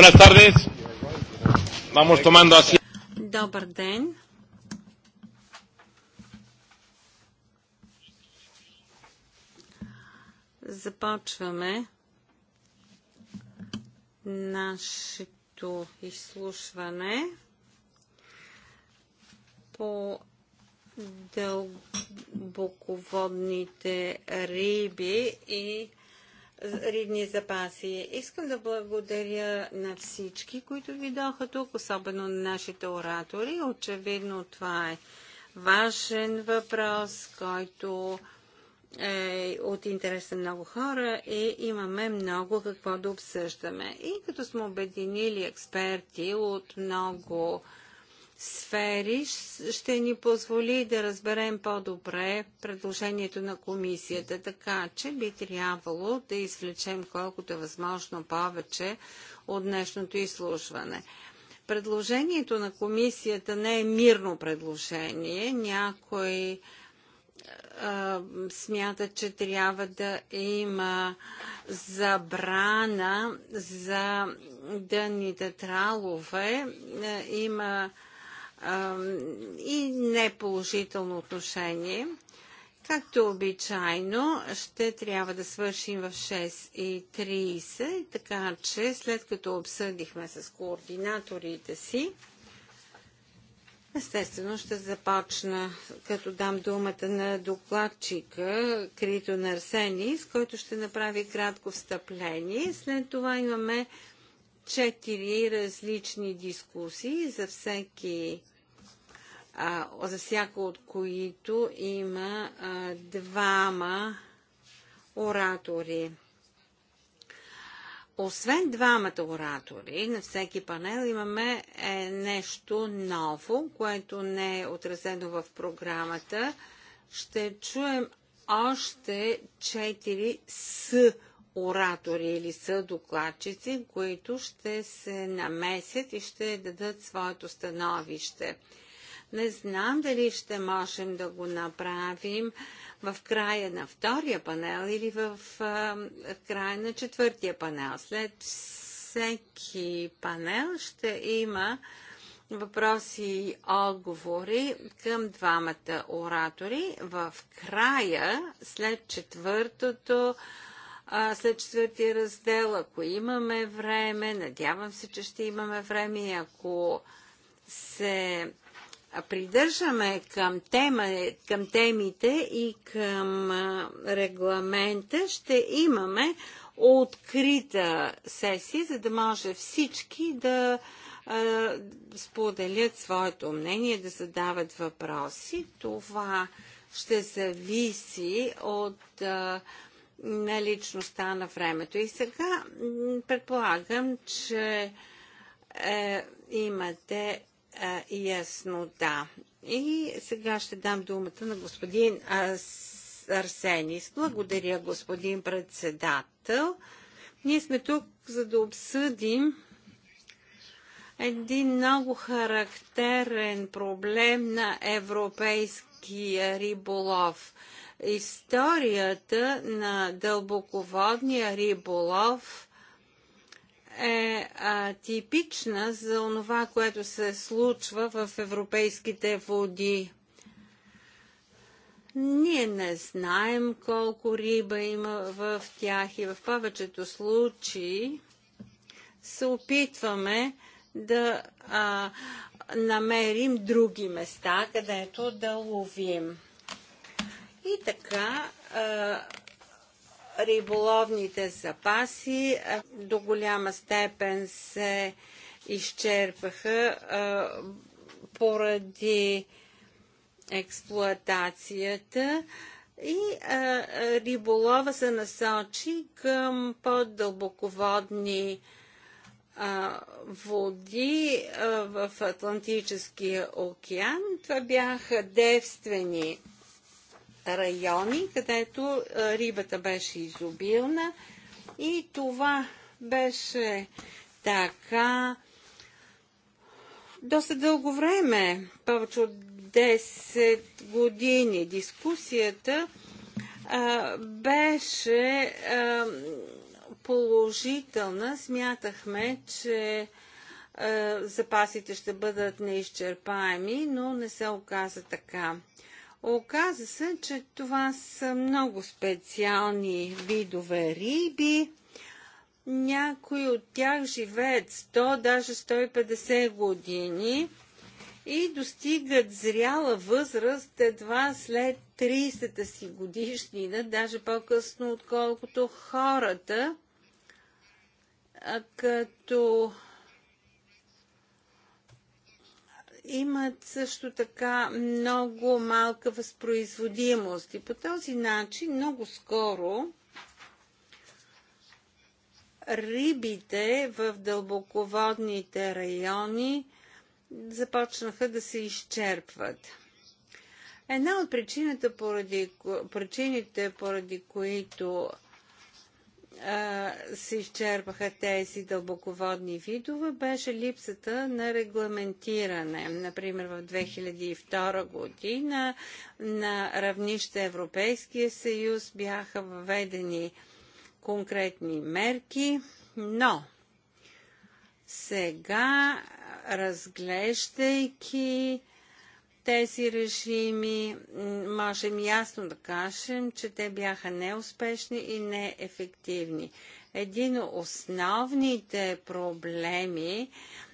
Buenas tardes. Vamos tomando así. Добър ден. Започваме нашето изслушване по дълбоководните риби и ридни запаси. Искам да благодаря на всички, които ви доха тук, особено на нашите оратори. Очевидно това е важен въпрос, който е от интерес на много хора и имаме много какво да обсъждаме. И като сме обединили експерти от много сфери ще ни позволи да разберем по-добре предложението на комисията, така че би трябвало да извлечем колкото е възможно повече от днешното изслушване. Предложението на комисията не е мирно предложение. някой е, смята, че трябва да има забрана за дънните тралове. Е, има и неположително отношение. Както обичайно, ще трябва да свършим в 6.30, така че след като обсъдихме с координаторите си, Естествено ще започна, като дам думата на докладчика Крито Нарсени, с който ще направи кратко встъпление. След това имаме четири различни дискусии за всеки за всяко от които има двама оратори. Освен двамата оратори, на всеки панел имаме е, нещо ново, което не е отразено в програмата. Ще чуем още четири с оратори или са докладчици, които ще се намесят и ще дадат своето становище. Не знам дали ще можем да го направим в края на втория панел или в края на четвъртия панел. След всеки панел ще има въпроси и отговори към двамата оратори. В края, след четвъртото а, след четвъртия раздел. Ако имаме време, надявам се, че ще имаме време и ако се придържаме към, тема, към темите и към регламента, ще имаме открита сесия, за да може всички да споделят своето мнение, да задават въпроси. Това ще зависи от наличността на времето. И сега предполагам, че е, имате е, яснота. И сега ще дам думата на господин Арсенис. Благодаря, господин председател. Ние сме тук, за да обсъдим един много характерен проблем на европейския риболов. Историята на дълбоководния риболов е а, типична за това, което се случва в европейските води. Ние не знаем колко риба има в тях и в повечето случаи се опитваме да а, намерим други места, където да ловим. И така риболовните запаси до голяма степен се изчерпаха поради експлоатацията и риболова се насочи към по-дълбоководни води в Атлантическия океан. Това бяха девствени райони, където рибата беше изобилна и това беше така доста дълго време, повече от 10 години. Дискусията а, беше а, положителна. Смятахме, че а, запасите ще бъдат неизчерпаеми, но не се оказа така. Оказа се, че това са много специални видове риби. Някои от тях живеят 100, даже 150 години и достигат зряла възраст едва след 30-та си годишнина, даже по-късно, отколкото хората, като имат също така много малка възпроизводимост. И по този начин много скоро рибите в дълбоководните райони започнаха да се изчерпват. Една от причините, поради, причините, поради които се изчерпаха тези дълбоководни видове, беше липсата на регламентиране. Например, в 2002 година на равнище Европейския съюз бяха въведени конкретни мерки, но сега, разглеждайки тези режими, можем ясно да кажем, че те бяха неуспешни и неефективни. Един от основните проблеми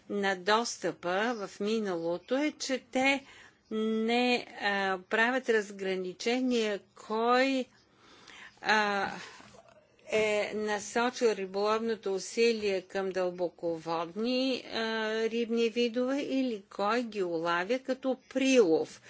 на достъпа в миналото е, че те не а, правят разграничение кой а, е насочил риболовното усилие към дълбоководни а, рибни видове или кой ги улавя като прилов.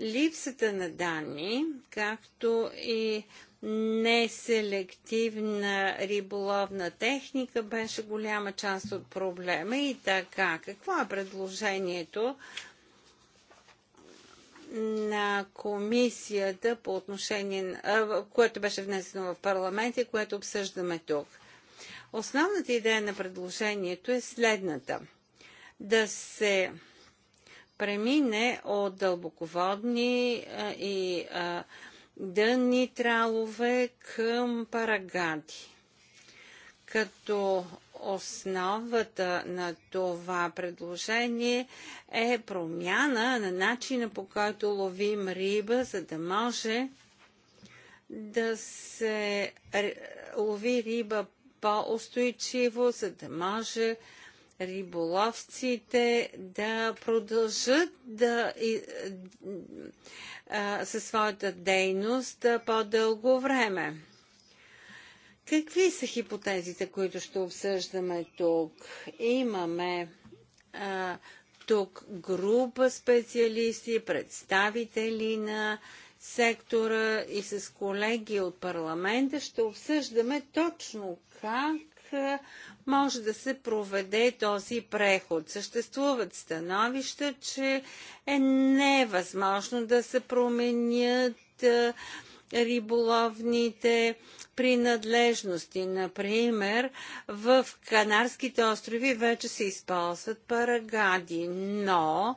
Липсата на данни, както и неселективна риболовна техника беше голяма част от проблема и така. Какво е предложението? на комисията по отношение, което беше внесено в парламент и което обсъждаме тук. Основната идея на предложението е следната. Да се премине от дълбоководни и дънни тралове към парагади. Като основата на това предложение е промяна на начина по който ловим риба, за да може да се лови риба по-устойчиво, за да може риболовците да продължат да, и, а, със своята дейност по-дълго време. Какви са хипотезите, които ще обсъждаме тук? Имаме а, тук група специалисти, представители на сектора и с колеги от парламента ще обсъждаме точно как може да се проведе този преход. Съществуват становища, че е невъзможно да се променят риболовните принадлежности. Например, в Канарските острови вече се използват парагади, но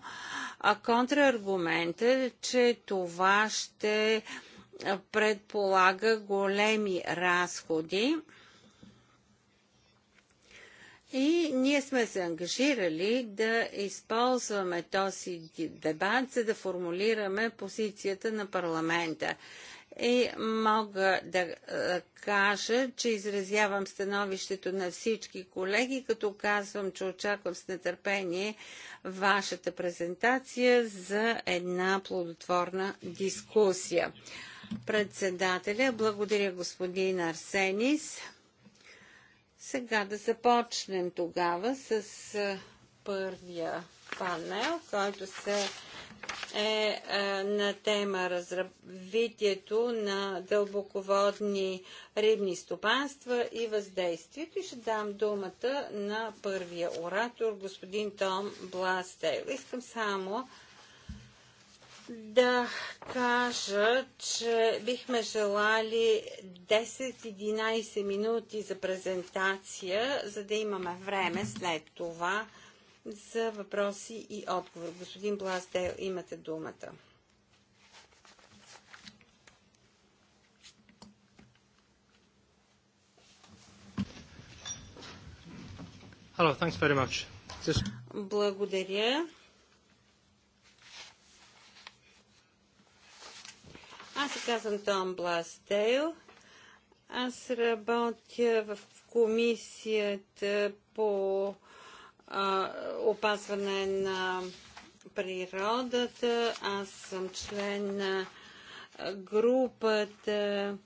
контраргумент е, че това ще предполага големи разходи. И ние сме се ангажирали да използваме този дебат, за да формулираме позицията на парламента и мога да е, кажа, че изразявам становището на всички колеги, като казвам, че очаквам с нетърпение вашата презентация за една плодотворна дискусия. Председателя, благодаря господин Арсенис. Сега да започнем тогава с е, първия панел, който се е, е на тема развитието на дълбоководни рибни стопанства и въздействието. И ще дам думата на първия оратор, господин Том Бластейл. Искам само да кажа, че бихме желали 10-11 минути за презентация, за да имаме време след това за въпроси и отговор. Господин Бласдейл, имате думата. Hello, thanks very much. Just... Благодаря. Аз се казвам Том Бластейл. Аз работя в комисията по опазване на природата. Аз съм член на групата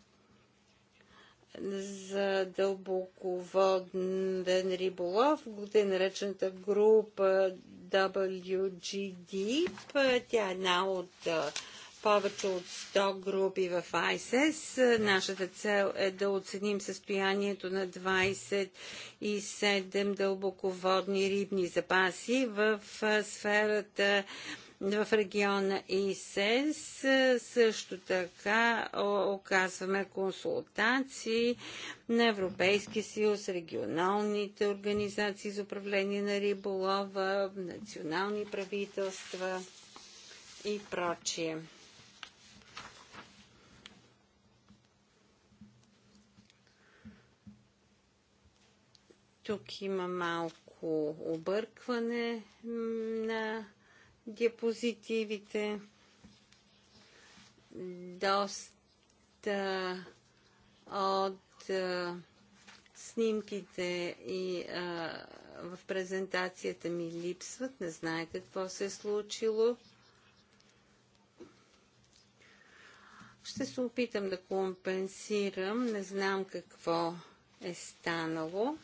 за дълбоководен риболов, е наречената група WGD. Тя е една от повече от 100 групи в ISIS. Нашата цел е да оценим състоянието на 27 дълбоководни рибни запаси в сферата в региона ИСЕС. Също така оказваме консултации на Европейския съюз, регионалните организации за управление на риболова, национални правителства и прочие. Тук има малко объркване на диапозитивите. Доста от снимките и а, в презентацията ми липсват. Не знаете какво се е случило. Ще се опитам да компенсирам. Не знам какво е станало.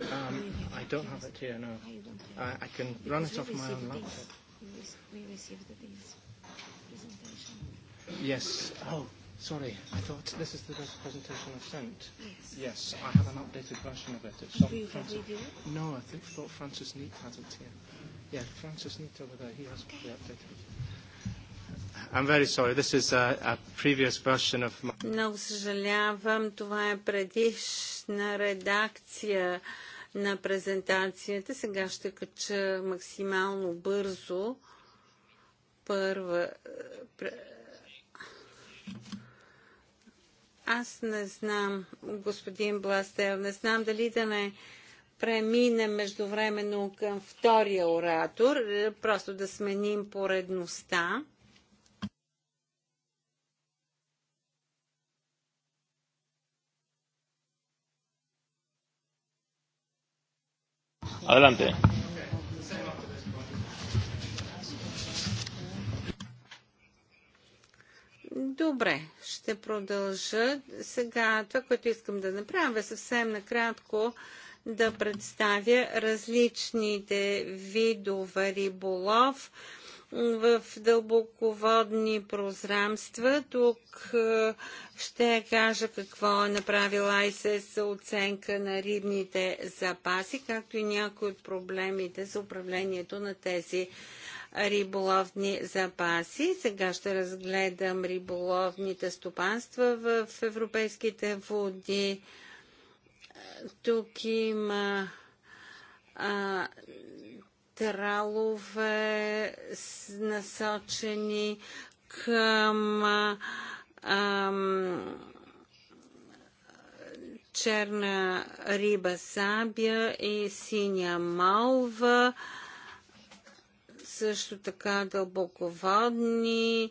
Um, I don't have it here, no. I, I can run it off my own laptop. We received these Yes. Oh, sorry. I thought this is the presentation I've sent. Yes. Yes, I have an updated version of it. It's have Francis. No, I think thought Francis Neat has it here. Yeah, Francis Neat over there. He has the updated. I'm very sorry. This is a, a previous version of my... Много съжалявам. Това е предишна редакция на презентацията. Сега ще кача максимално бързо първа. Аз не знам, господин Бластел, не знам дали да не преминем междувременно към втория оратор, просто да сменим поредността. Adelante. Добре, ще продължа. Сега това, което искам да направя, е съвсем накратко да представя различните видове риболов, в дълбоководни прозрамства. Тук е, ще кажа какво е направила ИСС оценка на рибните запаси, както и някои от проблемите за управлението на тези риболовни запаси. Сега ще разгледам риболовните стопанства в европейските води. Тук има тралове, насочени към ам, черна риба сабя и синя малва, също така дълбоководни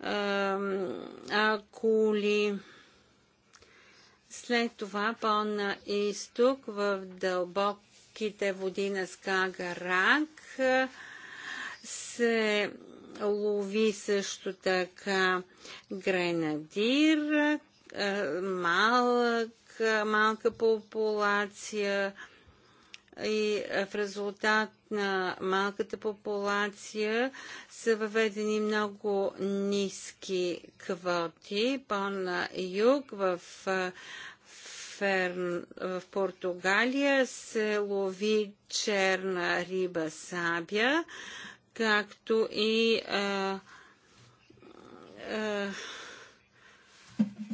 ам, акули. След това по-на изток в дълбок морските води на Скага рак се лови също така гренадир, малък, малка популация и в резултат на малката популация са въведени много ниски квоти. По-на юг в ферм в Португалия се лови черна риба сабя, както и а, а,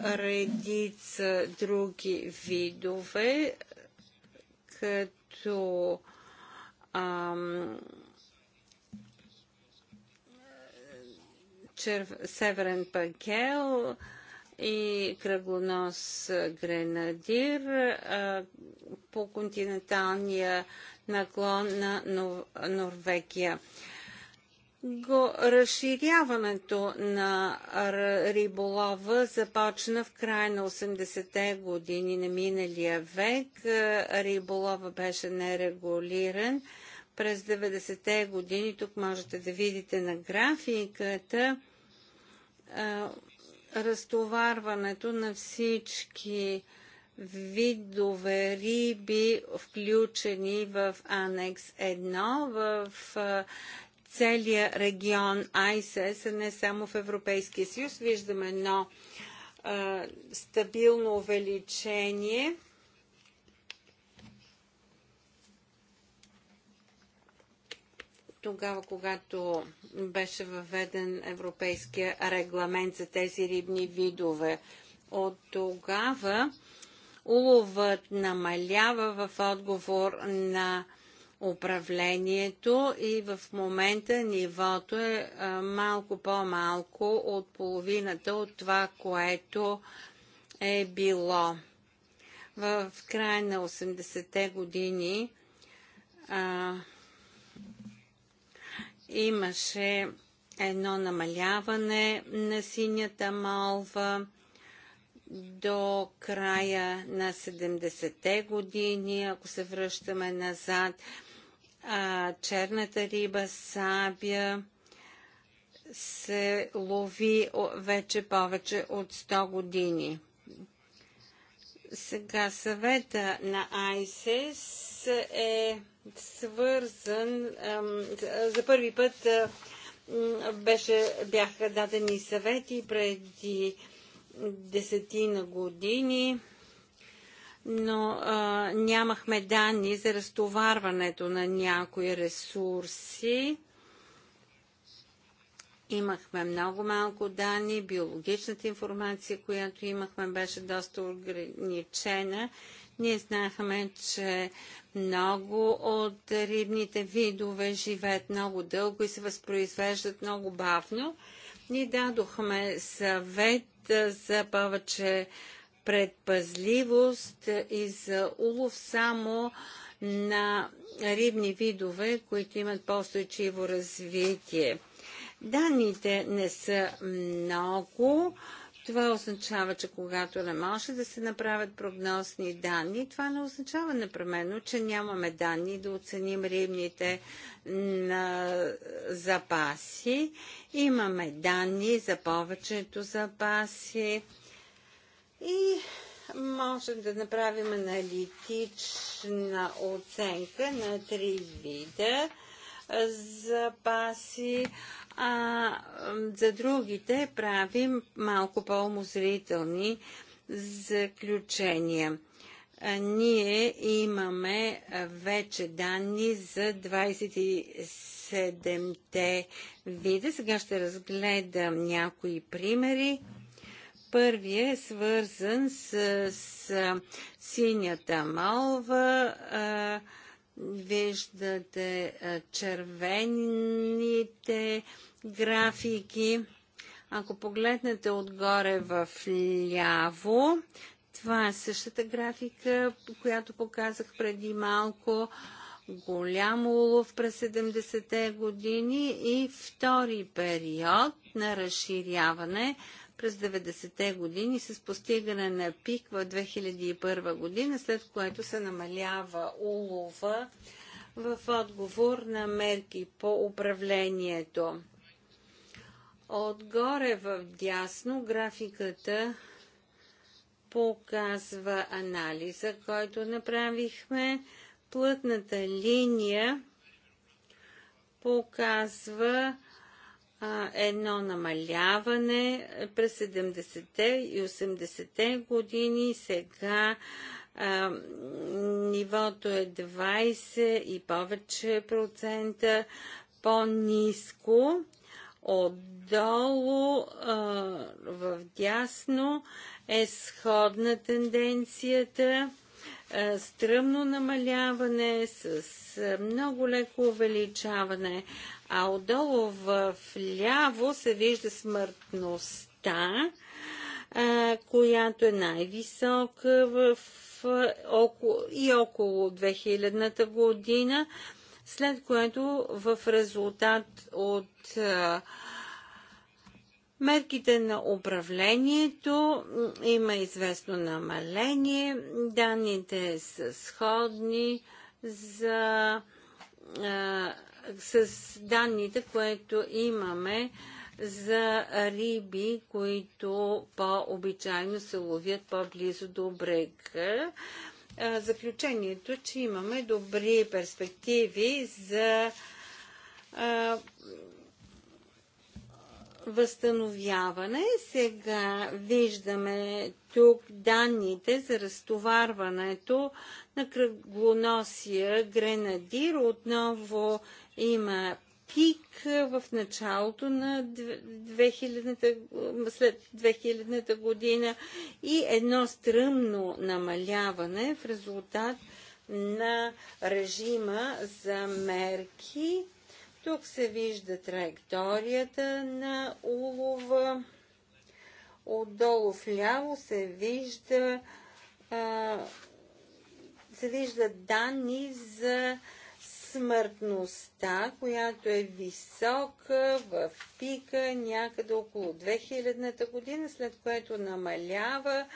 редица други видове, като а, черв... северен пакел, и кръгонос гренадир по континенталния наклон на Норвегия. Го, разширяването на риболова започна в края на 80-те години на миналия век. Риболова беше нерегулиран през 90-те години. Тук можете да видите на графиката разтоварването на всички видове риби, включени в Анекс 1, в целия регион ISIS, а не само в Европейския съюз. Виждаме едно стабилно увеличение – тогава, когато беше въведен европейския регламент за тези рибни видове. От тогава уловът намалява в отговор на управлението и в момента нивото е малко по-малко от половината от това, което е било. В края на 80-те години а, Имаше едно намаляване на синята малва до края на 70-те години, ако се връщаме назад. А, черната риба, сабя, се лови вече повече от 100 години. Сега съвета на ISIS е свързан. За първи път беше, бяха дадени съвети преди десетина години, но нямахме данни за разтоварването на някои ресурси. Имахме много малко данни, биологичната информация, която имахме, беше доста ограничена ние знаехме, че много от рибните видове живеят много дълго и се възпроизвеждат много бавно. Ние дадохме съвет за повече предпазливост и за улов само на рибни видове, които имат по стойчиво развитие. Данните не са много. Това означава, че когато не може да се направят прогнозни данни, това не означава непременно, че нямаме данни да оценим рибните на запаси. Имаме данни за повечето запаси и можем да направим аналитична оценка на три вида запаси а за другите правим малко по-умозрителни заключения. Ние имаме вече данни за 27-те вида. Сега ще разгледам някои примери. Първият е свързан с, с синята малва. А, Виждате червените графики. Ако погледнете отгоре в ляво, това е същата графика, която показах преди малко. Голям улов през 70-те години и втори период на разширяване през 90-те години с постигане на пик в 2001 година, след което се намалява улова в отговор на мерки по управлението. Отгоре в дясно графиката показва анализа, който направихме. Плътната линия показва а, едно намаляване през 70-те и 80-те години. Сега а, нивото е 20 и повече процента по-низко. Отдолу а, в дясно е сходна тенденцията стръмно намаляване, с много леко увеличаване а отдолу в ляво се вижда смъртността, която е най-висока в, и около 2000-та година, след което в резултат от мерките на управлението има известно намаление, данните са сходни за с данните, което имаме за риби, които по-обичайно се ловят по-близо до брега. Заключението, че имаме добри перспективи за възстановяване. Сега виждаме тук данните за разтоварването на кръглоносия Гренадир. Отново има пик в началото на 2000, след 2000 та година и едно стръмно намаляване в резултат на режима за мерки. Тук се вижда траекторията на улова. Отдолу вляво се вижда а, се виждат данни за смъртността, която е висока в пика някъде около 2000-та година, след което намалява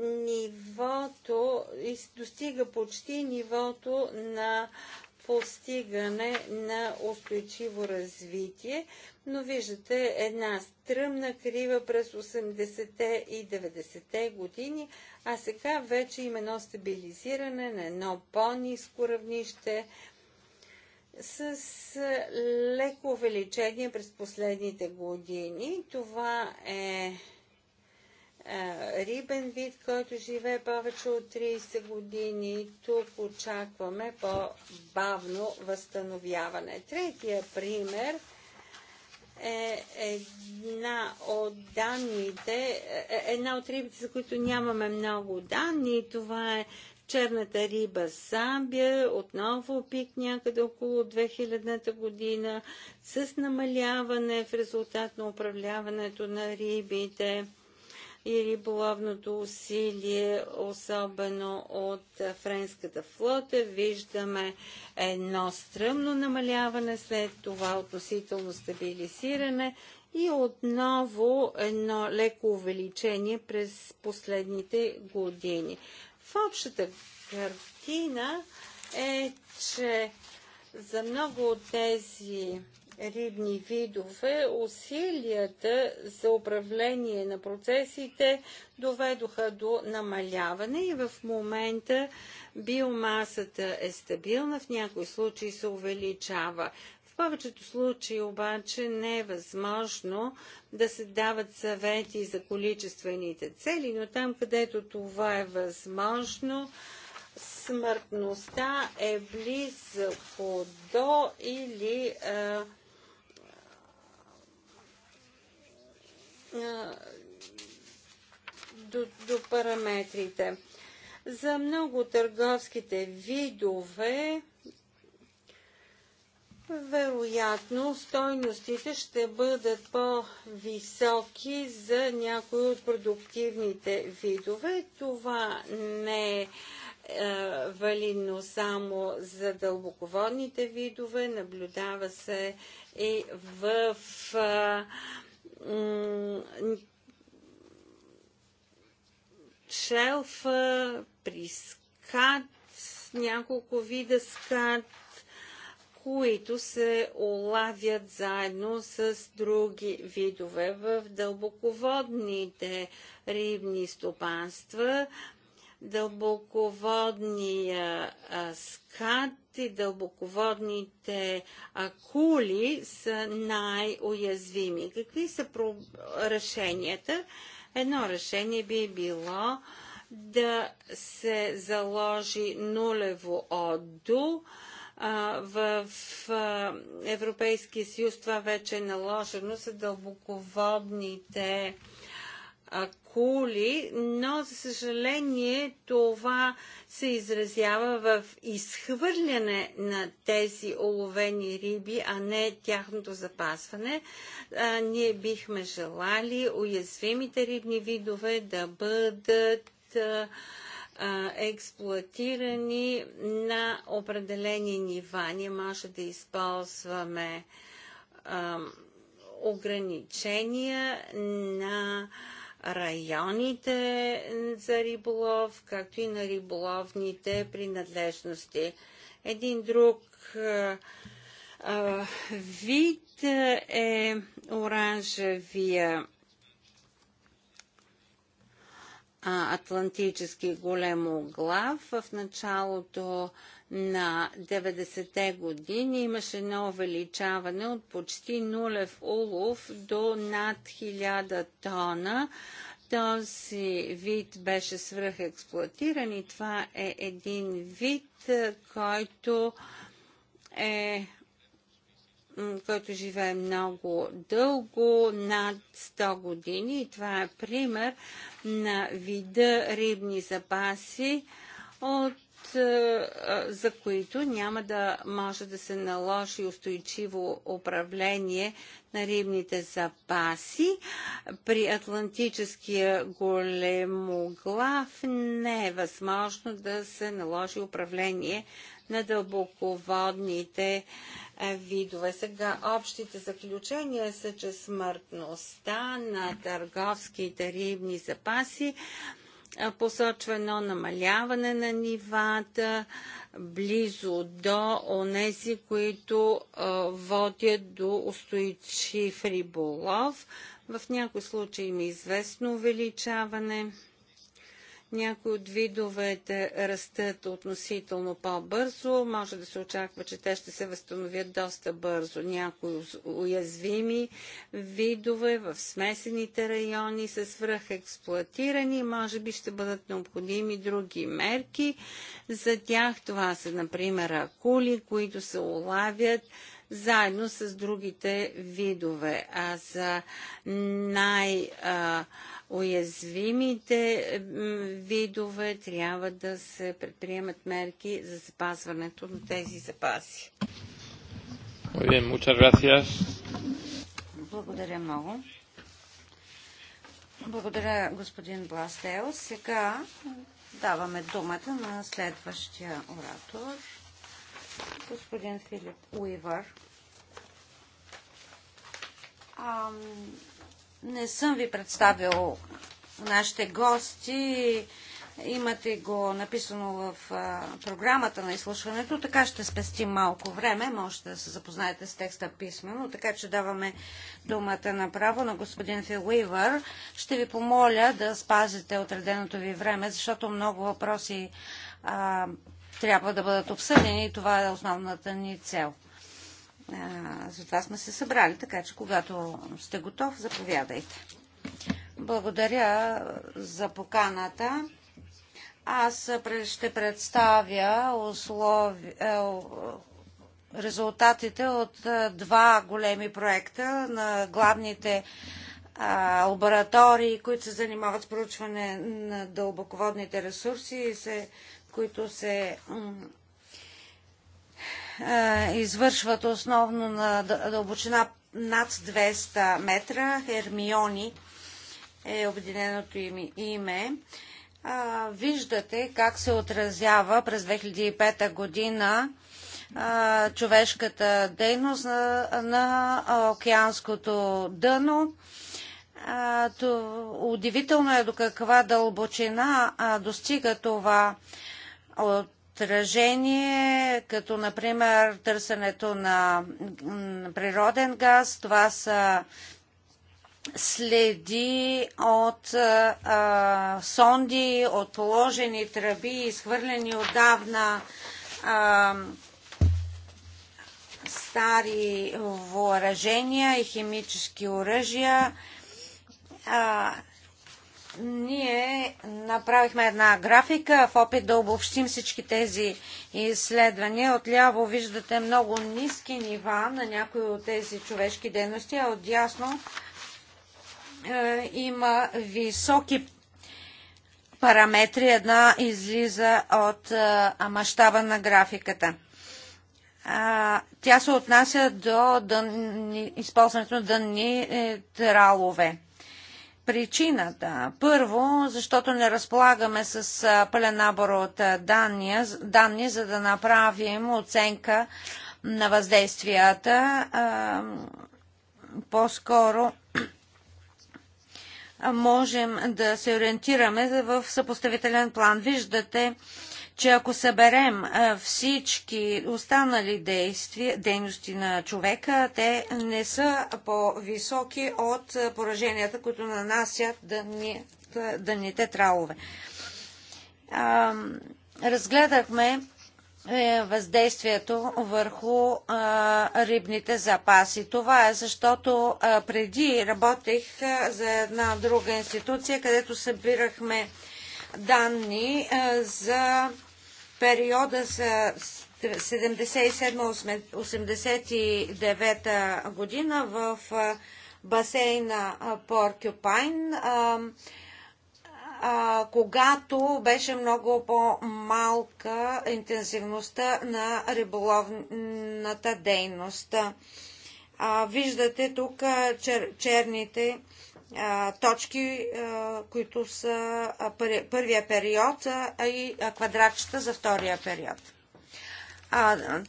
нивото и достига почти нивото на постигане на устойчиво развитие, но виждате една стръмна крива през 80-те и 90-те години, а сега вече има едно стабилизиране на едно по-низко равнище с леко увеличение през последните години. Това е рибен вид, който живее повече от 30 години. Тук очакваме по-бавно възстановяване. Третия пример е една от данните, е, е една от рибите, за които нямаме много данни. Това е черната риба самбия, отново пик някъде около 2000-та година, с намаляване в резултат на управляването на рибите – и риболовното усилие, особено от френската флота. Виждаме едно стръмно намаляване, след това относително стабилизиране и отново едно леко увеличение през последните години. В общата картина е, че за много от тези рибни видове, усилията за управление на процесите доведоха до намаляване и в момента биомасата е стабилна, в някои случаи се увеличава. В повечето случаи обаче не е възможно да се дават съвети за количествените цели, но там, където това е възможно, смъртността е близко до или а, до, до параметрите. За много търговските видове, вероятно, стойностите ще бъдат по-високи за някои от продуктивните видове. Това не е, е валидно само за дълбоководните видове, наблюдава се и в а, шелфа, при скат, няколко вида скат, които се олавят заедно с други видове. В дълбоководните рибни стопанства дълбоководния скат и дълбоководните акули са най-уязвими. Какви са решенията? Едно решение би било да се заложи нулево отдо. В Европейския съюз това вече е наложено за дълбоководните кули, но за съжаление това се изразява в изхвърляне на тези оловени риби, а не тяхното запасване. А, ние бихме желали уязвимите рибни видове да бъдат а, експлуатирани на определени нива. Ние може да използваме а, ограничения на а, районите за риболов, както и на риболовните принадлежности. Един друг а, вид е оранжевия а, атлантически големоглав. В началото на 90-те години имаше едно увеличаване от почти нулев улов до над 1000 тона. Този вид беше свръхексплуатиран и това е един вид, който е който живее много дълго, над 100 години. И това е пример на вида рибни запаси, от за които няма да може да се наложи устойчиво управление на рибните запаси. При Атлантическия големоглав не е възможно да се наложи управление на дълбоководните видове. Сега общите заключения са, че смъртността на търговските рибни запаси посочва едно намаляване на нивата близо до онези, които водят до устойчив риболов. В някои случаи има известно увеличаване някои от видовете растат относително по-бързо. Може да се очаква, че те ще се възстановят доста бързо. Някои уязвими видове в смесените райони са свръхексплуатирани. Може би ще бъдат необходими други мерки. За тях това са, например, акули, които се улавят заедно с другите видове. А за най- а, уязвимите видове трябва да се предприемат мерки за запазването на тези запаси. Благодаря много. Благодаря, господин Бластел. Сега даваме думата на следващия оратор, господин Филип Уивър. Не съм ви представил нашите гости. Имате го написано в а, програмата на изслушването, така ще спестим малко време. Можете да се запознаете с текста писменно, така че даваме думата направо на господин Фил Уивър. Ще ви помоля да спазите отреденото ви време, защото много въпроси а, трябва да бъдат обсъдени и това е основната ни цел затова сме се събрали, така че когато сте готов, заповядайте. Благодаря за поканата. Аз ще представя услови... Е, резултатите от е, два големи проекта на главните лаборатории, които се занимават с проучване на дълбоководните ресурси, които се е, извършват основно на дълбочина над 200 метра. Хермиони е обединеното им име. А, е, виждате как се отразява през 2005 година а, е, човешката дейност на, на океанското дъно. А, то, удивително е до каква дълбочина достига това от отражение, като например търсенето на природен газ. Това са следи от а, сонди, от положени тръби, изхвърлени отдавна а, стари въоръжения и химически оръжия. А, ние направихме една графика в опит да обобщим всички тези изследвания. Отляво виждате много ниски нива на някои от тези човешки дейности, а отдясно е, има високи параметри. Една излиза от е, мащаба на графиката. А, тя се отнася до дън, използването на дънни е, тралове причината. Първо, защото не разполагаме с пълен набор от данни, данни за да направим оценка на въздействията. По-скоро можем да се ориентираме в съпоставителен план. Виждате че ако съберем всички останали действия, дейности на човека, те не са по-високи от пораженията, които нанасят дъните, тралове. Разгледахме е, въздействието върху рибните запаси. Това е защото преди работех за една друга институция, където събирахме данни за периода за 77-89 година в басейна Поркюпайн, когато беше много по-малка интензивността на риболовната дейност. Виждате тук черните точки, които са първия период и квадратчета за втория период.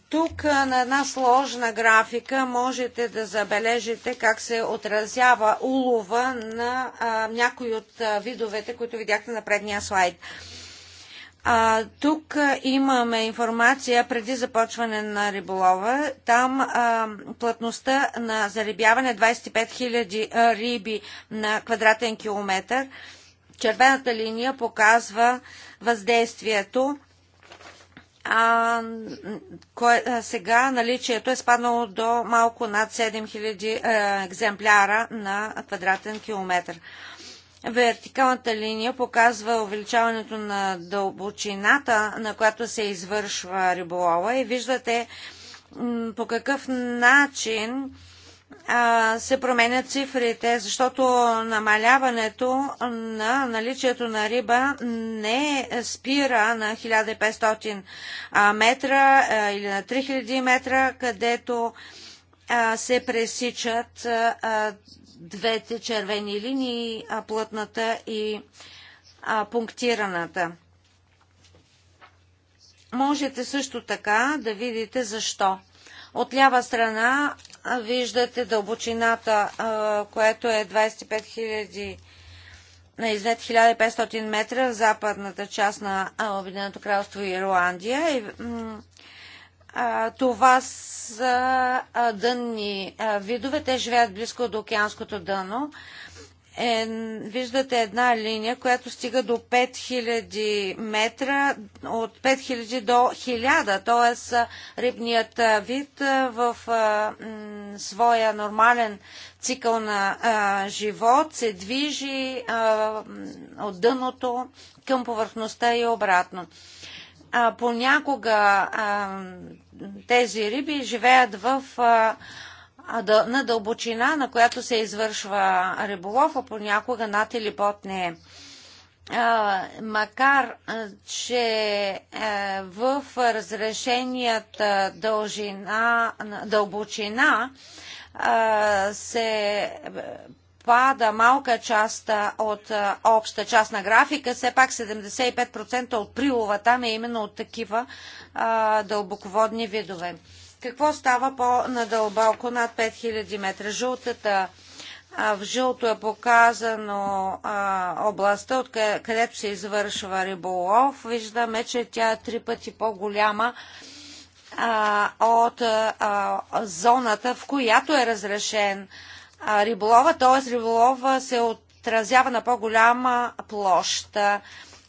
тук на една сложна графика можете да забележите как се отразява улова на някои от видовете, които видяхте на предния слайд. А, тук а, имаме информация преди започване на риболова. Там а, плътността на зарибяване 25 000 риби на квадратен километр. Червената линия показва въздействието. А, кое, а сега наличието е спаднало до малко над 7000 а, екземпляра на квадратен километр. Вертикалната линия показва увеличаването на дълбочината, на която се извършва риболова и виждате по какъв начин се променят цифрите, защото намаляването на наличието на риба не спира на 1500 метра или на 3000 метра, където се пресичат двете червени линии, а плътната и а, пунктираната. Можете също така да видите защо. От лява страна виждате дълбочината, което е 25 000 на излет 1500 метра в западната част на Обединеното кралство Ирландия. И, това са дънни видове. Те живеят близко до океанското дъно. Е, виждате една линия, която стига до 5000 метра, от 5000 до 1000, т.е. рибният вид в а, м, своя нормален цикъл на а, живот се движи а, от дъното към повърхността и обратно а, понякога а, тези риби живеят в, а, на дълбочина, на която се извършва риболов, а понякога над или под нея. макар, че е, в разрешенията дължина, дълбочина се пада малка част от обща част на графика, все пак 75% от прилова там е именно от такива а, дълбоководни видове. Какво става по-надълбоко над 5000 метра? Жълтата а, в жълто е показано а, областта, от къде, където се извършва риболов. Виждаме, че тя е три пъти по-голяма от а, зоната, в която е разрешен риболова, т.е. риболова се отразява на по-голяма площа.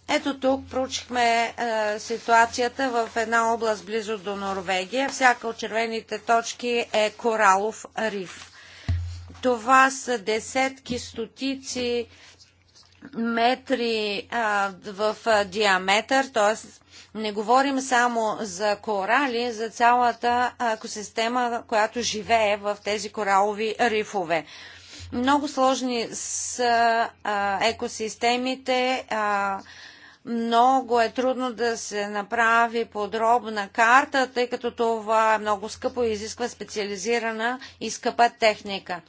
Ето тук проучихме е, ситуацията в една област близо до Норвегия. Всяка от червените точки е коралов риф. Това са десетки, стотици метри а, в а, диаметър, т.е. не говорим само за корали, за цялата екосистема, която живее в тези коралови рифове. Много сложни са а, екосистемите. А, много е трудно да се направи подробна карта, тъй като това е много скъпо и изисква специализирана и скъпа техника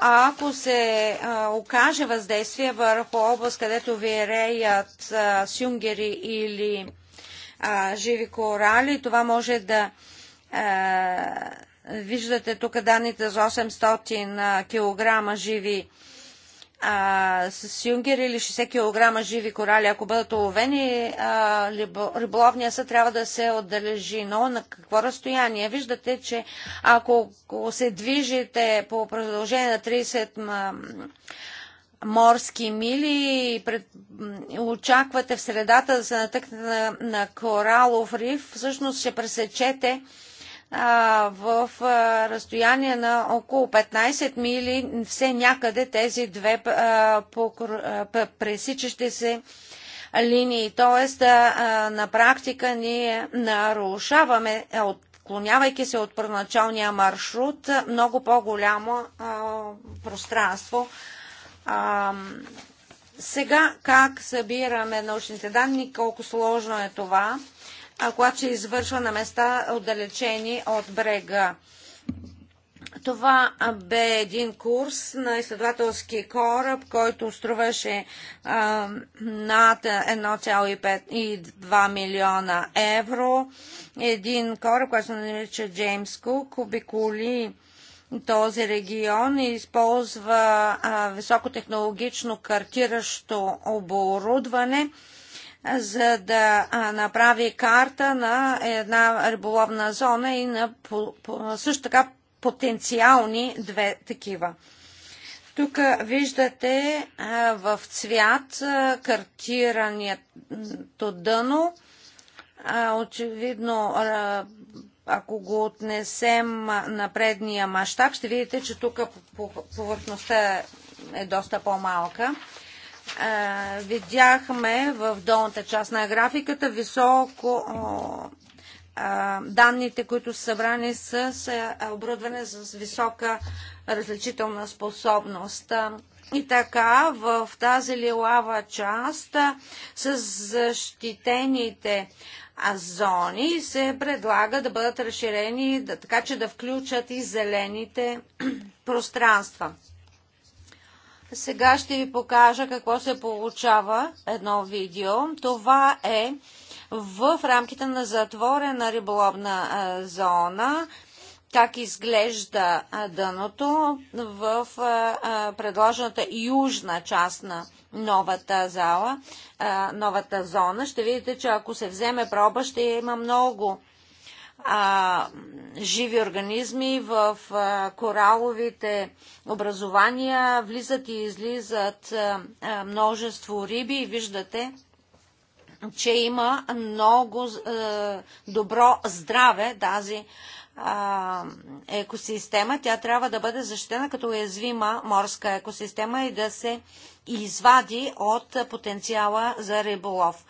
ако се а, окаже въздействие върху област, където виреят а, сюнгери или а, живи корали, това може да виждате тук данните за 800 кг живи корали а, с юнгер или 60 кг живи корали, ако бъдат уловени, риболовния съд трябва да се отдалежи. Но на какво разстояние? Виждате, че ако се движите по продължение на 30 морски мили и пред... очаквате в средата да се натъкнете на, на коралов риф, всъщност ще пресечете в разстояние на около 15 мили все някъде тези две пресичащи се линии. Тоест, на практика ние нарушаваме, е, отклонявайки се от първоначалния маршрут, много по-голямо пространство. Сега как събираме научните данни, колко сложно е това? когато се извършва на места отдалечени от брега. Това бе един курс на изследователски кораб, който струваше а, над 1,5 милиона евро. Един кораб, който се нарича Джеймс Кук, обиколи този регион и използва а, високотехнологично картиращо оборудване за да направи карта на една риболовна зона и на също така потенциални две такива. Тук виждате в цвят картирането дъно. Очевидно, ако го отнесем на предния мащаб, ще видите, че тук повърхността е доста по-малка. Е, видяхме в долната част на графиката високо е, данните, които са събрани с е, оборудване с висока различителна способност. И така, в тази лилава част с защитените зони се предлага да бъдат разширени, така че да включат и зелените пространства. Сега ще ви покажа какво се получава едно видео. Това е в рамките на затворена риболовна зона как изглежда дъното в предложената южна част на новата зала, новата зона. Ще видите, че ако се вземе проба, ще има много а, живи организми в а, кораловите образования, влизат и излизат а, а, множество риби и виждате, че има много а, добро здраве тази а, екосистема. Тя трябва да бъде защитена като уязвима морска екосистема и да се извади от потенциала за риболов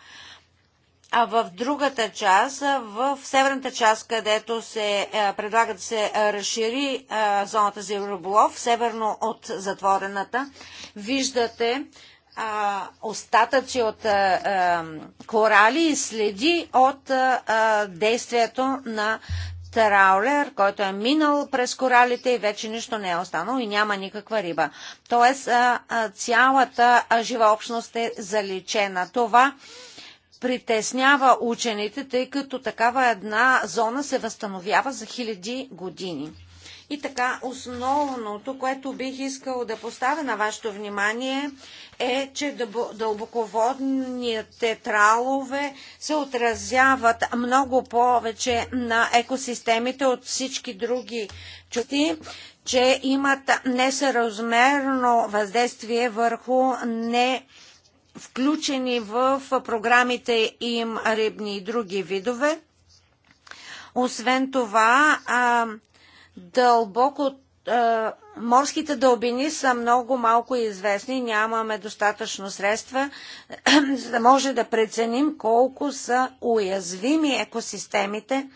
а в другата част, в северната част, където се е, предлага да се разшири е, зоната за риболов, северно от затворената, виждате е, остатъци от корали и следи от действието на траулер, който е минал през коралите и вече нищо не е останало и няма никаква риба. Тоест цялата жива общност е заличена. Това е притеснява учените, тъй като такава една зона се възстановява за хиляди години. И така, основното, което бих искал да поставя на вашето внимание е, че дълбоководните тралове се отразяват много повече на екосистемите от всички други чути, че имат несъразмерно въздействие върху не включени в програмите им рибни и други видове. Освен това, а, дълбоко морските дълбини са много малко известни, нямаме достатъчно средства, за да може да преценим колко са уязвими екосистемите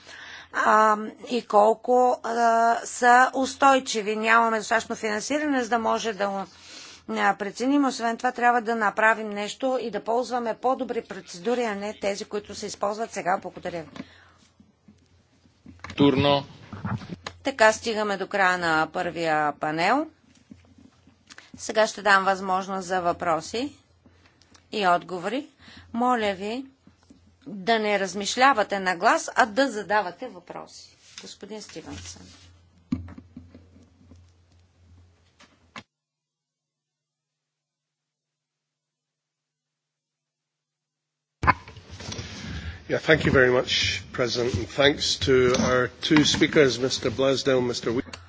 а, и колко а, са устойчиви. Нямаме достатъчно финансиране, за да може да преценим. Освен това трябва да направим нещо и да ползваме по-добри процедури, а не тези, които се използват сега. Благодаря ви. Турно. Така стигаме до края на първия панел. Сега ще дам възможност за въпроси и отговори. Моля ви да не размишлявате на глас, а да задавате въпроси. Господин Стивенсън. Yeah, thank you very much, President, and thanks to our two speakers, Mr. Blaisdell and Mr. Weaver.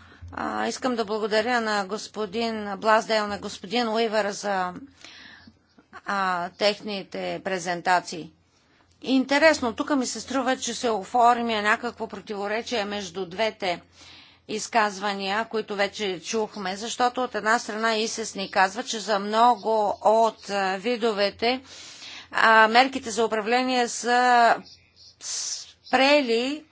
искам да благодаря на господин Блаздел, на господин Уивер за техните презентации. Интересно, тук ми се струва, че се оформя някакво противоречие между двете изказвания, които вече чухме, защото от една страна ИСЕС ни казва, че за много от видовете а, мерките за управление са спрели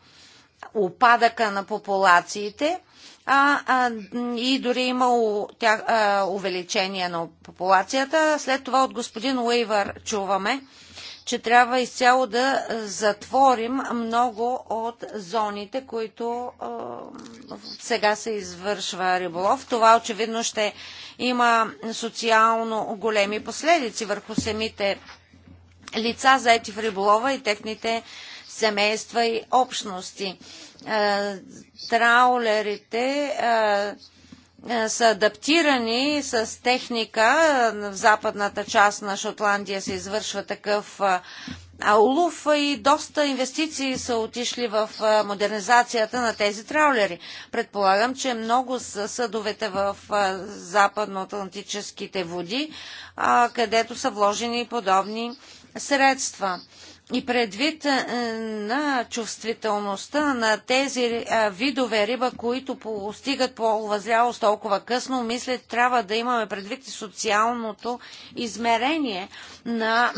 опадъка на популациите а, а, и дори е имало тя, а, увеличение на популацията. След това от господин Уейвър чуваме, че трябва изцяло да затворим много от зоните, които а, сега се извършва риболов. Това очевидно ще има социално големи последици върху самите лица, заети в риболова и техните семейства и общности. Траулерите са адаптирани с техника. В западната част на Шотландия се извършва такъв аулов и доста инвестиции са отишли в модернизацията на тези траулери. Предполагам, че много са съдовете в западно-атлантическите води, където са вложени подобни средства. И предвид е, на чувствителността на тези е, видове риба, които постигат по-възлялост толкова късно, мисля, трябва да имаме предвид и социалното измерение на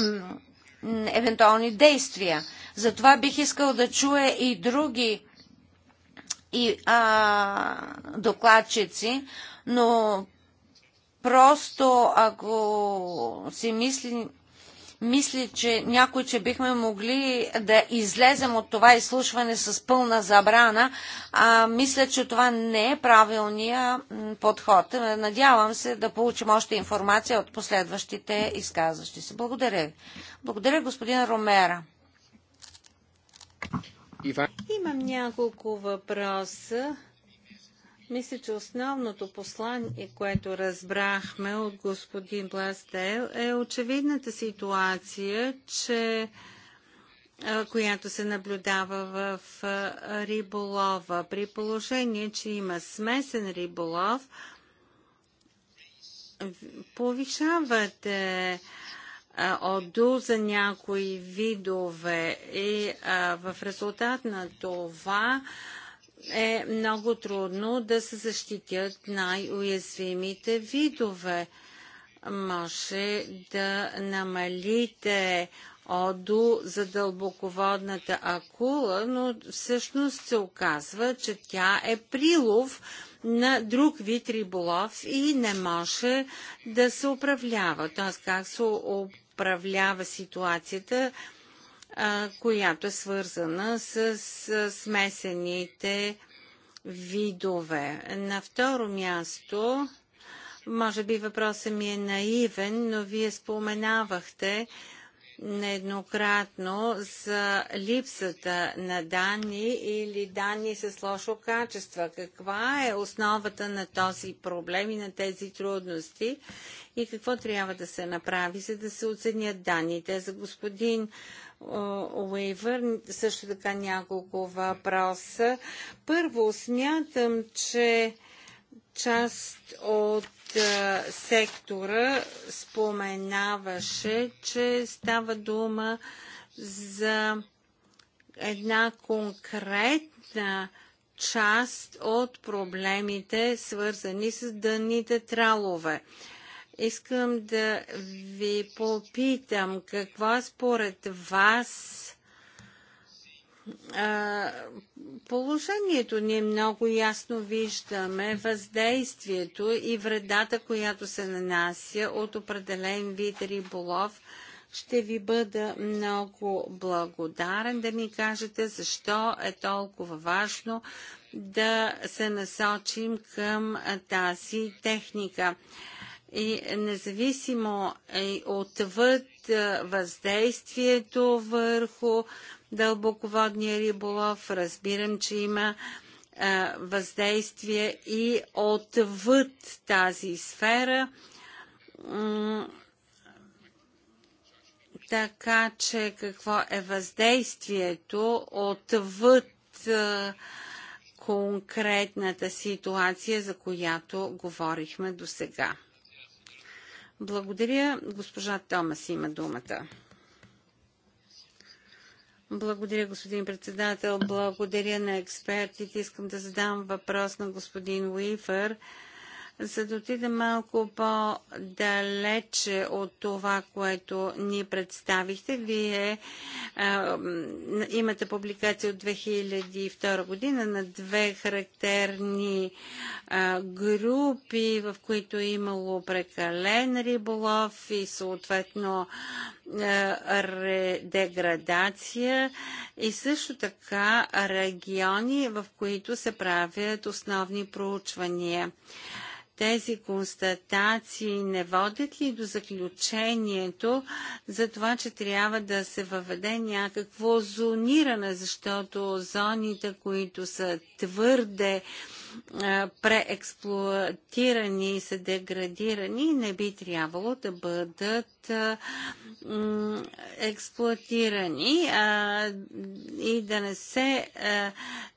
евентуални действия. Затова бих искал да чуя и други и, а, докладчици, но просто ако си мислим мисля, че някой, че бихме могли да излезем от това изслушване с пълна забрана. А, мисля, че това не е правилния подход. Надявам се да получим още информация от последващите изказващи се. Благодаря ви. Благодаря, господин Ромера. Имам няколко въпроса. Мисля, че основното послание, което разбрахме от господин Бластел, е очевидната ситуация, че която се наблюдава в риболова. При положение, че има смесен риболов, повишавате ОДУ за някои видове и а, в резултат на това е много трудно да се защитят най-уязвимите видове. Може да намалите ОДО за дълбоководната акула, но всъщност се оказва, че тя е прилов на друг вид риболов и не може да се управлява. Т.е. как се управлява ситуацията която е свързана с смесените видове. На второ място, може би въпросът ми е наивен, но вие споменавахте нееднократно за липсата на данни или данни с лошо качество. Каква е основата на този проблем и на тези трудности и какво трябва да се направи, за да се оценят данните? За господин Уейвър също така няколко въпроса. Първо, смятам, че част от сектора споменаваше, че става дума за една конкретна част от проблемите, свързани с дънните тралове. Искам да ви попитам какво според вас а, положението ние много ясно виждаме въздействието и вредата, която се нанася от определен вид риболов. Ще ви бъда много благодарен да ми кажете защо е толкова важно да се насочим към тази техника и независимо отвъд въздействието върху дълбоководния риболов, разбирам, че има въздействие и отвъд тази сфера. така че какво е въздействието отвъд конкретната ситуация, за която говорихме до сега. Благодаря. Госпожа Томас има думата. Благодаря, господин председател. Благодаря на експертите. Искам да задам въпрос на господин Уифър за да отидем малко по-далече от това, което ни представихте. Вие а, имате публикация от 2002 година на две характерни а, групи, в които е имало прекален риболов и съответно деградация и също така региони, в които се правят основни проучвания. Тези констатации не водят ли до заключението за това, че трябва да се въведе някакво зониране, защото зоните, които са твърде преексплуатирани и са деградирани, не би трябвало да бъдат експлуатирани и да не се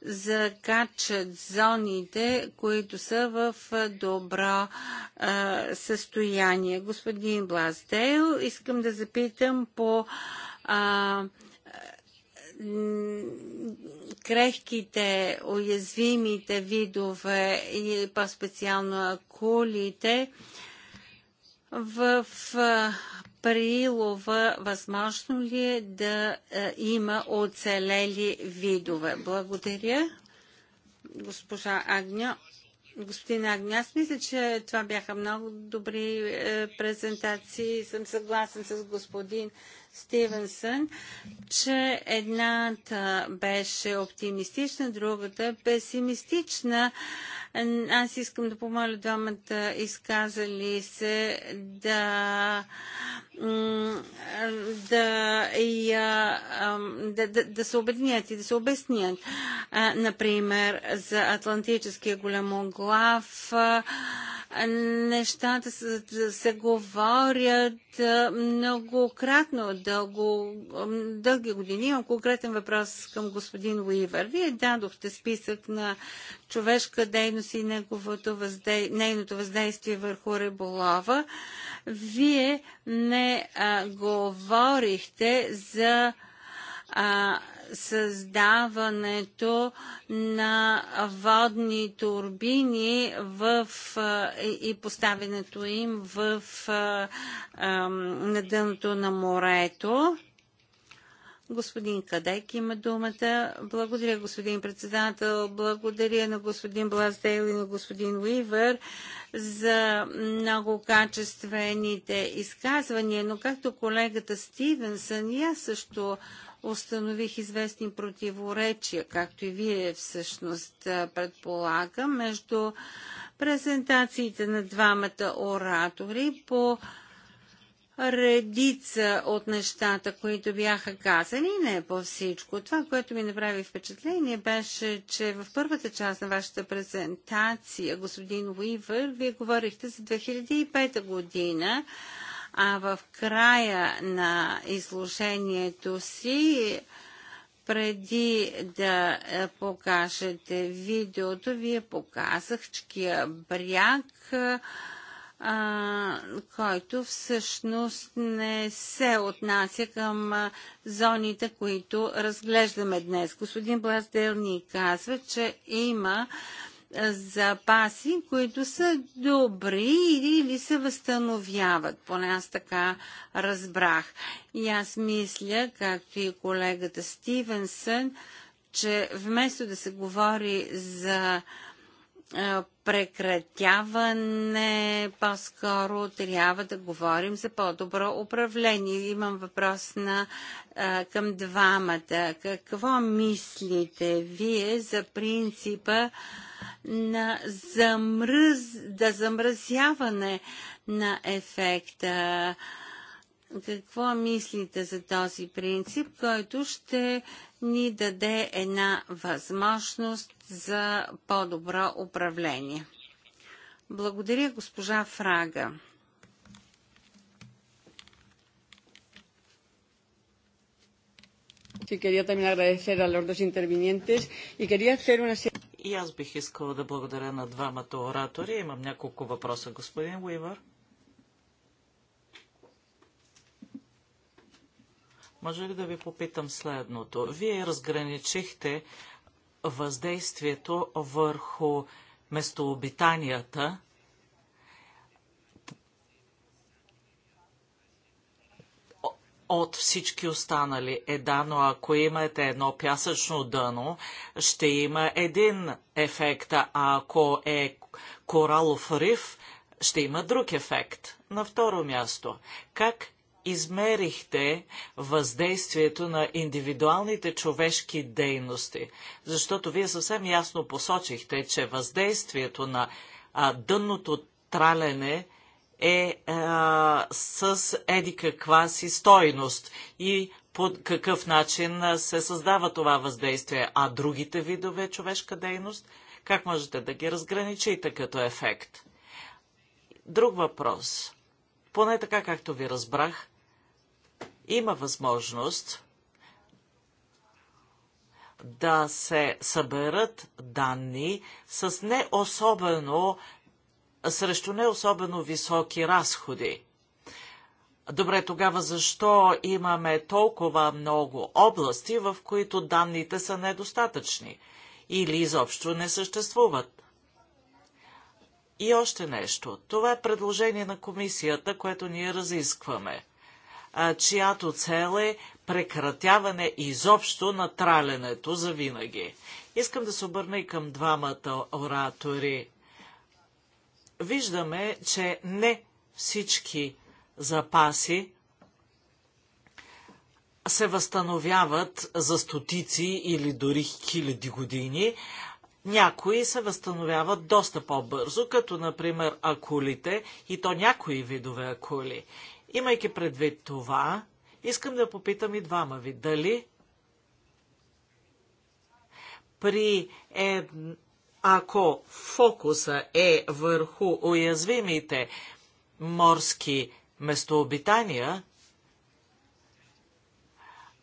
закачат зоните, които са в добро състояние. Господин Блаздейл, искам да запитам по а, крехките, уязвимите видове и по-специално акулите в прилова възможно ли е да има оцелели видове? Благодаря, госпожа Агня. Господин Агня, аз мисля, че това бяха много добри е, презентации. Съм съгласен с господин Стивенсън, че едната беше оптимистична, другата песимистична. Аз искам да помоля двамата изказали се да да, да, да, да се обединят и да се обяснят. Например, за Атлантическия голямоглав глав Нещата се, се говорят многократно, дълго, дълги години. Имам конкретен въпрос към господин Уивър. Вие дадохте списък на човешка дейност и неговото въздей... нейното въздействие върху риболова. Вие не а, говорихте за а, създаването на водни турбини в, и поставянето им в, на дъното на морето. Господин Кадек има думата. Благодаря, господин председател. Благодаря на господин Блаздейл и на господин Уивър за много качествените изказвания. Но както колегата Стивенсън, и аз също установих известни противоречия, както и вие всъщност предполагам, между презентациите на двамата оратори по редица от нещата, които бяха казани, не по всичко. Това, което ми направи впечатление, беше, че в първата част на вашата презентация, господин Уивър, вие говорихте за 2005 година, а в края на изложението си преди да е, покажете видеото, вие показах чкия бряг, е, а, който всъщност не се отнася към е, зоните, които разглеждаме днес. Господин Блаздел ни казва, че има запаси, които са добри или, или се възстановяват. Поне аз така разбрах. И аз мисля, както и колегата Стивенсън, че вместо да се говори за прекратяване, по-скоро трябва да говорим за по-добро управление. Имам въпрос на, към двамата. Какво мислите вие за принципа на замръз, да замръзяване на ефекта. Какво мислите за този принцип, който ще ни даде една възможност за по-добро управление? Благодаря, госпожа Фрага. Sí, quería también agradecer a los dos intervinientes y quería hacer una serie. И аз бих искала да благодаря на двамата оратори. Имам няколко въпроса, господин Уивър. Може ли да ви попитам следното? Вие разграничихте въздействието върху местообитанията от всички останали. Е да, но ако имате едно пясъчно дъно, ще има един ефект, а ако е коралов риф, ще има друг ефект. На второ място, как измерихте въздействието на индивидуалните човешки дейности? Защото вие съвсем ясно посочихте, че въздействието на а, дънното тралене е а, с еди каква си стойност и по какъв начин се създава това въздействие, а другите видове човешка дейност, как можете да ги разграничите като ефект? Друг въпрос. Поне така, както ви разбрах, има възможност да се съберат данни с не особено срещу не особено високи разходи. Добре, тогава защо имаме толкова много области, в които данните са недостатъчни или изобщо не съществуват? И още нещо. Това е предложение на комисията, което ние разискваме, чиято цел е прекратяване изобщо на траленето за винаги. Искам да се обърна и към двамата оратори виждаме, че не всички запаси се възстановяват за стотици или дори хиляди години. Някои се възстановяват доста по-бързо, като например акулите и то някои видове акули. Имайки предвид това, искам да попитам и двама ви, дали при една ако фокуса е върху уязвимите морски местообитания,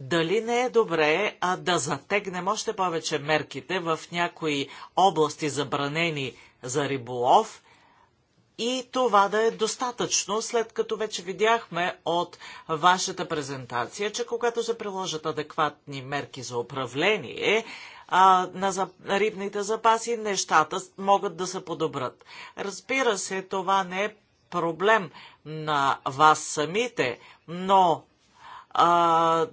дали не е добре а да затегнем още повече мерките в някои области забранени за риболов и това да е достатъчно, след като вече видяхме от вашата презентация, че когато се приложат адекватни мерки за управление, а, на за, рибните запаси, нещата могат да се подобрат. Разбира се, това не е проблем на вас самите, но а,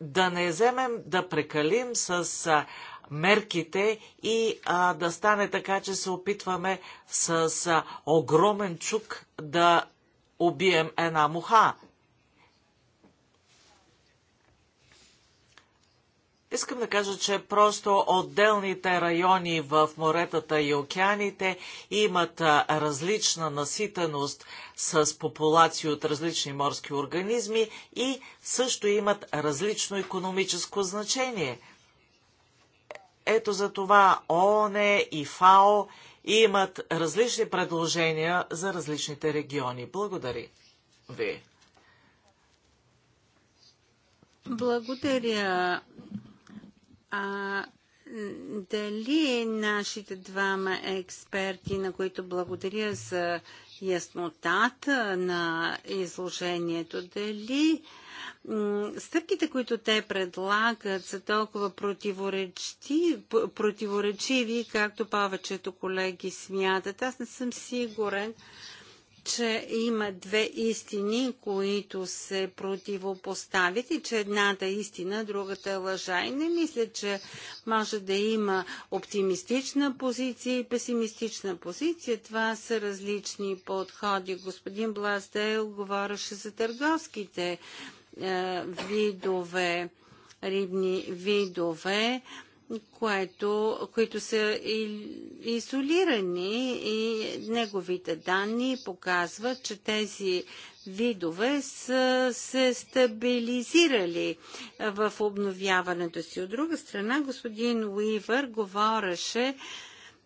да не вземем да прекалим с а, мерките и а, да стане така, че се опитваме с а, огромен чук да убием една муха. Искам да кажа, че просто отделните райони в моретата и океаните имат различна наситеност с популации от различни морски организми и също имат различно економическо значение. Ето за това ООН и ФАО имат различни предложения за различните региони. Благодаря ви. Благодаря, а, дали нашите двама експерти, на които благодаря за яснотата на изложението, дали стъпките, които те предлагат, са толкова противоречиви, както повечето колеги смятат. Аз не съм сигурен че има две истини, които се противопоставят и че едната е истина, другата е лъжа. И не мисля, че може да има оптимистична позиция и песимистична позиция. Това са различни подходи. Господин Бластел говореше за търговските е, видове, рибни видове. Е, което, които са изолирани и неговите данни показват, че тези видове са се стабилизирали в обновяването си. От друга страна, господин Уивър говореше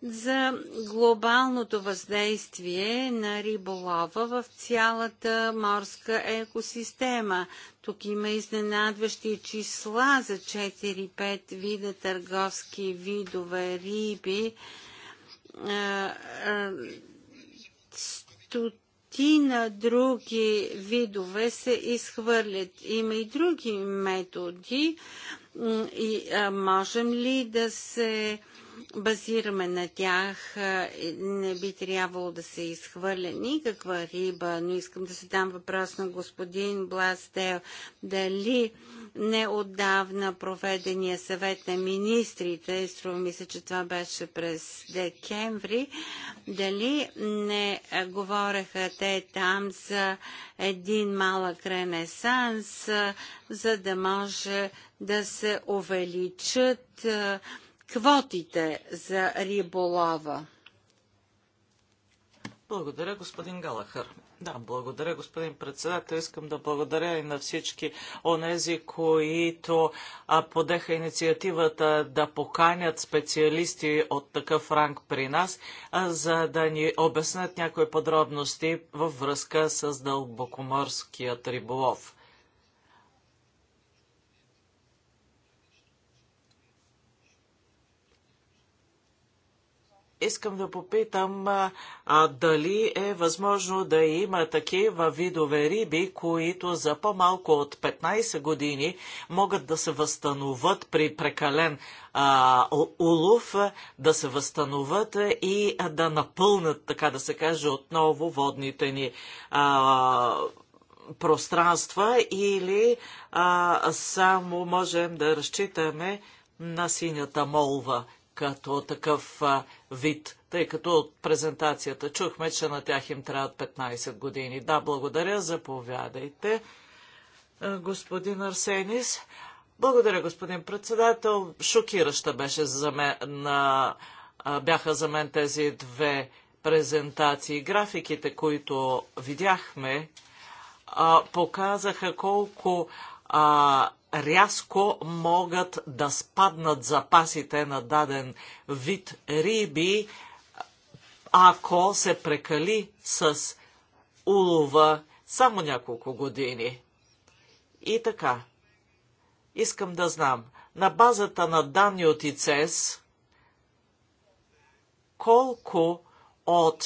за глобалното въздействие на риболова в цялата морска екосистема. Тук има изненадващи числа за 4-5 вида търговски видове риби. Стотина други видове се изхвърлят. Има и други методи. И можем ли да се а, базираме на тях. Не би трябвало да се изхвърля никаква риба, но искам да се дам въпрос на господин Бластел. Дали не отдавна проведения съвет на министрите, струва ми се, че това беше през декември, дали не говореха те там за един малък ренесанс, за да може да се увеличат квотите за риболова. Благодаря, господин Галахър. Да, благодаря, господин председател. Искам да благодаря и на всички онези, които а, подеха инициативата да поканят специалисти от такъв ранг при нас, а, за да ни обяснят някои подробности във връзка с дълбокоморският риболов. Искам да попитам а, дали е възможно да има такива видове риби, които за по-малко от 15 години могат да се възстановят при прекален а, улов, да се възстановят и да напълнат, така да се каже, отново водните ни а, пространства или а, само можем да разчитаме на синята молва – като такъв а, вид, тъй като от презентацията чухме, че на тях им трябват 15 години. Да, благодаря, заповядайте, господин Арсенис. Благодаря, господин председател. Шокираща беше за мен, на, а, бяха за мен тези две презентации. Графиките, които видяхме, а, показаха колко а, рязко могат да спаднат запасите на даден вид риби, ако се прекали с улова само няколко години. И така, искам да знам, на базата на данни от ИЦЕС, колко от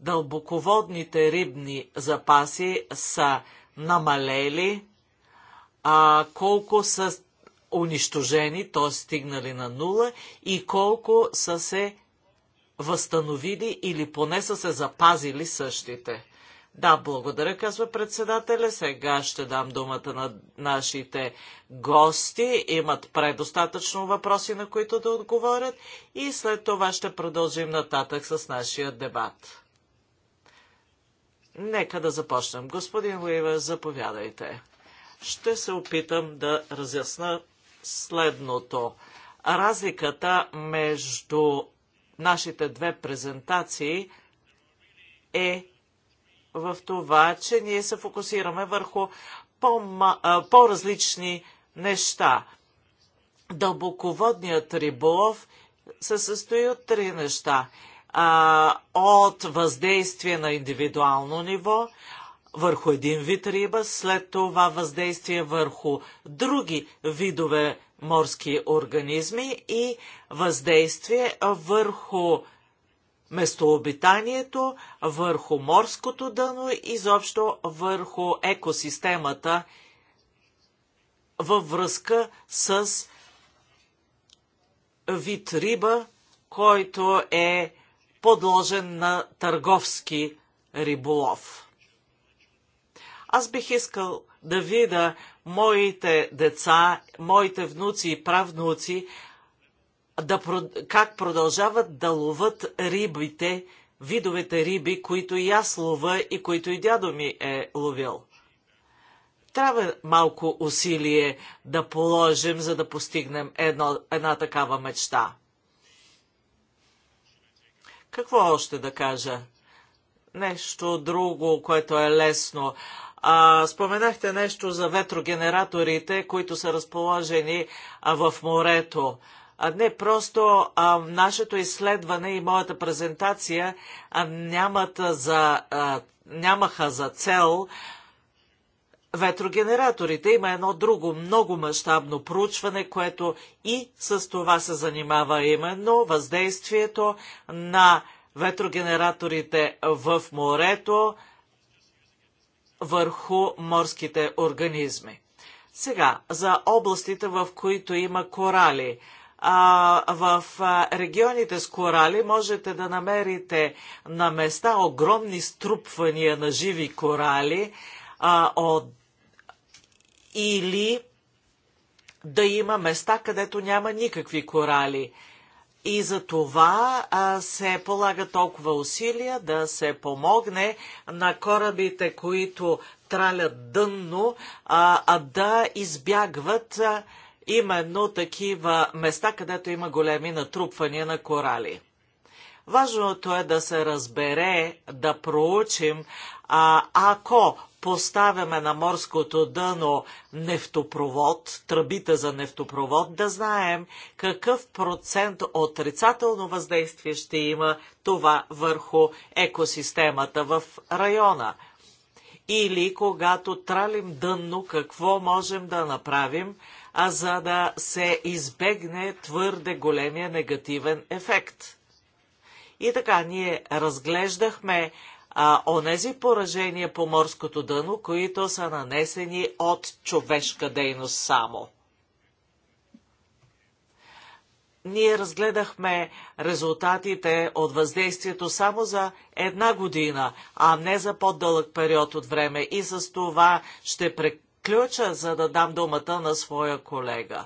дълбоководните рибни запаси са намалели а, колко са унищожени, т.е. стигнали на нула и колко са се възстановили или поне са се запазили същите. Да, благодаря, казва председателя. Сега ще дам думата на нашите гости. Имат предостатъчно въпроси, на които да отговорят и след това ще продължим нататък с нашия дебат. Нека да започнем. Господин Уивер, заповядайте ще се опитам да разясна следното. Разликата между нашите две презентации е в това, че ние се фокусираме върху по-различни по неща. Дълбоководният риболов се състои от три неща. от въздействие на индивидуално ниво, върху един вид риба, след това въздействие върху други видове морски организми и въздействие върху местообитанието, върху морското дъно и изобщо върху екосистемата във връзка с вид риба, който е подложен на търговски риболов. Аз бих искал да видя моите деца, моите внуци и правнуци, да, как продължават да ловат рибите, видовете риби, които и аз лова и които и дядо ми е ловил. Трябва малко усилие да положим, за да постигнем едно, една такава мечта. Какво още да кажа? Нещо друго, което е лесно а, споменахте нещо за ветрогенераторите, които са разположени а, в морето. А, не, просто а, нашето изследване и моята презентация а, нямат за, а, нямаха за цел ветрогенераторите. Има едно друго много мащабно проучване, което и с това се занимава именно въздействието на ветрогенераторите в морето, върху морските организми. Сега, за областите, в които има корали. А, в а, регионите с корали можете да намерите на места огромни струпвания на живи корали а, от, или да има места, където няма никакви корали. И за това а, се полага толкова усилия да се помогне на корабите, които тралят дънно, а, а да избягват а, именно такива места, където има големи натрупвания на корали. Важното е да се разбере, да проучим а, ако поставяме на морското дъно нефтопровод, тръбите за нефтопровод, да знаем какъв процент отрицателно въздействие ще има това върху екосистемата в района. Или когато тралим дънно, какво можем да направим, а за да се избегне твърде големия негативен ефект. И така, ние разглеждахме а, онези поражения по морското дъно, които са нанесени от човешка дейност само. Ние разгледахме резултатите от въздействието само за една година, а не за по-дълъг период от време и с това ще преключа, за да дам думата на своя колега.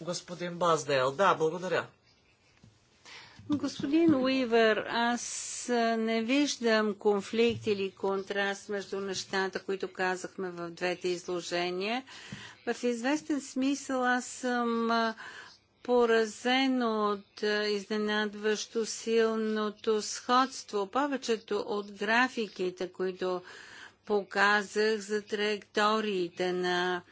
Господин Баздел, да, благодаря. Господин Уивер, аз не виждам конфликт или контраст между нещата, които казахме в двете изложения. В известен смисъл аз съм поразен от изненадващо силното сходство. Повечето от графиките, които показах за траекториите на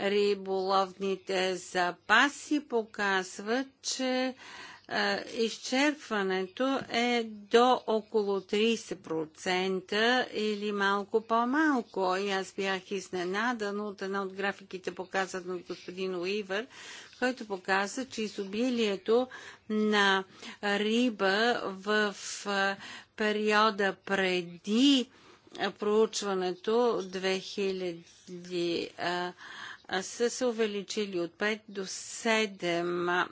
риболовните запаси, показват, че изчерпването е до около 30% или малко по-малко. И аз бях изненадан от една от графиките, показано от господин Уивър, който показа, че изобилието на риба в периода преди проучването 2000 са се увеличили от 5 до 7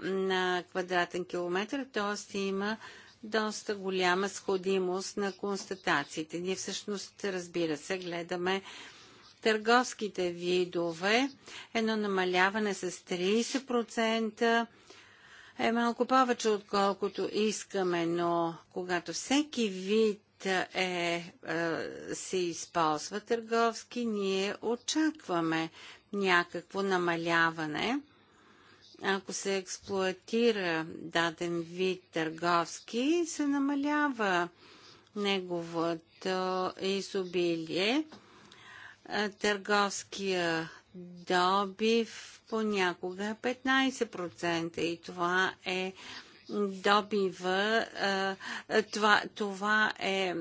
на квадратен километр, т.е. има доста голяма сходимост на констатациите. Ние всъщност, разбира се, гледаме търговските видове. Едно намаляване с 30% е малко повече, отколкото искаме, но когато всеки вид е, е се използва търговски, ние очакваме някакво намаляване. Ако се експлуатира даден вид търговски, се намалява неговото изобилие. Търговския добив понякога е 15% и това е добива, това, това е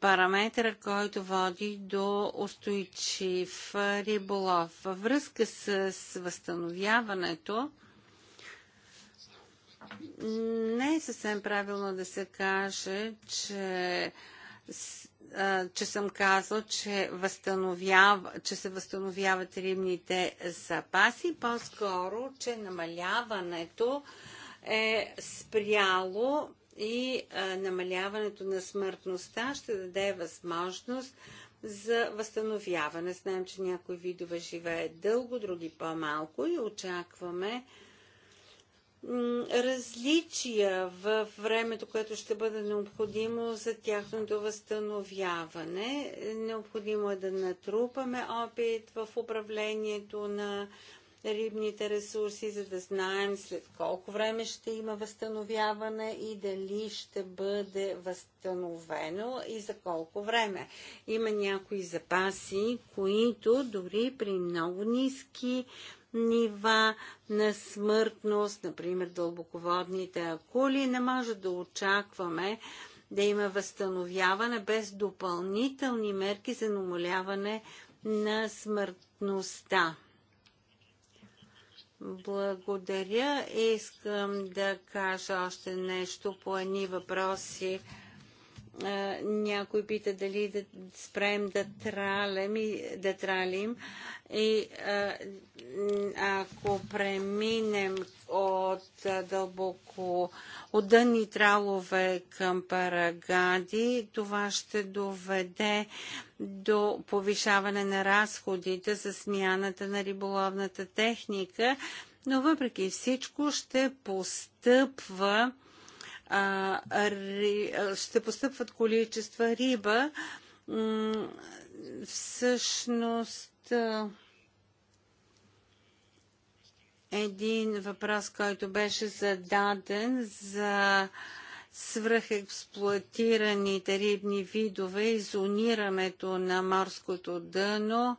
параметър, който води до устойчив риболов. Във връзка с възстановяването, не е съвсем правилно да се каже, че че съм казал, че, възстановява, че се възстановяват рибните запаси, по-скоро, че намаляването е спряло и а, намаляването на смъртността ще даде възможност за възстановяване. Знаем, че някои видове живеят дълго, други по-малко и очакваме различия в времето, което ще бъде необходимо за тяхното възстановяване. Необходимо е да натрупаме опит в управлението на рибните ресурси, за да знаем след колко време ще има възстановяване и дали ще бъде възстановено и за колко време. Има някои запаси, които дори при много ниски нива на смъртност, например дълбоководните акули, не може да очакваме да има възстановяване без допълнителни мерки за намаляване на смъртността. Благодаря. Искам да кажа още нещо по едни въпроси. Е, някой пита дали да спрем да тралим и да тралим. И е, ако преминем от е, дълбоко от дънни тралове към парагади, това ще доведе до повишаване на разходите за смяната на риболовната техника, но въпреки всичко ще постъпва а, ри, ще постъпват количества риба. Всъщност един въпрос, който беше зададен за свръхексплуатираните рибни видове и зонирането на морското дъно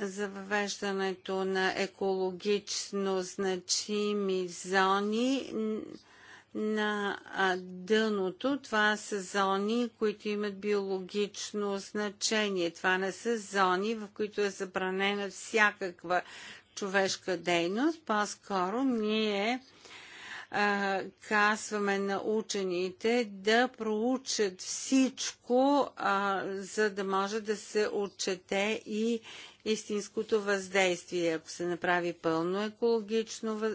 за въвеждането на екологично значими зони на дъното. Това са зони, които имат биологично значение. Това не са зони, в които е забранена всякаква човешка дейност. По-скоро ние а, казваме на учените да проучат всичко, а, за да може да се отчете и истинското въздействие. Ако се направи пълно екологично а,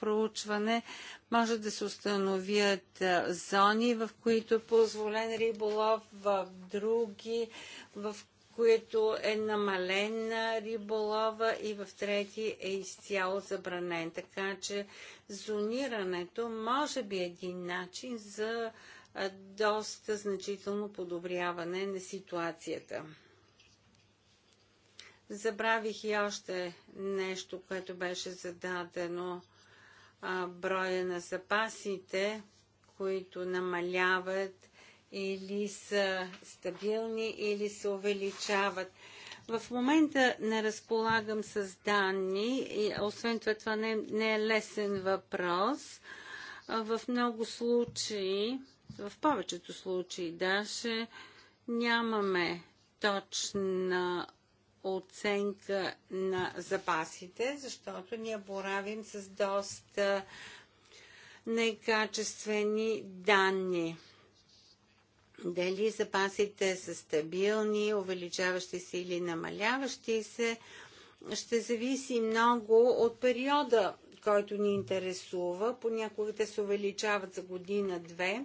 проучване, може да се установят а, зони, в които е позволен риболов, в други, в които е намален на риболова и в трети е изцяло забранен. Така че зонирането може би е един начин за доста значително подобряване на ситуацията. Забравих и още нещо, което беше зададено. броя на запасите, които намаляват или са стабилни, или се увеличават. В момента не разполагам с данни, и, освен това това не, не е лесен въпрос. В много случаи, в повечето случаи даже, нямаме точна оценка на запасите, защото ние боравим с доста некачествени данни дали запасите са стабилни, увеличаващи се или намаляващи се, ще зависи много от периода, който ни интересува. Понякога те се увеличават за година-две,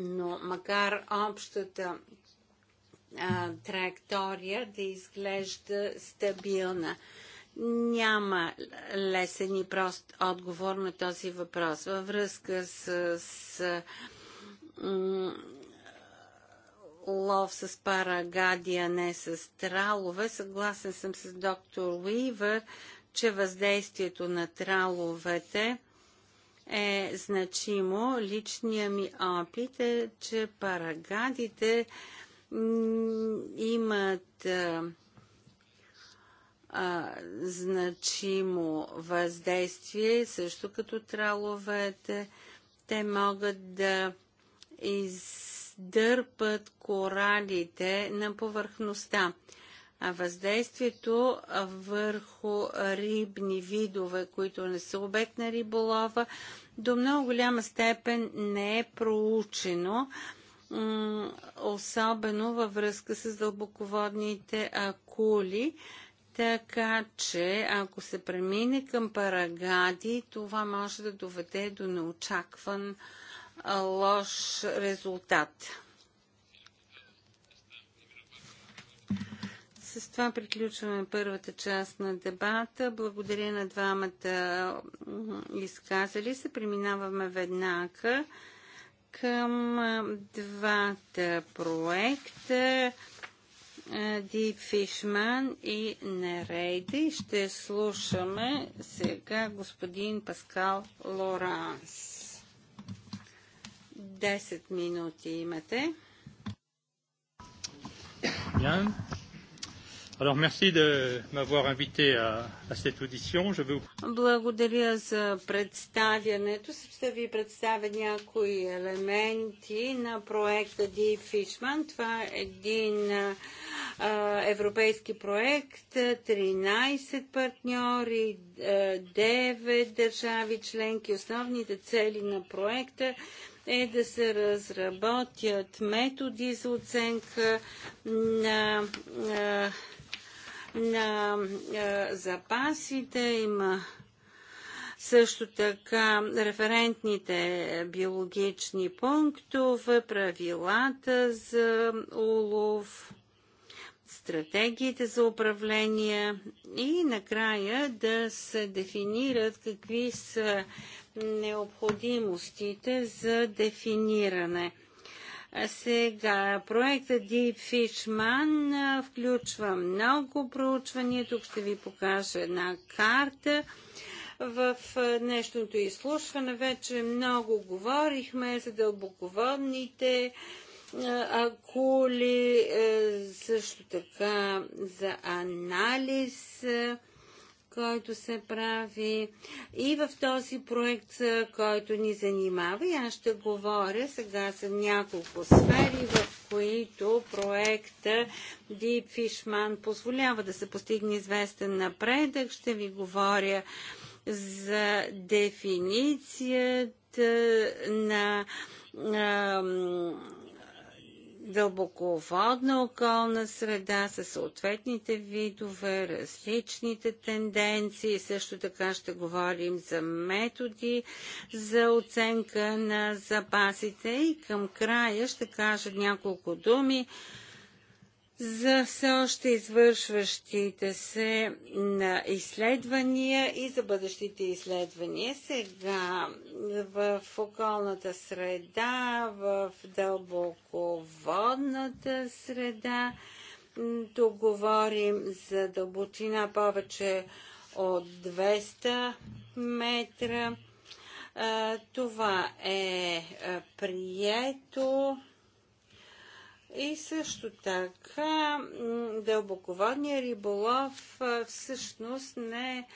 но макар общата а, траектория да изглежда стабилна. Няма лесен и прост отговор на този въпрос. Във връзка с, с лов с парагади, а не с тралове, съгласен съм с доктор Уивър, че въздействието на траловете е значимо. Личният ми опит е, че парагадите имат а, значимо въздействие, също като траловете. Те могат да издърпат коралите на повърхността. А въздействието върху рибни видове, които не са обект на риболова, до много голяма степен не е проучено, особено във връзка с дълбоководните акули. Така че, ако се премине към парагади, това може да доведе до неочакван лош резултат. С това приключваме първата част на дебата. Благодаря на двамата изказали се. Преминаваме веднага към двата проекта. Е, Ди Фишман и Нерейди. Ще слушаме сега господин Паскал Лоранс. Десет минути имате. Bien. Благодаря за представянето. Ще ви представя някои елементи на проекта Ди Фишман. Това е един а, европейски проект, 13 партньори, 9 държави членки. Основните цели на проекта е да се разработят методи за оценка на а, на е, запасите, има също така референтните биологични пунктове, правилата за улов, стратегиите за управление и накрая да се дефинират какви са необходимостите за дефиниране. Сега, проектът Deep Fishman включва много проучвания. Тук ще ви покажа една карта. В днешното изслушване вече много говорихме за дълбоководните акули, също така за анализ който се прави и в този проект, който ни занимава. И аз ще говоря сега за няколко сфери, в които проекта Deep Fishman позволява да се постигне известен напредък. Ще ви говоря за дефиницията на дълбоководна околна среда с съответните видове, различните тенденции. Също така ще говорим за методи за оценка на запасите и към края ще кажа няколко думи за все още извършващите се на изследвания и за бъдещите изследвания. Сега в околната среда, в дълбоководната среда, тук говорим за дълбочина повече от 200 метра. Това е прието и също така дълбоководния риболов всъщност не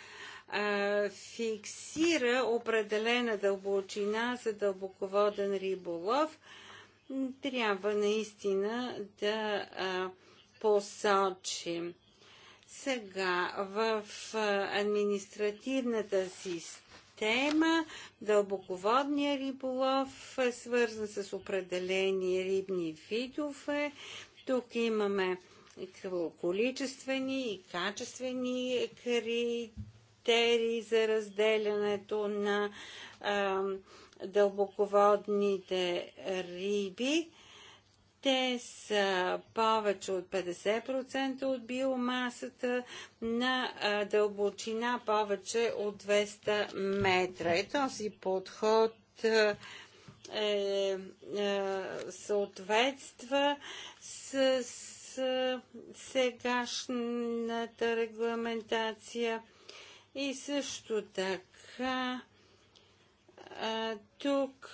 фиксира определена дълбочина за дълбоководен риболов. Трябва наистина да посочим. Сега в административната система тема. Дълбоководния риболов свързан с определени рибни видове. Тук имаме количествени и качествени критерии за разделянето на а, дълбоководните риби те са повече от 50% от биомасата на дълбочина повече от 200 метра. И този подход е, е, съответства с, с сегашната регламентация и също така тук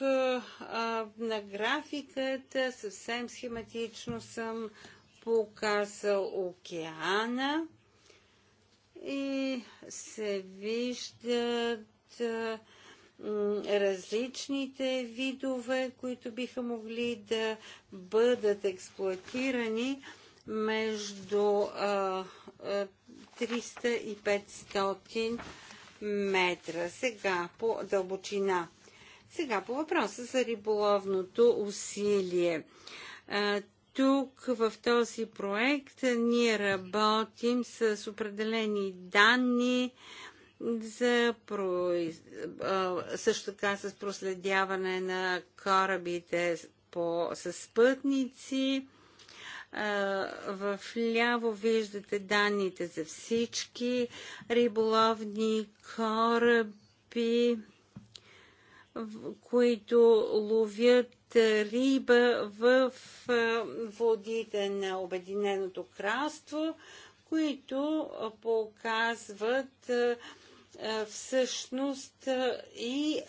на графиката съвсем схематично съм показал океана и се виждат различните видове, които биха могли да бъдат експлуатирани между 300 и 500 метра. Сега по дълбочина. Сега по въпроса за риболовното усилие. Тук в този проект ние работим с определени данни за също така с проследяване на корабите по... с пътници в ляво виждате данните за всички риболовни кораби, които ловят риба в водите на Обединеното кралство, които показват всъщност и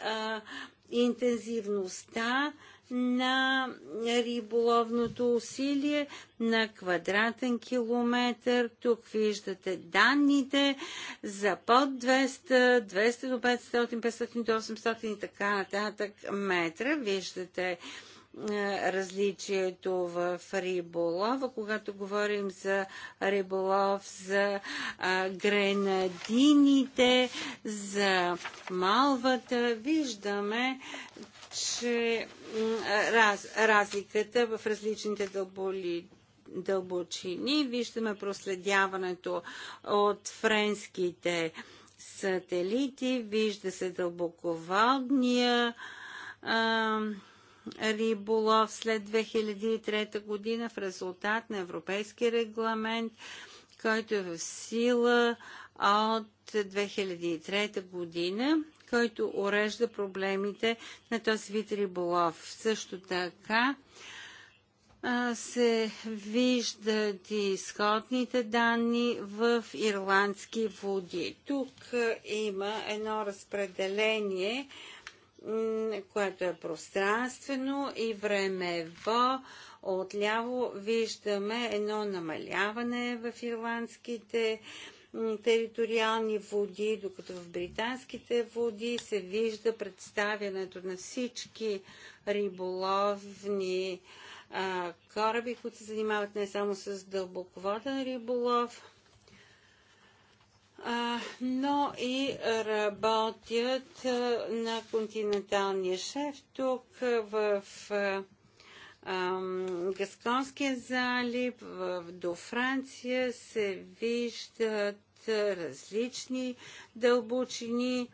интензивността на риболовното усилие на квадратен километър. Тук виждате данните за под 200, 200 до 500, 500 до 800 и така нататък метра. Виждате е, различието в риболова, когато говорим за риболов, за а, гренадините, за малвата, виждаме, че раз, разликата в различните дълболи, дълбочини. Виждаме проследяването от френските сателити, вижда се дълбоководния а, риболов след 2003 година в резултат на европейски регламент, който е в сила от 2003 година който урежда проблемите на този вид риболов. Също така се виждат и сходните данни в ирландски води. Тук има едно разпределение, което е пространствено и времево. Отляво виждаме едно намаляване в ирландските води териториални води, докато в британските води се вижда представянето на всички риболовни а, кораби, които се занимават не само с дълбоководен риболов, а, но и работят а, на континенталния шеф тук в а, Гасконския залив до Франция се виждат различни дълбочини.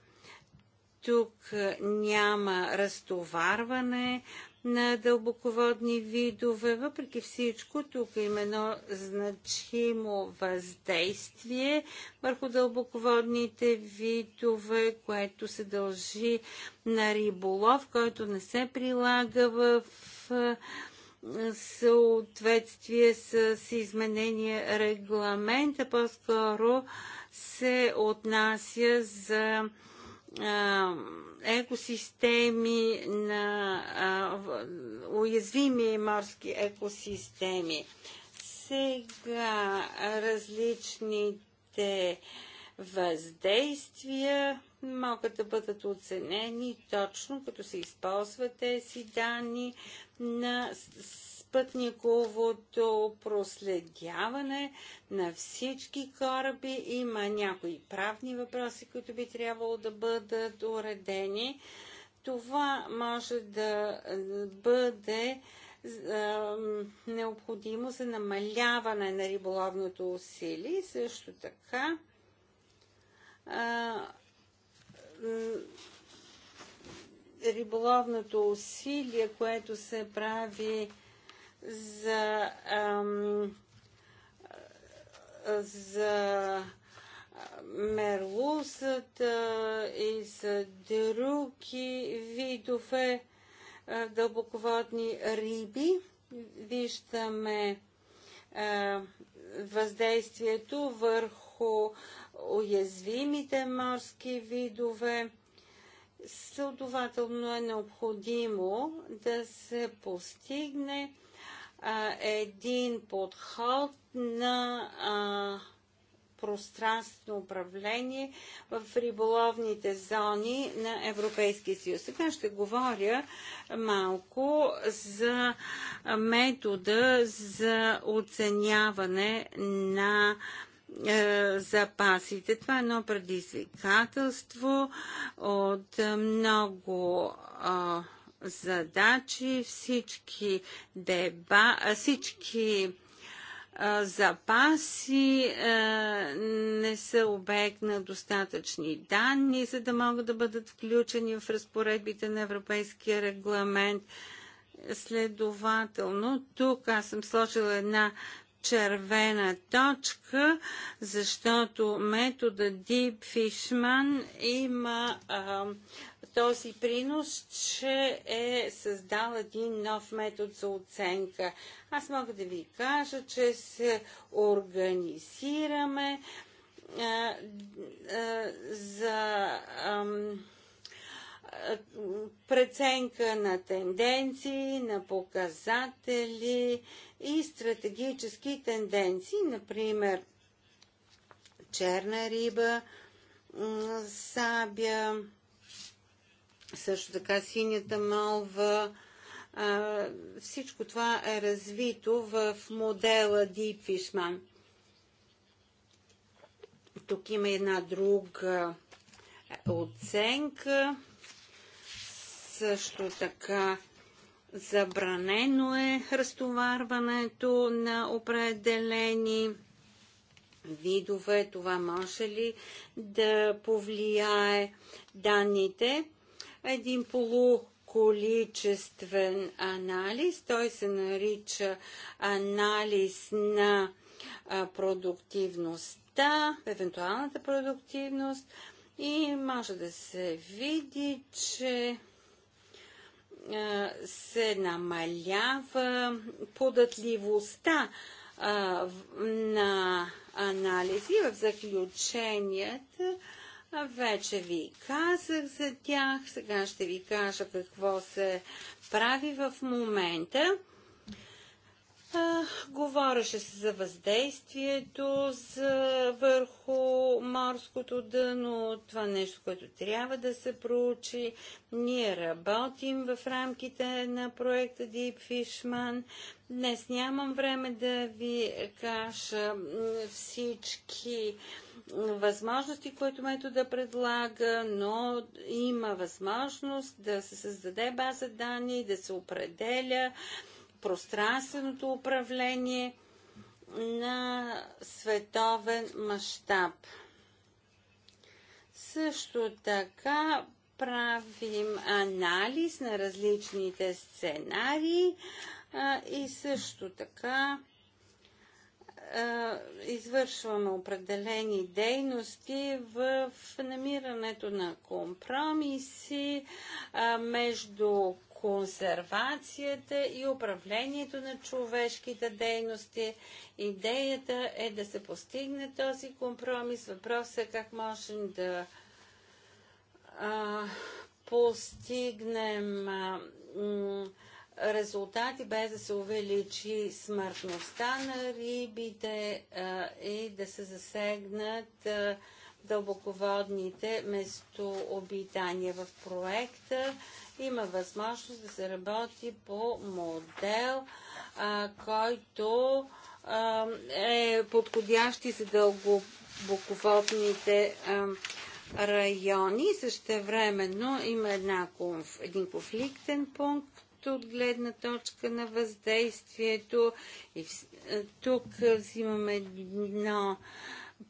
Тук няма разтоварване на дълбоководни видове. Въпреки всичко, тук има едно значимо въздействие върху дълбоководните видове, което се дължи на риболов, който не се прилага в съответствие с изменение регламента, по-скоро се отнася за екосистеми на уязвими морски екосистеми. Сега различните въздействия могат да бъдат оценени точно като се използват тези данни на спътниковото проследяване на всички кораби. Има някои правни въпроси, които би трябвало да бъдат уредени. Това може да бъде необходимо за намаляване на риболовното усилие. Също така риболовното усилие, което се прави за, ам, за мерлусата и за други видове дълбоководни риби. Виждаме а, въздействието върху уязвимите морски видове Следователно е необходимо да се постигне а, един подход на а, пространствено управление в риболовните зони на Европейския съюз. Сега ще говоря малко за метода за оценяване на е, запасите. Това е едно предизвикателство от много задачи, всички деба, всички запаси е, не са обект на достатъчни данни, за да могат да бъдат включени в разпоредбите на Европейския регламент. Следователно, тук аз съм сложила една червена точка, защото метода Дип Фишман има а, този принос, че е създал един нов метод за оценка. Аз мога да ви кажа, че се организираме а, а, за. А, преценка на тенденции, на показатели, и стратегически тенденции, например черна риба, сабя, също така синята малва. всичко това е развито в модела Deep Fishman. Тук има една друга оценка. Също така Забранено е разтоварването на определени видове. Това може ли да повлияе данните? Един полу количествен анализ. Той се нарича анализ на продуктивността, евентуалната продуктивност и може да се види, че се намалява податливостта на анализи. В заключенията вече ви казах за тях. Сега ще ви кажа какво се прави в момента говореше се за въздействието за, върху морското дъно, това нещо, което трябва да се проучи. Ние работим в рамките на проекта Deep Fishman. Днес нямам време да ви кажа всички възможности, които метода предлага, но има възможност да се създаде база данни, да се определя пространственото управление на световен мащаб. Също така правим анализ на различните сценарии а, и също така извършваме определени дейности в намирането на компромиси между консервацията и управлението на човешките дейности. Идеята е да се постигне този компромис. Въпросът е как можем да а, постигнем а, резултати без да се увеличи смъртността на рибите а, и да се засегнат а, дълбоководните местообитания в проекта. Има възможност да се работи по модел, а, който а, е подходящ за дълбоководните а, райони. Същевременно има една, конф, един конфликтен пункт, от гледна точка на въздействието. И тук взимаме едно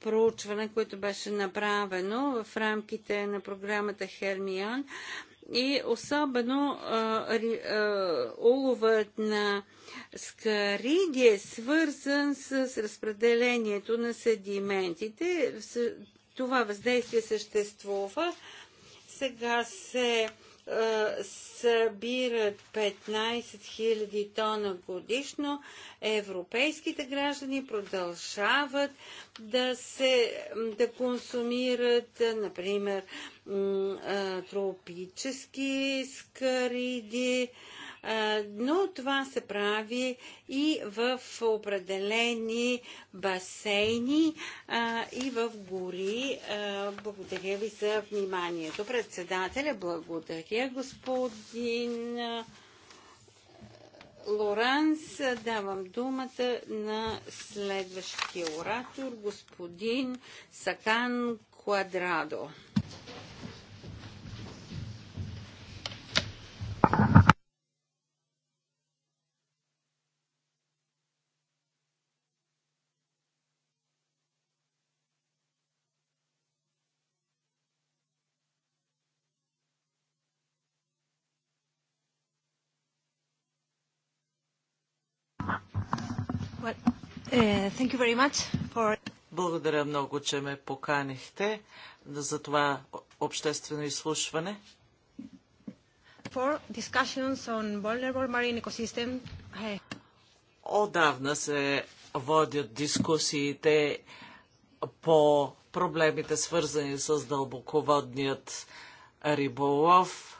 проучване, което беше направено в рамките на програмата Хермион и особено а, а, уловът на скариди е свързан с разпределението на седиментите. Това въздействие съществува. Сега се събират 15 000 тона годишно, европейските граждани продължават да се да консумират, например, тропически скариди, но това се прави и в определени басейни и в гори. Благодаря ви за вниманието. Председателя, благодаря господин Лоранс. Давам думата на следващия оратор, господин Сакан Квадрадо. Eh, Благодаря много, че ме поканихте за това обществено изслушване. Eh. Отдавна се водят дискусиите по проблемите, свързани с дълбоководният риболов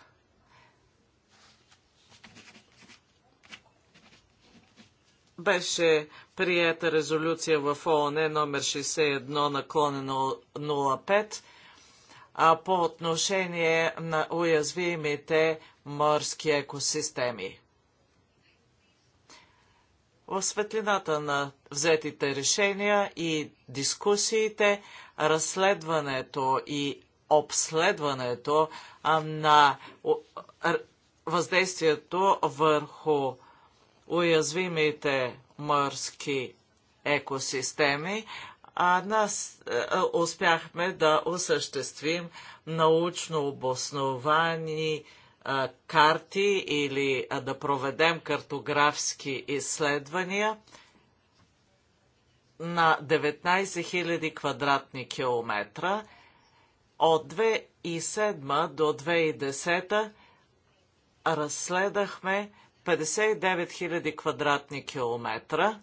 беше приета резолюция в ООН номер 61 наклонено 05 а по отношение на уязвимите морски екосистеми. В светлината на взетите решения и дискусиите, разследването и обследването на въздействието върху уязвимите морски екосистеми, а нас а, е, е, успяхме да осъществим научно обосновани а, е, карти или а, да проведем картографски изследвания на 19 000 квадратни километра от 2007 до 2010 разследахме 59 000 квадратни километра.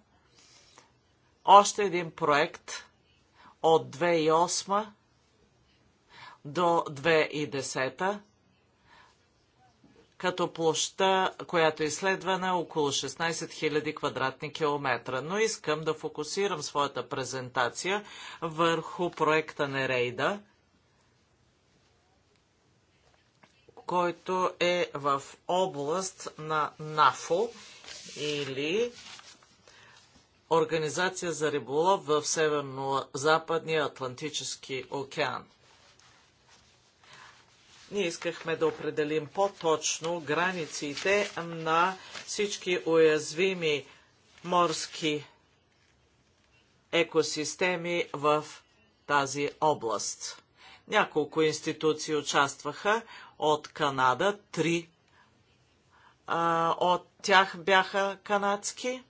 Още един проект от 2008 до 2010 като площа, която е изследвана около 16 000 квадратни километра. Но искам да фокусирам своята презентация върху проекта на Рейда. който е в област на НАФО или Организация за риболов в Северно-Западния Атлантически океан. Ние искахме да определим по-точно границите на всички уязвими морски екосистеми в тази област. Няколко институции участваха, от Канада, три а, от тях бяха канадски,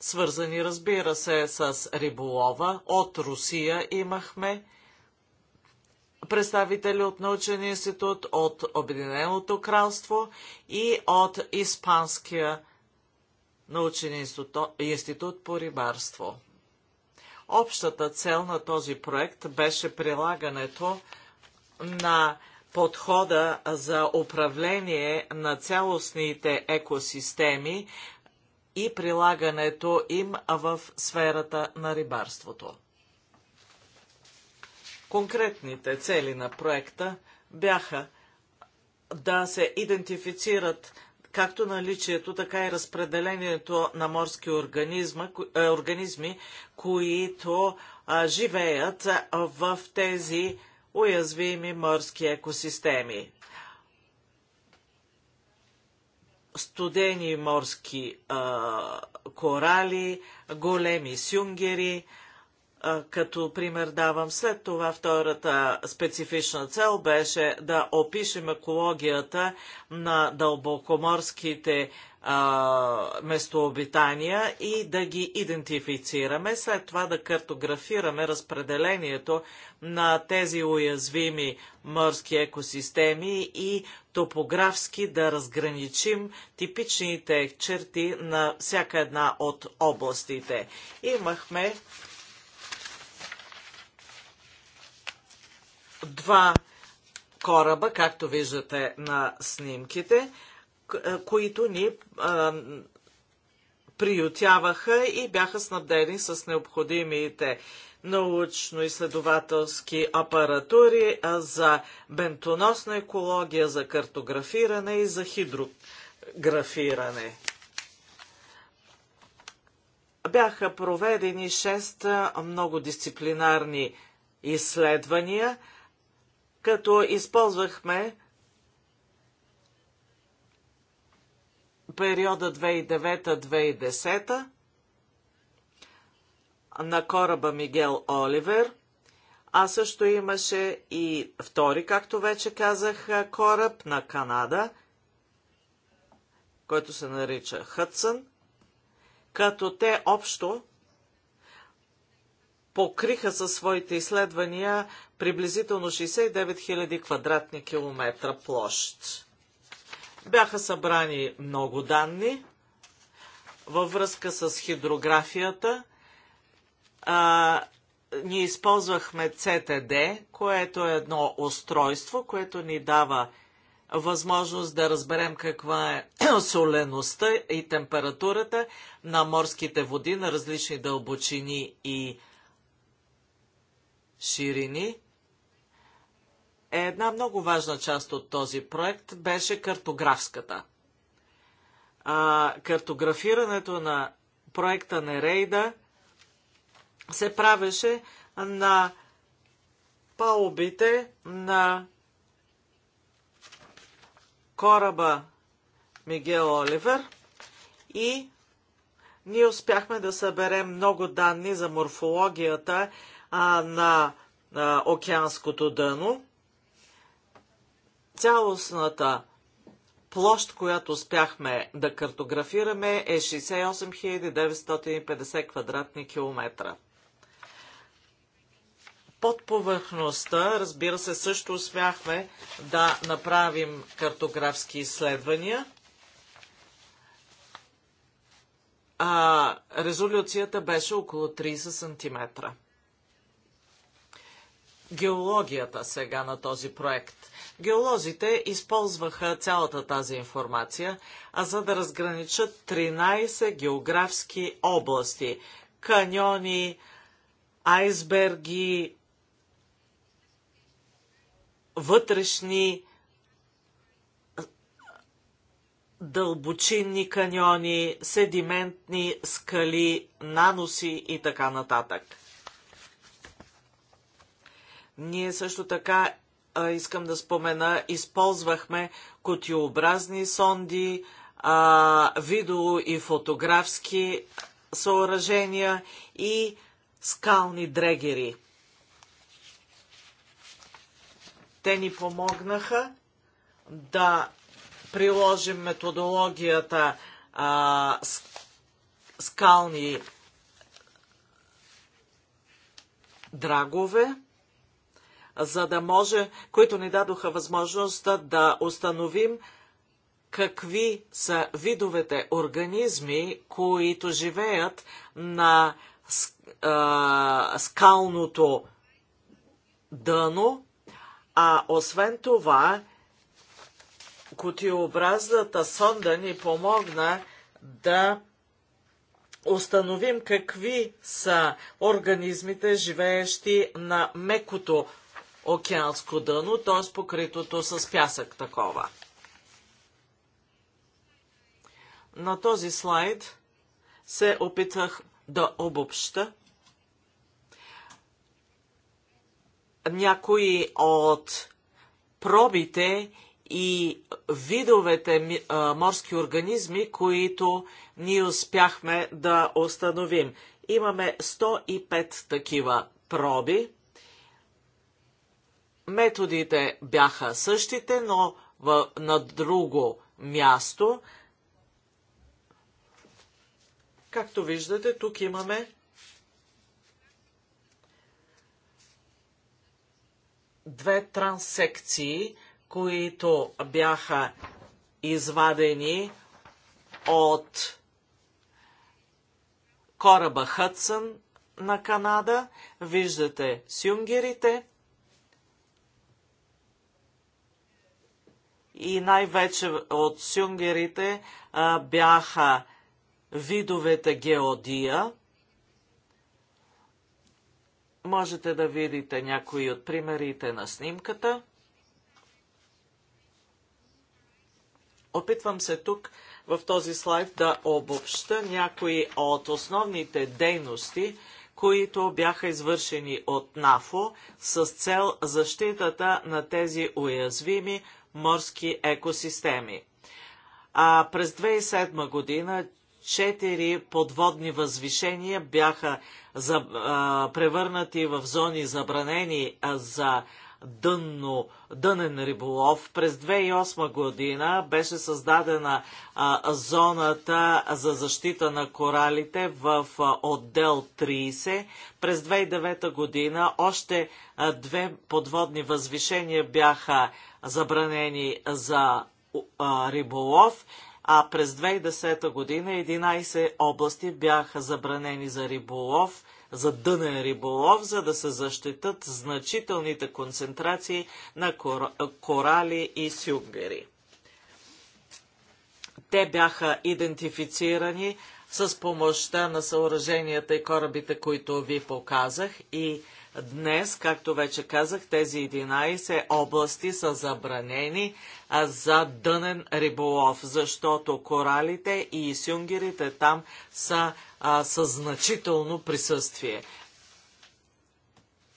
свързани, разбира се, с риболова. От Русия имахме представители от научен институт, от Обединеното кралство и от Испанския научен институт, по рибарство. Общата цел на този проект беше прилагането на подхода за управление на цялостните екосистеми и прилагането им в сферата на рибарството. Конкретните цели на проекта бяха да се идентифицират както наличието, така и разпределението на морски е, организми, които живеят в тези уязвими морски екосистеми. Студени морски а, корали, големи сюнгери, а, като пример давам след това втората специфична цел беше да опишем екологията на дълбокоморските местообитания и да ги идентифицираме, след това да картографираме разпределението на тези уязвими морски екосистеми и топографски да разграничим типичните черти на всяка една от областите. Имахме два кораба, както виждате на снимките които ни приютяваха и бяха снабдени с необходимите научно-изследователски апаратури за бентоносна екология, за картографиране и за хидрографиране. Бяха проведени шест много дисциплинарни изследвания, като използвахме периода 2009-2010 на кораба Мигел Оливер, а също имаше и втори, както вече казах, кораб на Канада, който се нарича Хътсън, като те общо покриха със своите изследвания приблизително 69 000 квадратни километра площ. Бяха събрани много данни във връзка с хидрографията. А, ние използвахме CTD, което е едно устройство, което ни дава възможност да разберем каква е солеността и температурата на морските води на различни дълбочини и ширини. Е една много важна част от този проект беше картографската. А, картографирането на проекта на Рейда, се правеше на палубите на кораба Мигел Оливер и ние успяхме да съберем много данни за морфологията а, на а, океанското дъно Цялостната площ, която успяхме да картографираме е 68 950 квадратни километра. Под повърхността, разбира се, също успяхме да направим картографски изследвания. А, резолюцията беше около 30 см геологията сега на този проект. Геолозите използваха цялата тази информация, а за да разграничат 13 географски области – каньони, айсберги, вътрешни дълбочинни каньони, седиментни скали, наноси и така нататък. Ние също така, а, искам да спомена, използвахме кутиообразни сонди, а, видео и фотографски съоръжения и скални дрегери. Те ни помогнаха да приложим методологията а, скални драгове за да може, които ни дадоха възможност да установим какви са видовете организми, които живеят на скалното дъно, а освен това, кутиобразната сонда ни помогна да установим какви са организмите, живеещи на мекото океанско дъно, т.е. покритото с пясък такова. На този слайд се опитах да обобща някои от пробите и видовете морски организми, които ние успяхме да установим. Имаме 105 такива проби Методите бяха същите, но в, на друго място. Както виждате, тук имаме две транссекции, които бяха извадени от кораба Хътсън на Канада. Виждате сюнгерите и най-вече от сюнгерите а, бяха видовете геодия. Можете да видите някои от примерите на снимката. Опитвам се тук в този слайд да обобща някои от основните дейности, които бяха извършени от НАФО с цел защитата на тези уязвими морски екосистеми. А през 2007 година четири подводни възвишения бяха за, а, превърнати в зони забранени а, за дънно, дънен риболов. През 2008 година беше създадена а, зоната за защита на коралите в а, отдел 30. През 2009 година още а, две подводни възвишения бяха забранени за а, риболов а през 2010 година 11 области бяха забранени за риболов – за дънен риболов, за да се защитат значителните концентрации на кор... корали и сюнгери. Те бяха идентифицирани с помощта на съоръженията и корабите, които ви показах и Днес, както вече казах, тези 11 области са забранени за дънен риболов, защото коралите и сюнгерите там са със значително присъствие.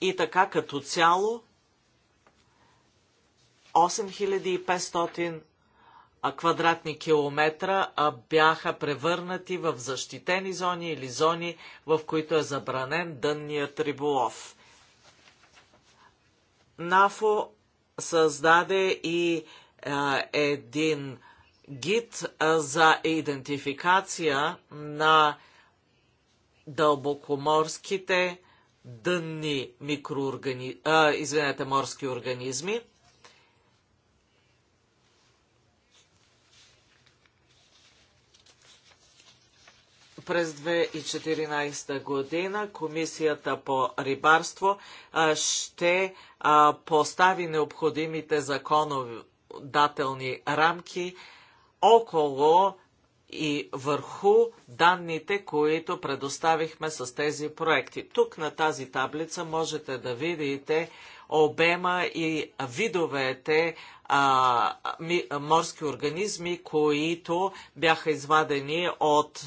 И така като цяло 8500 квадратни километра бяха превърнати в защитени зони или зони, в които е забранен дънният риболов. НАФО създаде и а, един гид а, за идентификация на дълбокоморските дънни микроорганизми, извинете, морски организми – през 2014 година Комисията по рибарство ще постави необходимите законодателни рамки около и върху данните, които предоставихме с тези проекти. Тук на тази таблица можете да видите обема и видовете а, морски организми, които бяха извадени от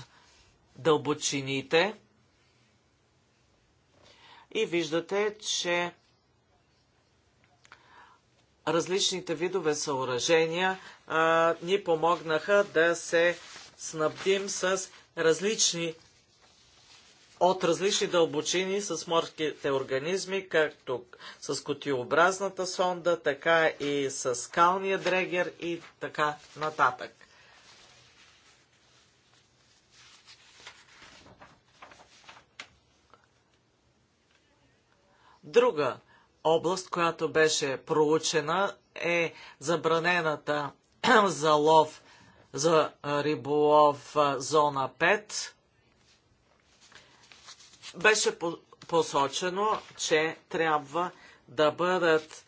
дълбочините и виждате, че различните видове съоръжения а, ни помогнаха да се снабдим с различни от различни дълбочини с морските организми, както с котиобразната сонда, така и с скалния дрегер и така нататък. Друга област, която беше проучена е забранената за лов за риболов зона 5. Беше посочено, че трябва да бъдат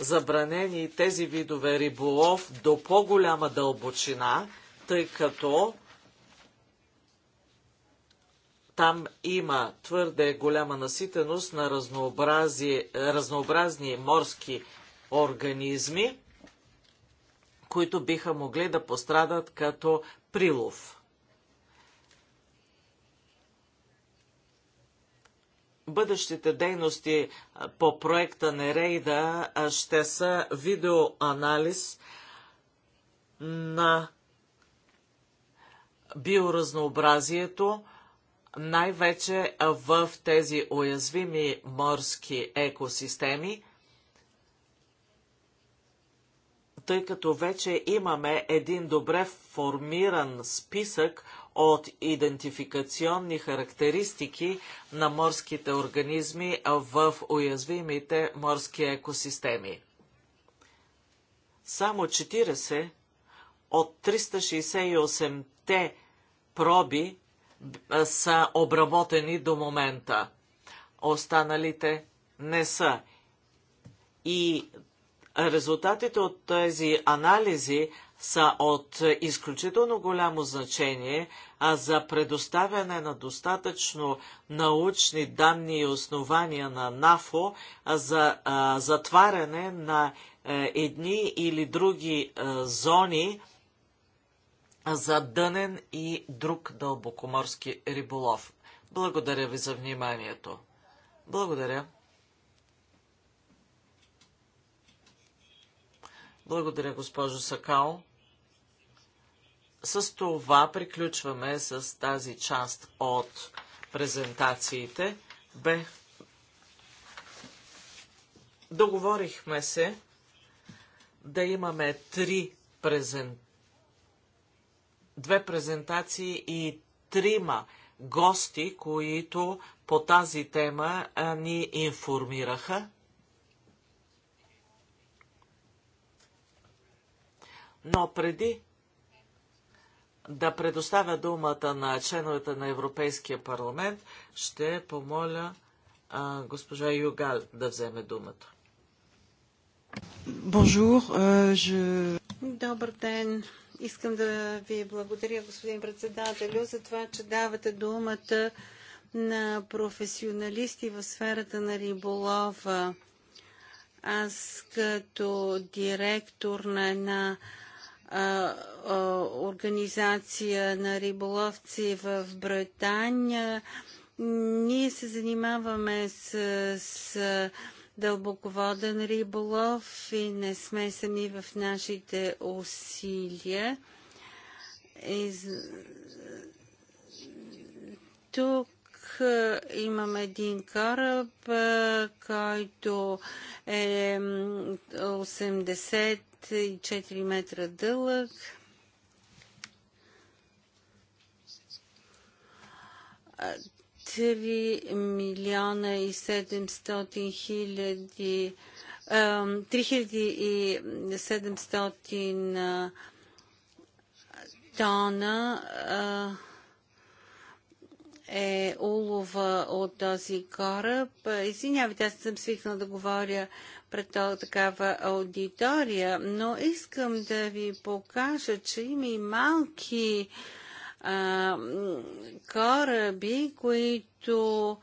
забранени тези видове риболов до по-голяма дълбочина, тъй като там има твърде голяма наситеност на разнообразни морски организми, които биха могли да пострадат като прилов. бъдещите дейности по проекта Нерейда ще са видеоанализ на биоразнообразието, най-вече в тези уязвими морски екосистеми, тъй като вече имаме един добре формиран списък от идентификационни характеристики на морските организми в уязвимите морски екосистеми. Само 40 от 368-те проби са обработени до момента. Останалите не са. И резултатите от тези анализи са от изключително голямо значение а за предоставяне на достатъчно научни данни и основания на НАФО за а, затваряне на а, е, едни или други а, е, зони за дънен и друг дълбокоморски риболов. Благодаря ви за вниманието. Благодаря. Благодаря, госпожо Сакал. С това приключваме с тази част от презентациите. Бе. Договорихме се да имаме три презентации две презентации и трима гости, които по тази тема ни информираха. Но преди да предоставя думата на членовете на Европейския парламент, ще помоля а, госпожа Югал да вземе думата. Bonjour, euh, je... Добър ден, Искам да ви благодаря, господин председателю, за това, че давате думата на професионалисти в сферата на риболова. Аз като директор на една а, а, организация на риболовци в Британия, ние се занимаваме с, с дълбоководен риболов и не сме сами в нашите усилия. Из... Тук имам един кораб, който е 84 метра дълъг. 3 милиона и 700 хиляди 3700 тона е улова от този кораб. Извинявайте, аз съм свикнала да говоря пред такава аудитория, но искам да ви покажа, че има и малки а, кораби, които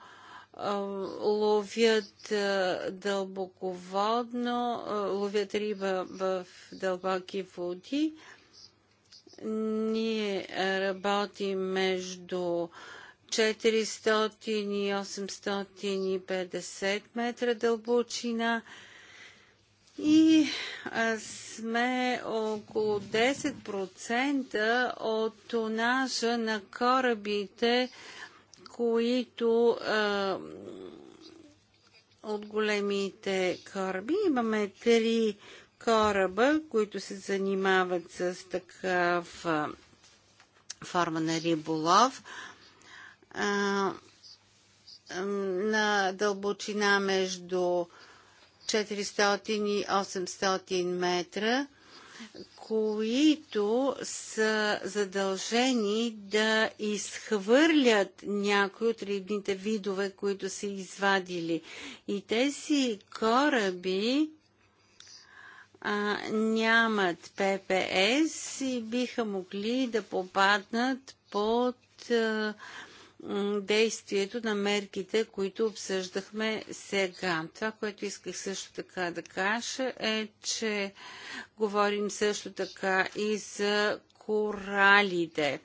ловят дълбоководно, ловят риба в дълбоки води. Ние работим между 400 и 850 метра дълбочина и сме около 10% от тонажа на корабите, които а, от големите кораби. Имаме три кораба, които се занимават с такъв а, форма на риболов. А, на дълбочина между 400 и 800 метра, които са задължени да изхвърлят някои от рибните видове, които са извадили. И тези кораби а, нямат ППС и биха могли да попаднат под а, действието на мерките, които обсъждахме сега. Това, което исках също така да кажа е, че говорим също така и за коралите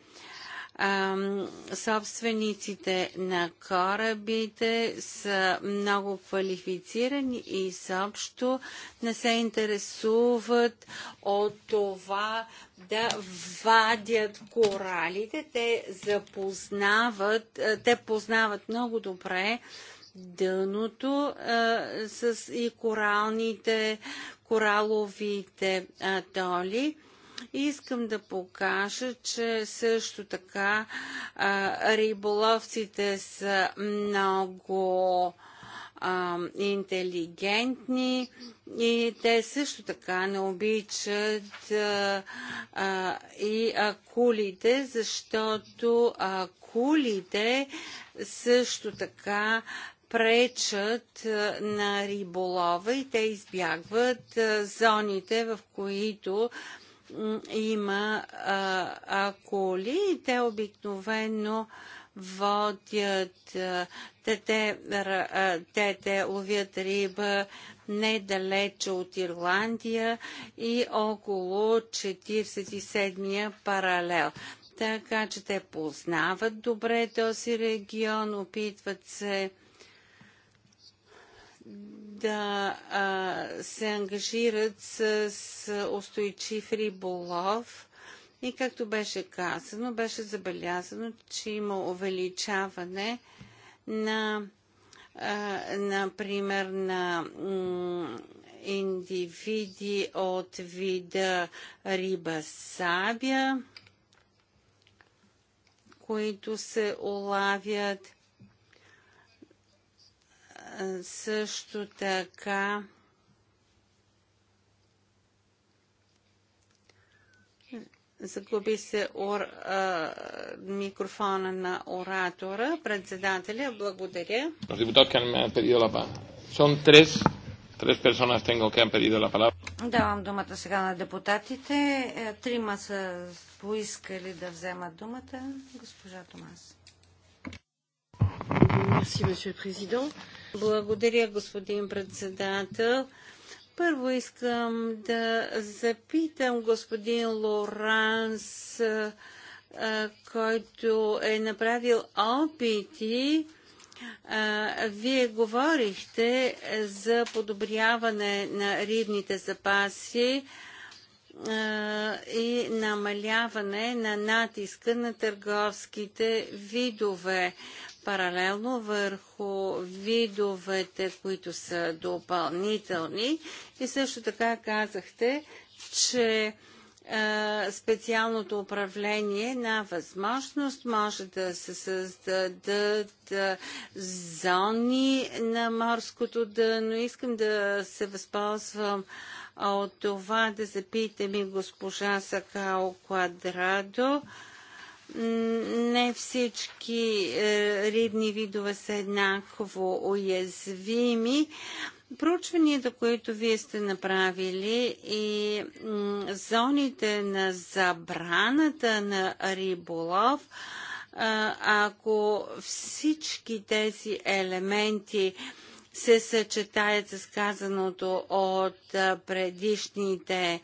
собствениците на корабите са много квалифицирани и изобщо не се интересуват от това да вадят коралите. Те запознават, те познават много добре дъното а, с и коралните, кораловите атоли. Искам да покажа, че също така а, риболовците са много а, интелигентни и те също така не обичат а, а, и акулите, защото акулите също така пречат на риболова и те избягват зоните, в които има а, коли, те обикновено водят, те те, те те ловят риба недалече от Ирландия и около 47-я паралел. Така че те познават добре този регион, опитват се да а, се ангажират с, с устойчив риболов. И както беше казано, беше забелязано, че има увеличаване на, а, например, на индивиди от вида риба сабя, които се улавят също така Загуби се ор, а, микрофона на оратора. Председателя, благодаря. Los diputados que me han pedido la palabra. Son tres, tres personas tengo que han pedido la palabra. Давам думата сега на депутатите. Е, трима са поискали да вземат думата. Госпожа Томас. Merci, monsieur le président. Благодаря, господин председател. Първо искам да запитам господин Лоранс, който е направил опити. Вие говорихте за подобряване на рибните запаси и намаляване на натиска на търговските видове паралелно върху видовете, които са допълнителни. И също така казахте, че специалното управление на възможност може да се създадат зони на морското дъно. Искам да се възползвам от това да запитам и госпожа Сакао Квадрадо не всички е, рибни видове са еднакво уязвими. Проучванията, които вие сте направили и зоните на забраната на риболов, ако всички тези елементи се съчетаят с казаното от предишните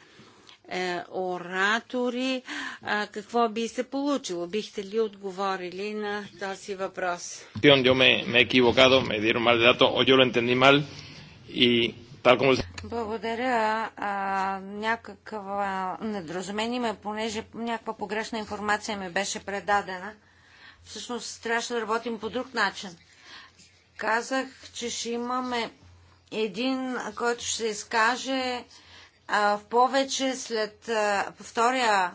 е, оратори, а, е, какво би се получило? Бихте ли отговорили на този въпрос? Благодаря. А, някаква недоразумение ме, понеже някаква погрешна информация ми беше предадена. Всъщност трябваше да работим по друг начин. Казах, че ще имаме един, който ще се изкаже в повече след втория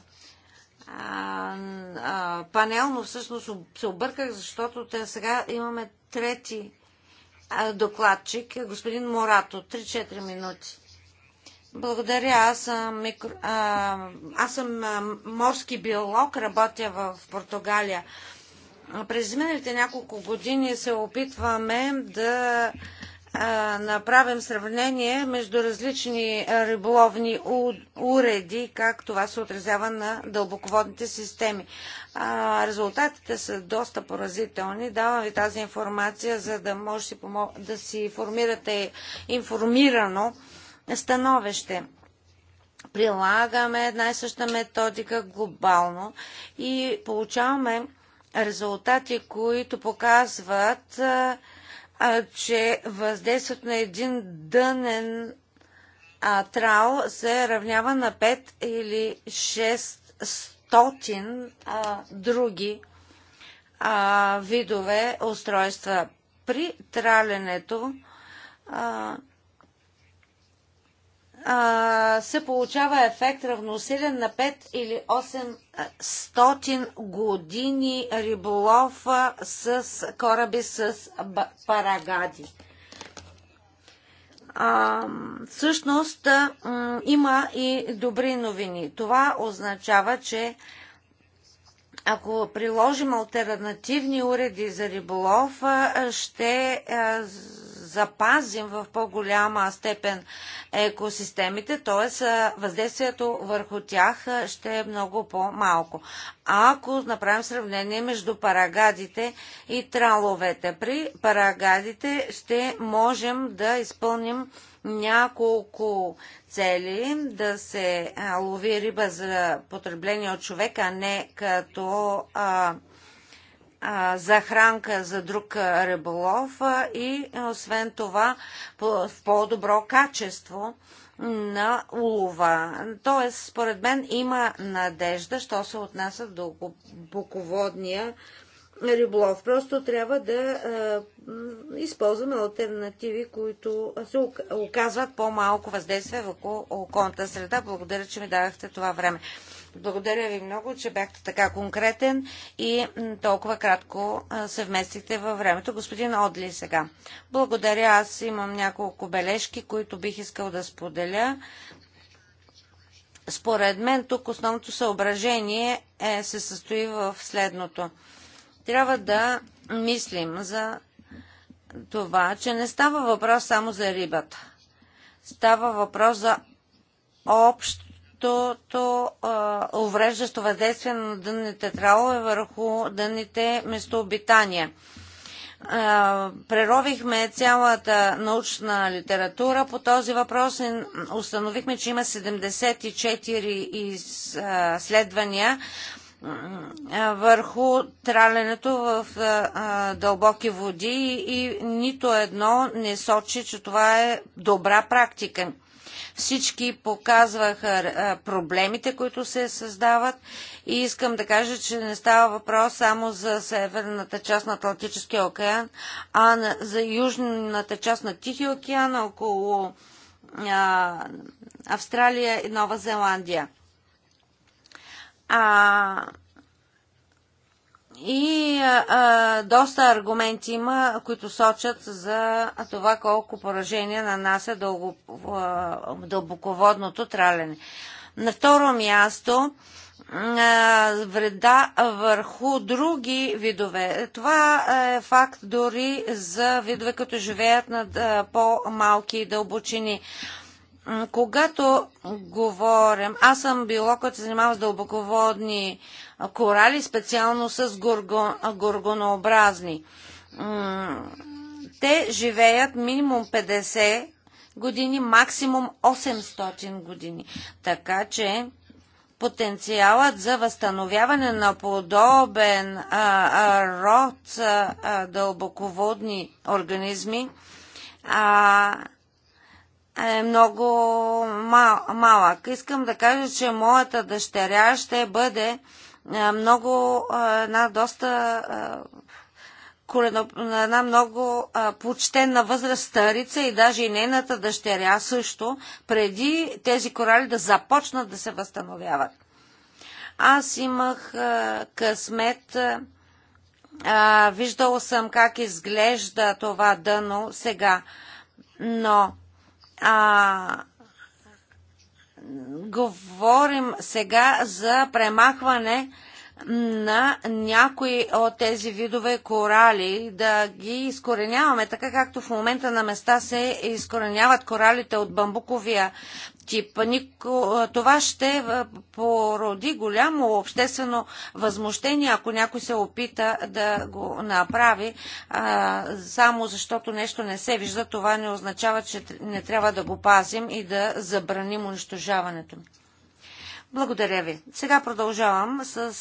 панел, но всъщност се обърках, защото те сега имаме трети докладчик, господин Морато. 3-4 минути. Благодаря. Аз съм, микро... аз съм морски биолог, работя в Португалия. През миналите няколко години се опитваме да направим сравнение между различни риболовни уреди, как това се отразява на дълбоководните системи. резултатите са доста поразителни. Давам ви тази информация, за да може да си формирате информирано становище. Прилагаме една и съща методика глобално и получаваме резултати, които показват а, че въздействието на един дънен а, трал се равнява на 5 или 600 а, други а, видове устройства. При траленето а, а, се получава ефект равносилен на 5 или 800 години риболов с кораби с парагади. А, всъщност а, има и добри новини. Това означава, че ако приложим альтернативни уреди за риболов, ще запазим в по-голяма степен екосистемите, т.е. въздействието върху тях ще е много по-малко. Ако направим сравнение между парагадите и траловете, при парагадите ще можем да изпълним няколко цели да се лови риба за потребление от човека, а не като а, захранка за друг риболов и освен това в по-добро качество на улова. Тоест, според мен има надежда, що се отнася до боководния риболов. Просто трябва да е, използваме альтернативи, които се оказват по-малко въздействие върху околната среда. Благодаря, че ми давахте това време. Благодаря ви много, че бяхте така конкретен и толкова кратко се вместихте във времето. Господин Одли сега. Благодаря. Аз имам няколко бележки, които бих искал да споделя. Според мен тук основното съображение е, се състои в следното. Трябва да мислим за това, че не става въпрос само за рибата. Става въпрос за общ тежкото увреждащо въздействие на дънните тралове върху дънните местообитания. преровихме цялата научна литература по този въпрос и установихме, че има 74 изследвания върху траленето в дълбоки води и нито едно не сочи, че това е добра практика. Всички показваха проблемите, които се създават и искам да кажа, че не става въпрос само за северната част на Атлантическия океан, а за южната част на Тихия океан около Австралия и Нова Зеландия. А, и а, доста аргументи има, които сочат за това колко поражение нанася дълго, а, дълбоководното тралене. На второ място вреда върху други видове. Това е факт дори за видове, като живеят на по-малки дълбочини когато говорим, аз съм биолог, който се занимава с дълбоководни корали, специално с горгон, горгонообразни. Те живеят минимум 50 години, максимум 800 години. Така че потенциалът за възстановяване на подобен а, а, род а, дълбоководни организми а, е много мал, малък. Искам да кажа, че моята дъщеря ще бъде много, една доста на една много почтена възраст старица и даже и нейната дъщеря също, преди тези корали да започнат да се възстановяват. Аз имах късмет, виждал виждала съм как изглежда това дъно сега, но а, говорим сега за премахване на някои от тези видове корали, да ги изкореняваме, така както в момента на места се изкореняват коралите от бамбуковия тип. Това ще породи голямо обществено възмущение, ако някой се опита да го направи, само защото нещо не се вижда. Това не означава, че не трябва да го пазим и да забраним унищожаването. Благодаря ви. Сега продължавам с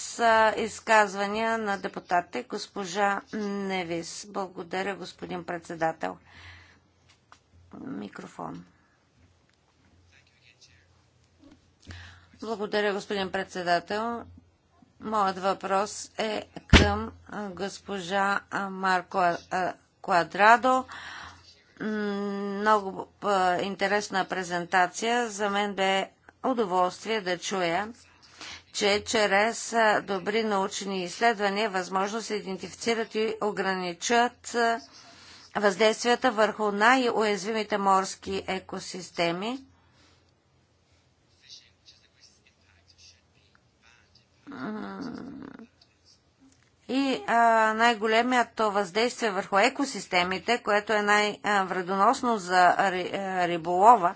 изказвания на депутатите. Госпожа Невис. Благодаря, господин председател. Микрофон. Благодаря, господин председател. Моят въпрос е към госпожа Марко Квадрадо. Много интересна презентация. За мен бе удоволствие да чуя, че чрез добри научни изследвания възможно се идентифицират и ограничат въздействията върху най-уязвимите морски екосистеми и най-големият въздействие върху екосистемите, което е най-вредоносно за е, риболова,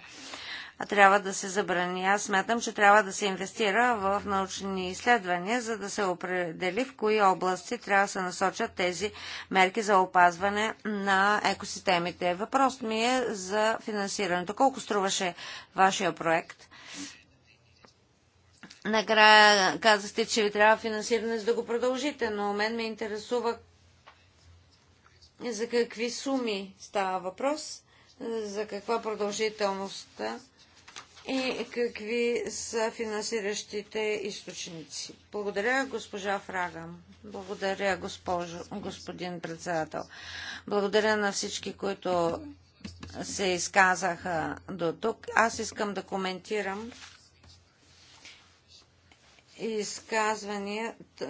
трябва да се забрани. Аз смятам, че трябва да се инвестира в научни изследвания, за да се определи в кои области трябва да се насочат тези мерки за опазване на екосистемите. Въпрос ми е за финансирането. Колко струваше вашия проект? Накрая казахте, че ви трябва финансиране, за да го продължите, но мен ме интересува за какви суми става въпрос, за каква продължителност и какви са финансиращите източници. Благодаря, госпожа Фрага. Благодаря, госпожо, господин председател. Благодаря на всички, които се изказаха до тук. Аз искам да коментирам изказването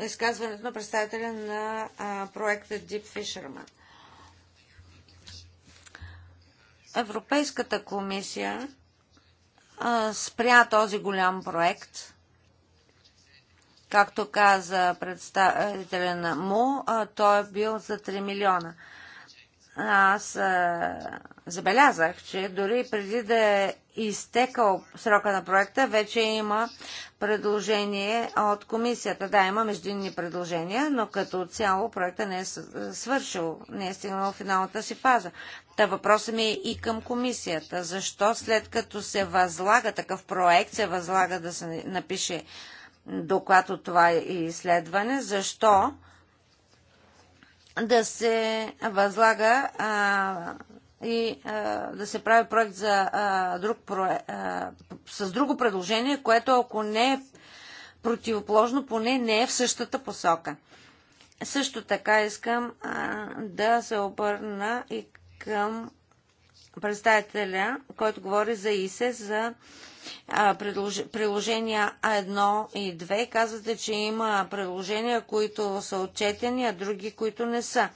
на представителя на а, проекта Deep Fisherman. Европейската комисия а, спря този голям проект, както каза представителя на МУ, а, той е бил за 3 милиона аз а, забелязах, че дори преди да е изтекал срока на проекта, вече има предложение от комисията. Да, има междинни предложения, но като цяло проекта не е свършил, не е стигнал в финалната си фаза. Та въпросът ми е и към комисията. Защо след като се възлага такъв проект, се възлага да се напише доклад от това изследване, защо да се възлага а, и а, да се прави проект за, а, друг проект, а, с друго предложение, което ако не е противоположно, поне не е в същата посока. Също така искам а, да се обърна и към представителя, който говори за ИСЕ, за а, приложения 1 и 2. Казвате, че има приложения, които са отчетени, а други, които не са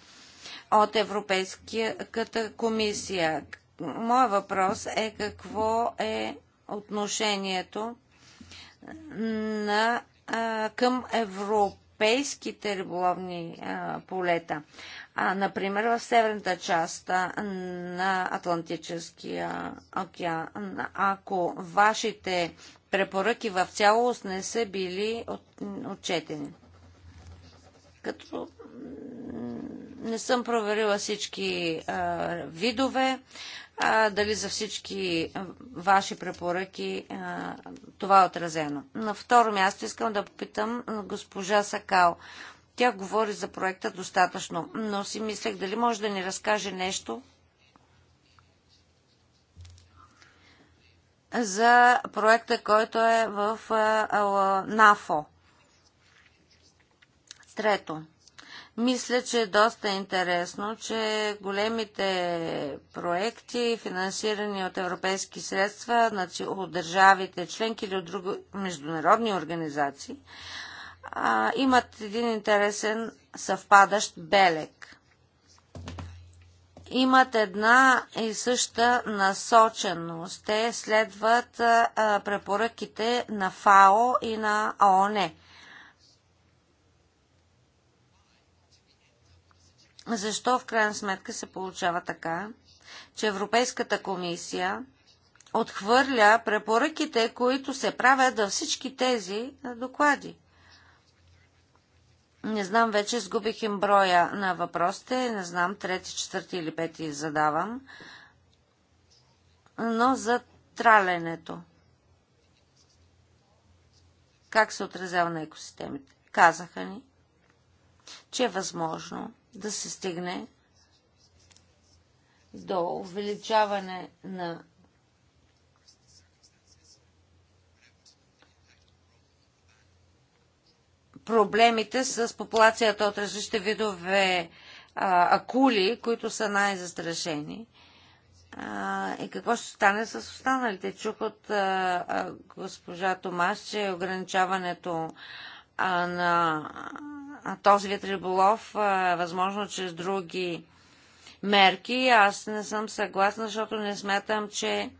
от Европейската комисия. Моя въпрос е какво е отношението на, към Европа европейските риболовни а, полета. А, например, в северната част а, на Атлантическия океан, ако вашите препоръки в цялост не са били от, отчетени. Като не съм проверила всички а, видове, дали за всички ваши препоръки това е отразено. На второ място искам да попитам госпожа Сакал. Тя говори за проекта достатъчно, но си мислех дали може да ни разкаже нещо за проекта, който е в НАФО. Трето, мисля, че е доста интересно, че големите проекти, финансирани от европейски средства, значи от държавите членки или от други международни организации, имат един интересен съвпадащ белек. Имат една и съща насоченост. Те следват препоръките на ФАО и на ООН. защо в крайна сметка се получава така, че Европейската комисия отхвърля препоръките, които се правят във всички тези доклади. Не знам, вече сгубих им броя на въпросите, не знам, трети, четвърти или пети задавам, но за траленето. Как се отразява на екосистемите? Казаха ни, че е възможно да се стигне до увеличаване на проблемите с популацията от различни видове а, акули, които са най-застрашени. и какво ще стане с останалите? Чух от а, а, госпожа Томаш, че ограничаването а, на този вид риболов е възможно чрез други мерки. Аз не съм съгласна, защото не смятам, че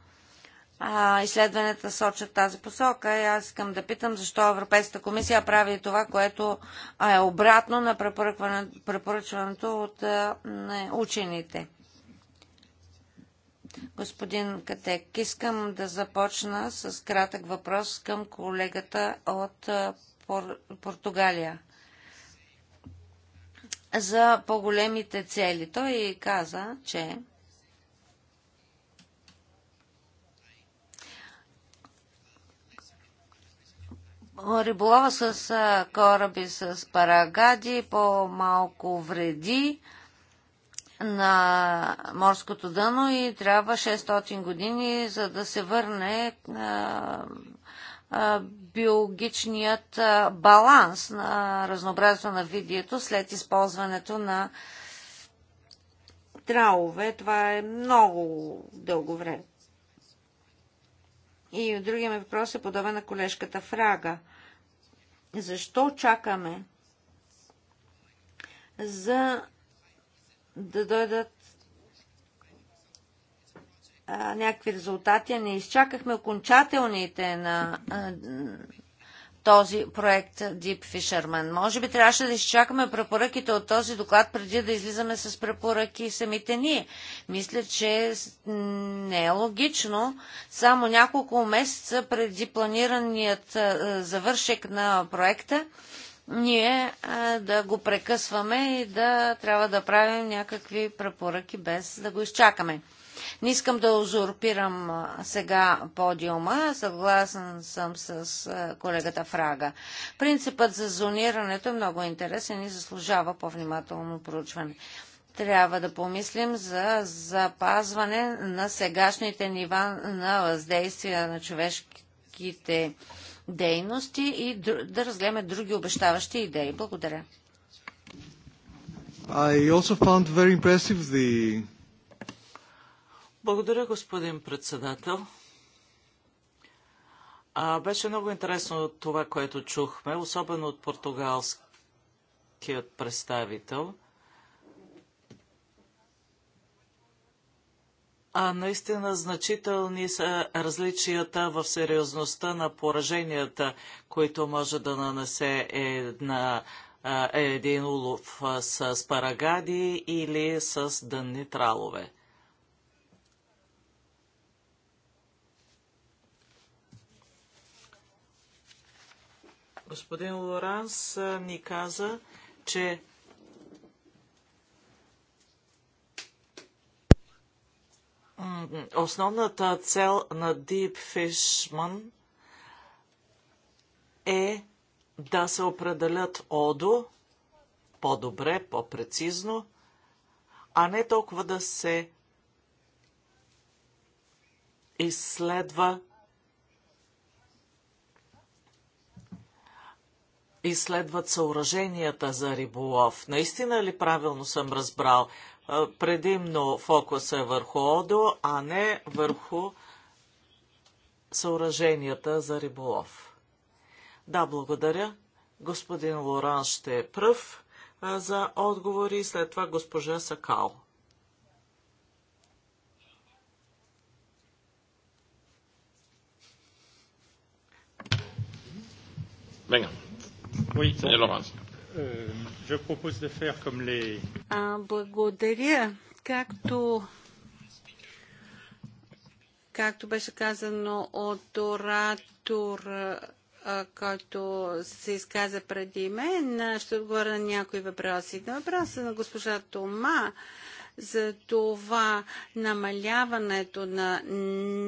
изследванията сочат тази посока. И аз искам да питам защо Европейската комисия прави това, което е обратно на препоръчването от учените. Господин Катек, искам да започна с кратък въпрос към колегата от Португалия за по-големите цели. Той каза, че риболова с кораби с парагади по-малко вреди на морското дъно и трябва 600 години, за да се върне биологичният баланс на разнообразието на видието след използването на тралове. Това е много дълго време. И другия ми въпрос е подобен на колежката Фрага. Защо чакаме за да дойдат а, някакви резултати, не изчакахме окончателните на а, този проект Deep Fisherman. Може би трябваше да изчакаме препоръките от този доклад преди да излизаме с препоръки самите ние. Мисля, че не е логично само няколко месеца преди планираният завършек на проекта ние да го прекъсваме и да трябва да правим някакви препоръки без да го изчакаме. Не искам да узурпирам сега подиума, съгласен съм с колегата Фрага. Принципът за зонирането е много интересен и заслужава по-внимателно проучване трябва да помислим за запазване на сегашните нива на въздействие на човешките дейности и да разгледаме други обещаващи идеи. Благодаря. I also found very impressive the благодаря, господин председател. А, беше много интересно това, което чухме, особено от португалският представител. А наистина значителни са различията в сериозността на пораженията, които може да нанесе една, един улов с парагади или с дънни тралове. Господин Лоранс ни каза, че основната цел на Deep Fishman е да се определят ОДО по-добре, по-прецизно, а не толкова да се изследва изследват съоръженията за риболов. Наистина ли правилно съм разбрал? Предимно фокус е върху ОДО, а не върху съоръженията за риболов. Да, благодаря. Господин Лоран ще е пръв за отговори и след това госпожа Сакал. Venga. Oui, euh, je propose de faire comme les... благодаря. Както както беше казано от оратор, който се изказа преди мен, ще отговоря на някои въпроси. На въпроса на госпожа Тома за това намаляването на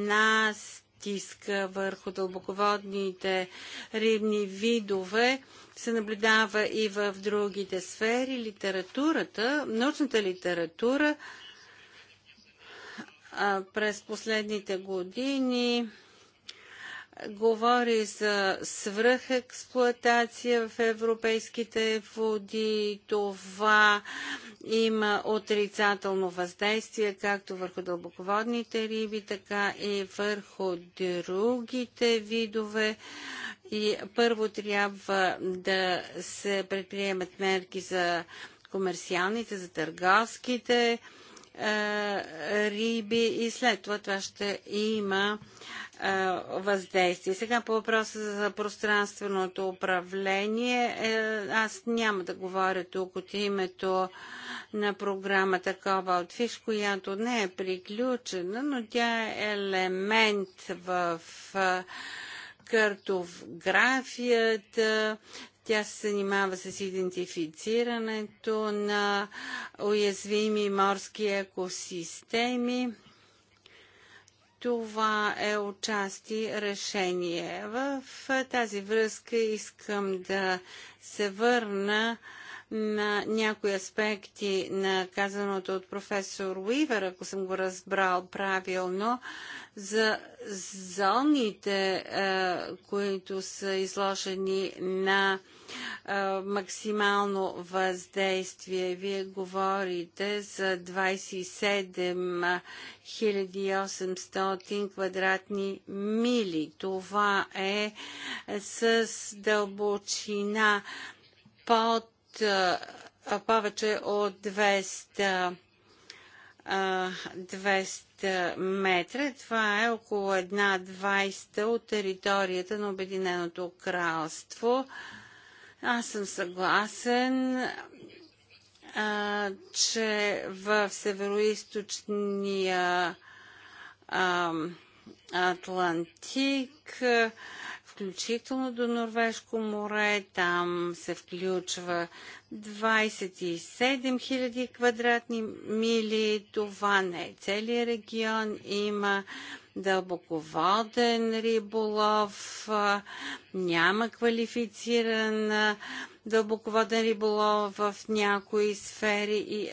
нас натиск върху дълбоководните рибни видове се наблюдава и в другите сфери. Литературата, научната литература през последните години говори за свръхексплуатация в европейските води. Това има отрицателно въздействие както върху дълбоководните риби, така и върху другите видове. И първо трябва да се предприемат мерки за комерциалните, за търговските е, риби и след това това ще има е, въздействие. Сега по въпроса за пространственото управление, е, аз няма да говоря тук от името на програмата Cobalt Fish, която не е приключена, но тя е елемент в картографията, тя се занимава с идентифицирането на уязвими морски екосистеми. Това е отчасти решение. В тази връзка искам да се върна на някои аспекти на казаното от професор Уивер, ако съм го разбрал правилно, за зоните, е, които са изложени на е, максимално въздействие. Вие говорите за 27 800 квадратни мили. Това е с дълбочина под повече от 200 метра. Това е около една 20 от територията на Обединеното кралство. Аз съм съгласен, че в североисточния Атлантик а, включително до Норвежко море. Там се включва 27 000 квадратни мили. Това не е целият регион. Има дълбоководен риболов, няма квалифициран дълбоководен риболов в някои сфери и,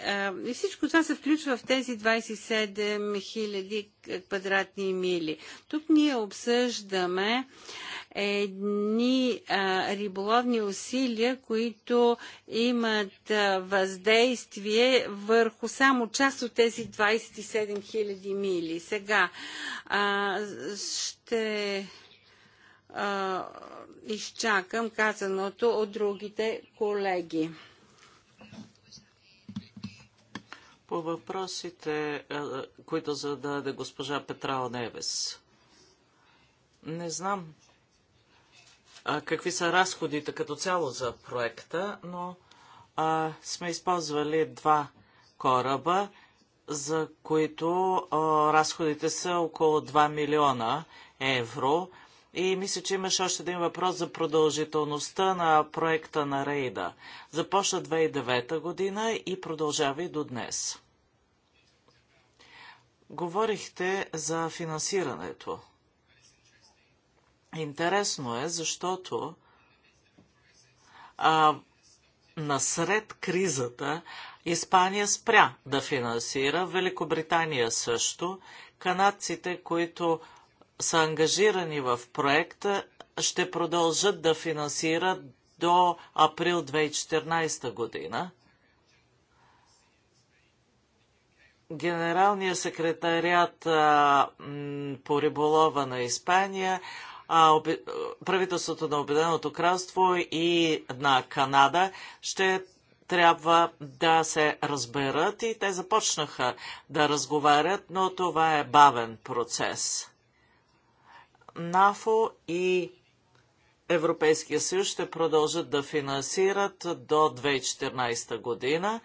и всичко това се включва в тези 27 000 квадратни мили. Тук ние обсъждаме едни а, риболовни усилия, които имат а, въздействие върху само част от тези 27 000 мили. Сега а, ще а, изчакам казаното от другите колеги. По въпросите, които зададе госпожа Петрао Невес. Не знам а, какви са разходите като цяло за проекта, но а, сме използвали два кораба, за които а, разходите са около 2 милиона евро. И мисля, че имаше още един въпрос за продължителността на проекта на Рейда. Започна 2009 година и продължава и до днес. Говорихте за финансирането. Интересно е, защото а, насред кризата Испания спря да финансира, Великобритания също. Канадците, които са ангажирани в проекта, ще продължат да финансират до април 2014 година. Генералният секретарят а, по риболова на Испания правителството на Обединеното кралство и на Канада ще трябва да се разберат и те започнаха да разговарят, но това е бавен процес. НАФО и Европейския съюз ще продължат да финансират до 2014 година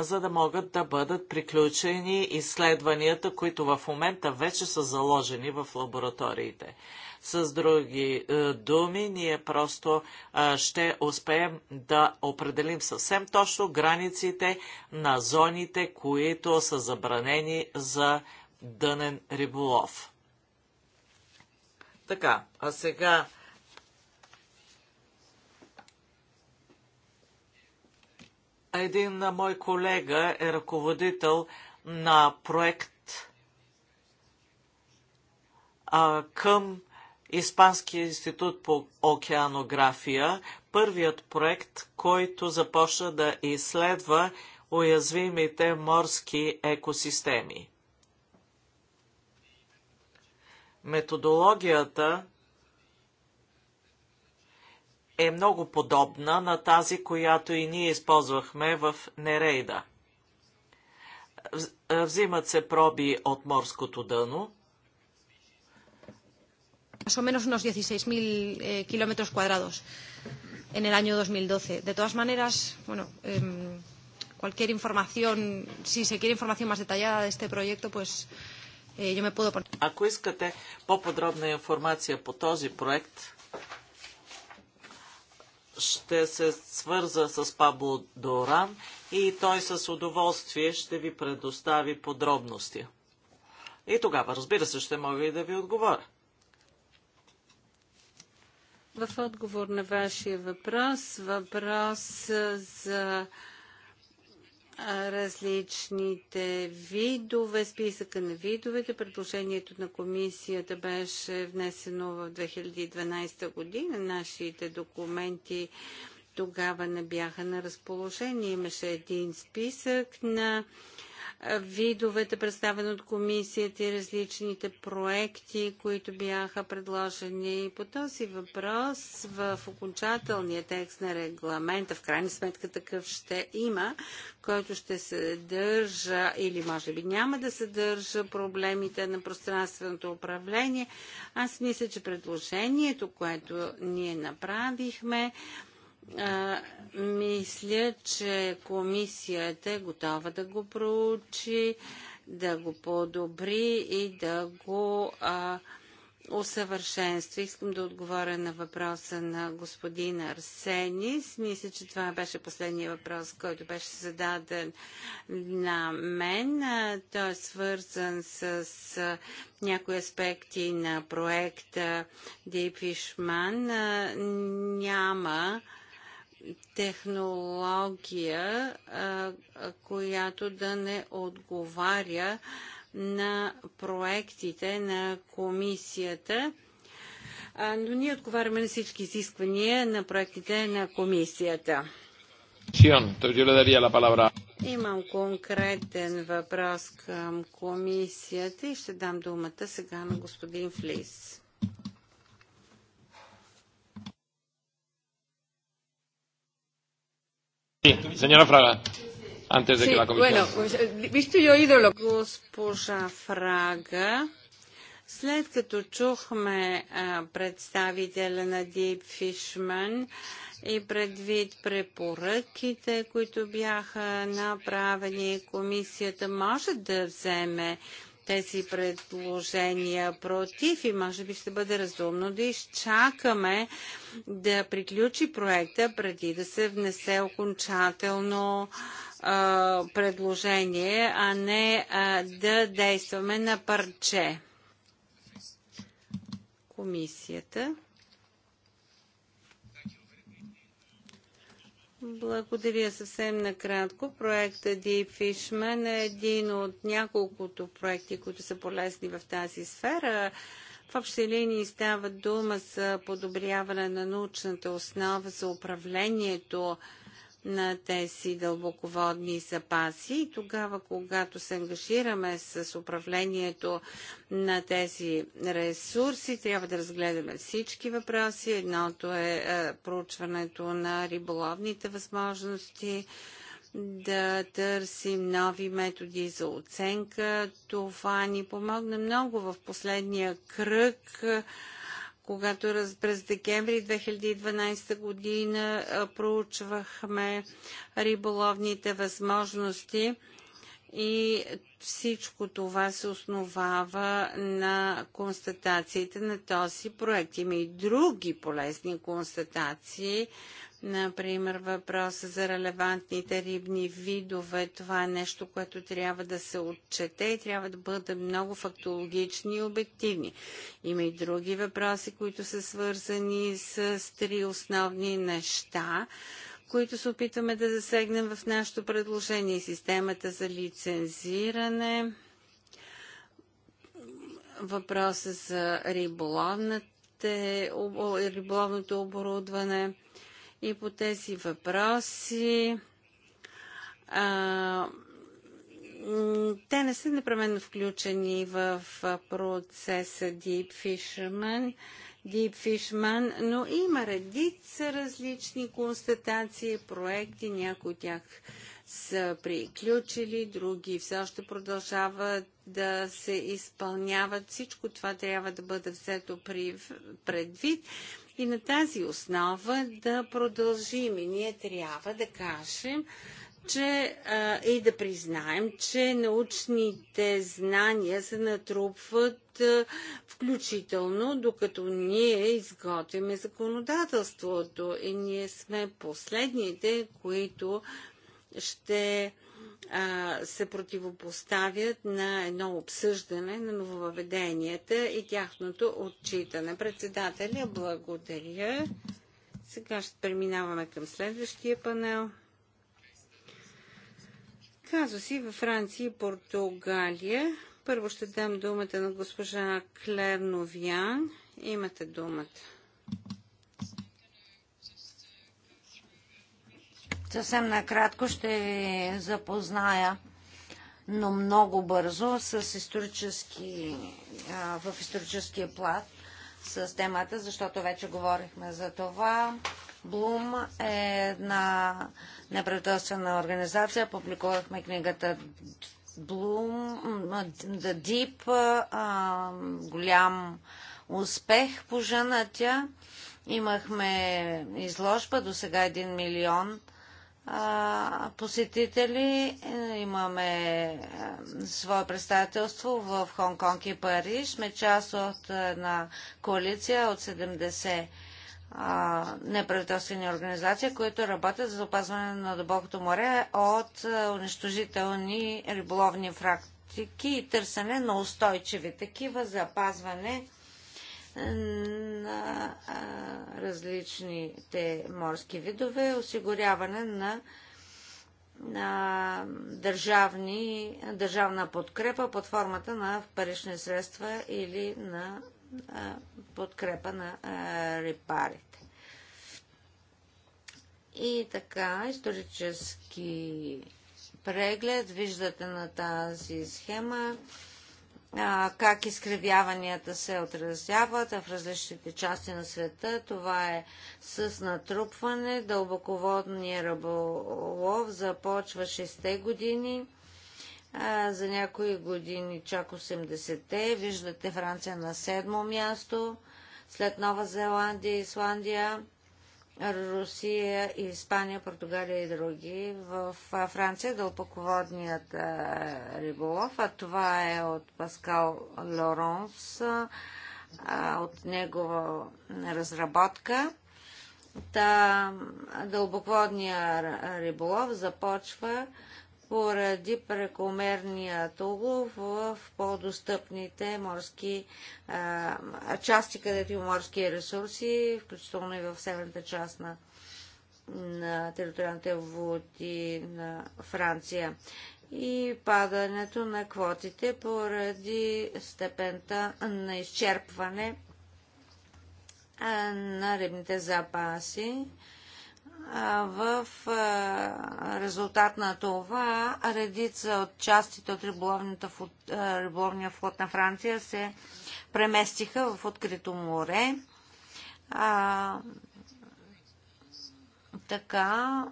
за да могат да бъдат приключени изследванията, които в момента вече са заложени в лабораториите. С други е, думи, ние просто е, ще успеем да определим съвсем точно границите на зоните, които са забранени за дънен риболов. Така, а сега един мой колега е ръководител на проект а, към Испанския институт по океанография, първият проект, който започна да изследва уязвимите морски екосистеми. Методологията е много подобна на тази, която и ние използвахме в Нерейда. Взимат се проби от морското дъно. Más o menos unos 16.000 eh, kilómetros cuadrados en el año 2012. De todas maneras, bueno, eh, cualquier información, si se quiere información más detallada de este proyecto, pues eh, yo me puedo poner. Ако искате по-подробна информация по този проект, ще се свърза с Пабло Доран и той с удоволствие ще ви предостави подробности. И тогава, разбира се, ще мога и да ви отговоря. В отговор на вашия въпрос, въпрос за различните видове, списъка на видовете. Предложението на комисията беше внесено в 2012 година. Нашите документи тогава не бяха на разположение. Имаше един списък на видовете, представени от комисията и различните проекти, които бяха предложени. По този въпрос в окончателния текст на регламента, в крайна сметка такъв ще има, който ще се държа или може би няма да се държа проблемите на пространственото управление. Аз мисля, че предложението, което ние направихме, а, мисля, че комисията е готова да го проучи, да го подобри и да го а, усъвършенства. Искам да отговоря на въпроса на господин Арсенис. Мисля, че това беше последния въпрос, който беше зададен на мен. Той е свързан с някои аспекти на проекта Deep Fishman. Няма технология, която да не отговаря на проектите на комисията. но ние отговаряме на всички изисквания на проектите на комисията. Имам конкретен въпрос към комисията и ще дам думата сега на господин Флис. Sí, señora Fraga. Antes de sí, que la comisión. Bueno, pues, eh, visto y oído lo que. госпожа Фрага, след като чухме а, представителя на Deep Фишман и предвид препоръките, които бяха направени, комисията може да вземе тези предложения против и може би ще бъде разумно да изчакаме да приключи проекта преди да се внесе окончателно а, предложение, а не а, да действаме на парче. Комисията. Благодаря съвсем накратко. Проекта Deep Fishman е един от няколкото проекти, които са полезни в тази сфера. В общи линии става дума за подобряване на научната основа за управлението на тези дълбоководни запаси. И тогава, когато се ангажираме с управлението на тези ресурси, трябва да разгледаме всички въпроси. Едното е, е проучването на риболовните възможности, да търсим нови методи за оценка. Това ни помогна много в последния кръг когато през декември 2012 година проучвахме риболовните възможности и всичко това се основава на констатациите на този проект. Има и други полезни констатации, Например, въпроса за релевантните рибни видове. Това е нещо, което трябва да се отчете и трябва да бъде много фактологични и обективни. Има и други въпроси, които са свързани с три основни неща които се опитваме да засегнем в нашето предложение. Системата за лицензиране, въпроса за риболовната риболовното оборудване и по тези въпроси. А, те не са непременно включени в процеса Deep Fisherman, Deep Fishman, но има редица различни констатации, проекти, някои от тях са приключили, други все още продължават да се изпълняват. Всичко това трябва да бъде взето при, предвид и на тази основа да продължим. И ние трябва да кажем, че а, и да признаем, че научните знания се натрупват а, включително докато ние изготвяме законодателството и ние сме последните, които ще се противопоставят на едно обсъждане на нововъведенията и тяхното отчитане. Председателя, благодаря. Сега ще преминаваме към следващия панел. Казуси във Франция и Португалия. Първо ще дам думата на госпожа Клер Новиан. Имате думата. Съвсем накратко ще ви запозная, но много бързо, с исторически, в историческия плат с темата, защото вече говорихме за това. Блум е една неправителствена организация. Публикувахме книгата Блум, The Deep, голям успех по тя. Имахме изложба, до сега 1 милион посетители. Е, имаме е, свое представителство в Хонг-Конг и Париж. Сме част от една коалиция от 70 неправителствени организации, които работят за опазване на дълбокото море от е, унищожителни риболовни фрактики и търсене на устойчиви такива за опазване на различните морски видове, осигуряване на на държавни, държавна подкрепа под формата на парични средства или на а, подкрепа на а, репарите. И така, исторически преглед виждате на тази схема как изкривяванията се отразяват в различните части на света. Това е с натрупване. Дълбоководния раболов започва 6-те години, за някои години чак 80-те. Виждате Франция на седмо място, след Нова Зеландия, и Исландия Русия, Испания, Португалия и други. В Франция е дълбоководният риболов, а това е от Паскал Лоронс, от негова разработка. Та дълбоководния риболов започва поради прекомерния улов в по-достъпните морски а, части, където има морски ресурси, включително и в северната част на, на териториалните води на Франция. И падането на квотите поради степента на изчерпване на рибните запаси в резултат на това редица от частите от риболовния флот на Франция се преместиха в открито море. А, така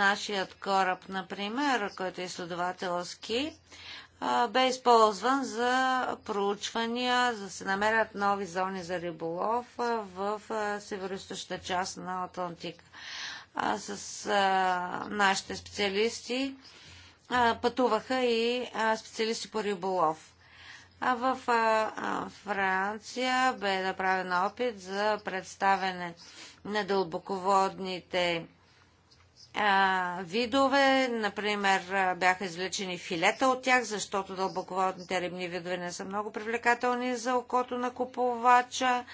нашият кораб, например, който е изследователски, бе използван за проучвания, за да се намерят нови зони за риболов в североизточната част на Атлантика. А, с а, нашите специалисти пътуваха и специалисти по риболов. А в Франция бе направен опит за представяне на дълбоководните видове. Например, бяха извлечени филета от тях, защото дълбоководните рибни видове не са много привлекателни за окото на купувача.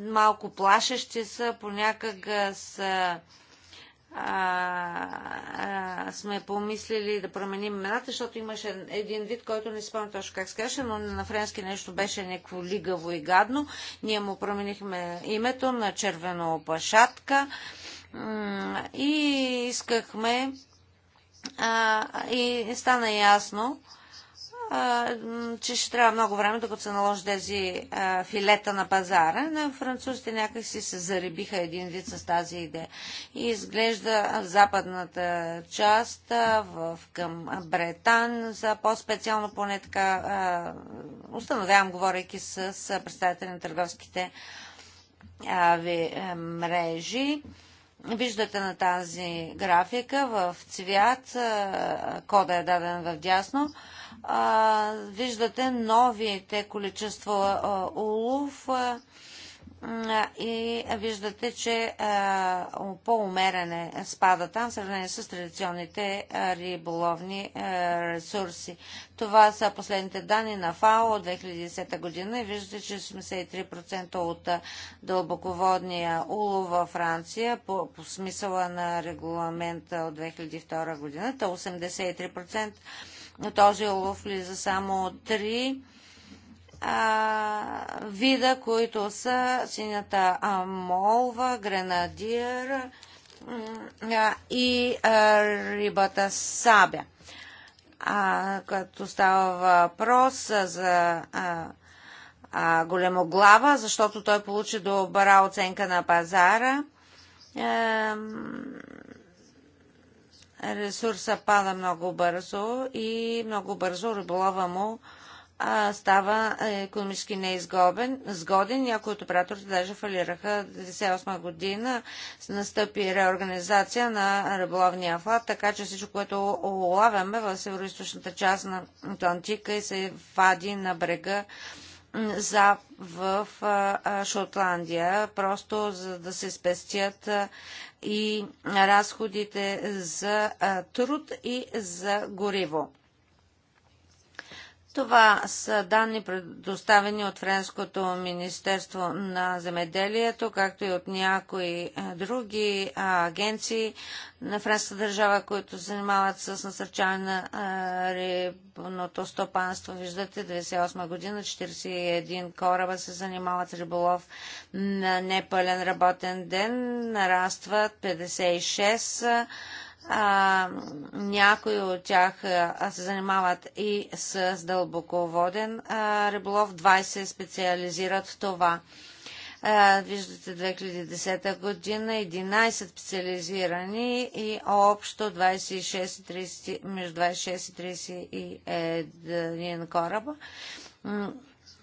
Малко плашещи са, понякак са а, а, сме помислили да променим имената, защото имаше един вид, който не спомням точно как скаше, но на френски нещо беше някакво лигаво и гадно. Ние му променихме името на червено пашатка. А, и искахме и стана ясно, че ще трябва много време, докато се наложи тези филета на пазара. На французите някакси се заребиха един вид с тази идея. И изглежда в западната част, в, към Бретан, за по-специално поне така установявам, говорейки с, представители на търговските мрежи. Виждате на тази графика в цвят, кода е даден в дясно, виждате новите количества улов, и виждате, че по-умерен е спада там в сравнение с традиционните риболовни ресурси. Това са последните данни на ФАО от 2010 година и виждате, че 83% от дълбоководния улов във Франция по, по смисъла на регламента от 2002 година, то 83% от този улов влиза само 3 а, вида, които са синята молва, гренадир а, и а, рибата сабя. А, като става въпрос за а, а, големоглава, защото той получи добра оценка на пазара. А, ресурса пада много бързо и много бързо риболова му а, става е, економически неизгоден. Сгоден. Някои от операторите даже фалираха. 1998 година настъпи реорганизация на риболовния флот, така че всичко, което улавяме в северо част на Атлантика и се вади на брега за в Шотландия, просто за да се спестят и разходите за труд и за гориво. Това са данни предоставени от Френското Министерство на земеделието, както и от някои е, други е, агенции на френската държава, които се занимават с насърчаване на е, рибното стопанство. Виждате, 1998 година 41 кораба се занимават с риболов на непълен работен ден, нарастват 56 а, някои от тях а, се занимават и с дълбоководен а, риболов. 20 специализират в това. А, виждате 2010 година 11 специализирани и общо 26, 30, между 26 и 31 кораба.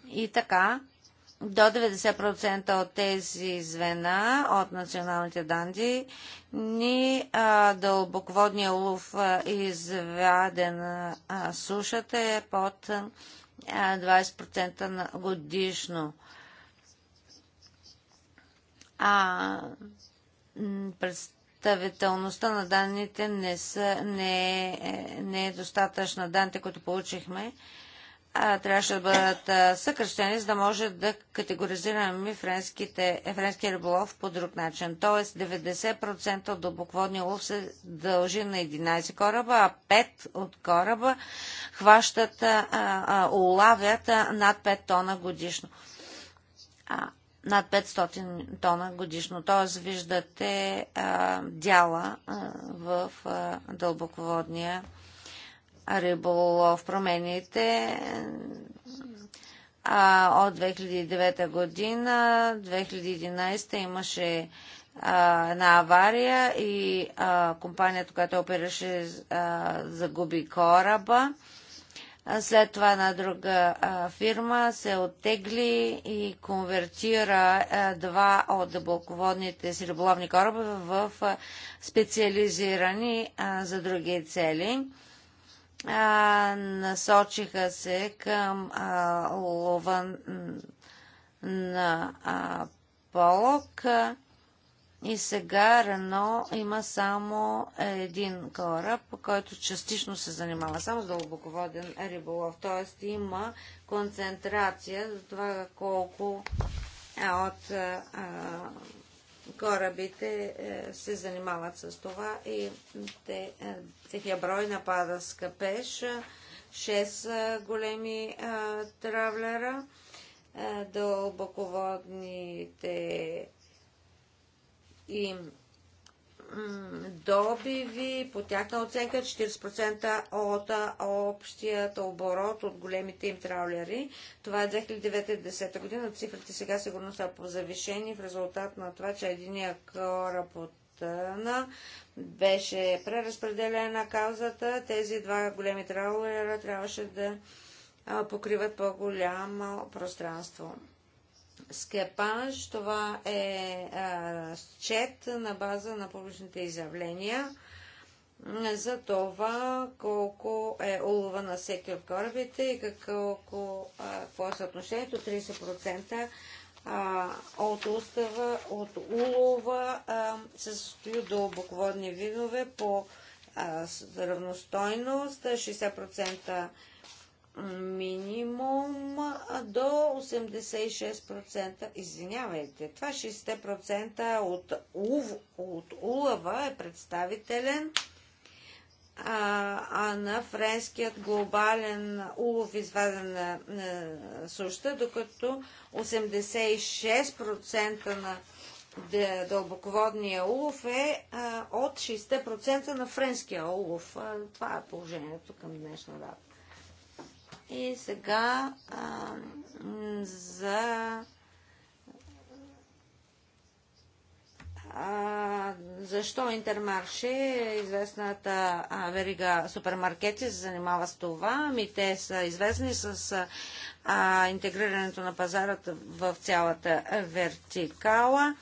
И така, до 90% от тези звена от националните данди ни а, дълбоководния улов изведен сушата е под 20% на годишно. А, представителността на данните не, са, не, е, не е достатъчна. Данните, които получихме, а, трябваше да бъдат съкръщени, за да може да категоризираме е, френския риболов по друг начин. Тоест 90% от дълбоководния лов се дължи на 11 кораба, а 5 от кораба хващат, улавят над 5 тона годишно. А, над 500 тона годишно. Тоест виждате а, дяла а, в а, дълбоководния риболов. Промените а, от 2009 година, 2011 имаше една авария и а, компанията, която а, загуби кораба. След това на друга а, фирма се оттегли и конвертира а, два от дълбоководните си риболовни кораба в а, специализирани за други цели насочиха се към а, лова на а, полок и сега Рено има само един кораб, който частично се занимава само с дълбоководен риболов. Тоест има концентрация за това колко от а, корабите е, се занимават с това и те, е, техния брой напада с капеж. 6 е, големи травлера, дълбоководните им добиви, по тяхна оценка 40% от общият оборот от големите им траулери. Това е 2009-2010 година. Цифрите сега сигурно са завишени в резултат на това, че единия кораб от на беше преразпределена каузата. Тези два големи траулера трябваше да покриват по-голямо пространство скепаж. Това е счет на база на публичните изявления за това колко е улова на всеки от корабите и какво, какво е съотношението 30% от устава, от улова се състои до боководни видове по равностойност, 60% минимум до 86%. Извинявайте, това 60% от, ув, от улава е представителен, а, а на френският глобален улов изваден на, на суща, докато 86% на дълбоководния улов е а, от 60% на френския улов. А, това е положението към днешна дата. И сега а, за а, защо Интермарше, известната а, верига супермаркети, се занимава с това? Ами те са известни с а, интегрирането на пазарата в цялата вертикала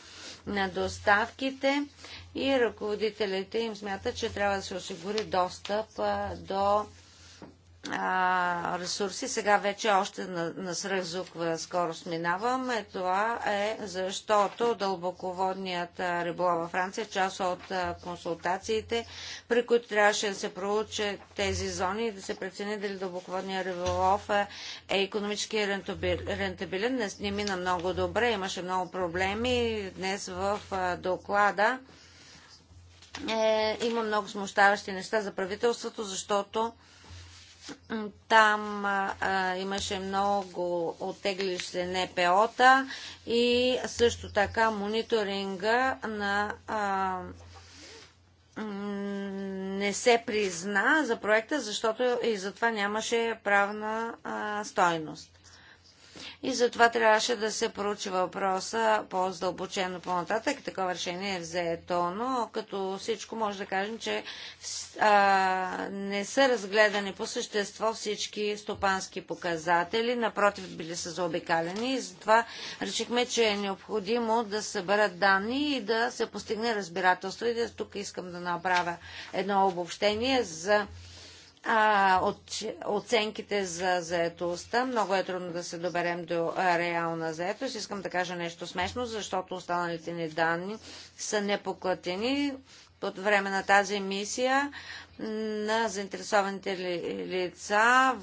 на доставките и ръководителите им смятат, че трябва да се осигури достъп а, до а, ресурси. Сега вече още на, на свръхзвуква скорост Е, Това е защото дълбоководният риболов във Франция е част от а, консултациите, при които трябваше да се проучат тези зони и да се прецени дали дълбоководният риболов е, е економически рентабилен. Не, не мина много добре, имаше много проблеми. Днес в а, доклада е, има много смущаващи неща за правителството, защото там а, имаше много оттеглищи НПО-та и също така мониторинга на а, не се призна за проекта, защото и затова нямаше правна а, стойност и затова трябваше да се проучи въпроса по здълбочено по-нататък. Такова решение е взето, но като всичко може да кажем, че а, не са разгледани по същество всички стопански показатели, напротив били са заобикалени и затова решихме, че е необходимо да се съберат данни и да се постигне разбирателство. И да тук искам да направя едно обобщение за а, от, оценките за заетостта. Много е трудно да се доберем до реална заетост. Искам да кажа нещо смешно, защото останалите ни данни са непоклатени под време на тази мисия на заинтересованите лица.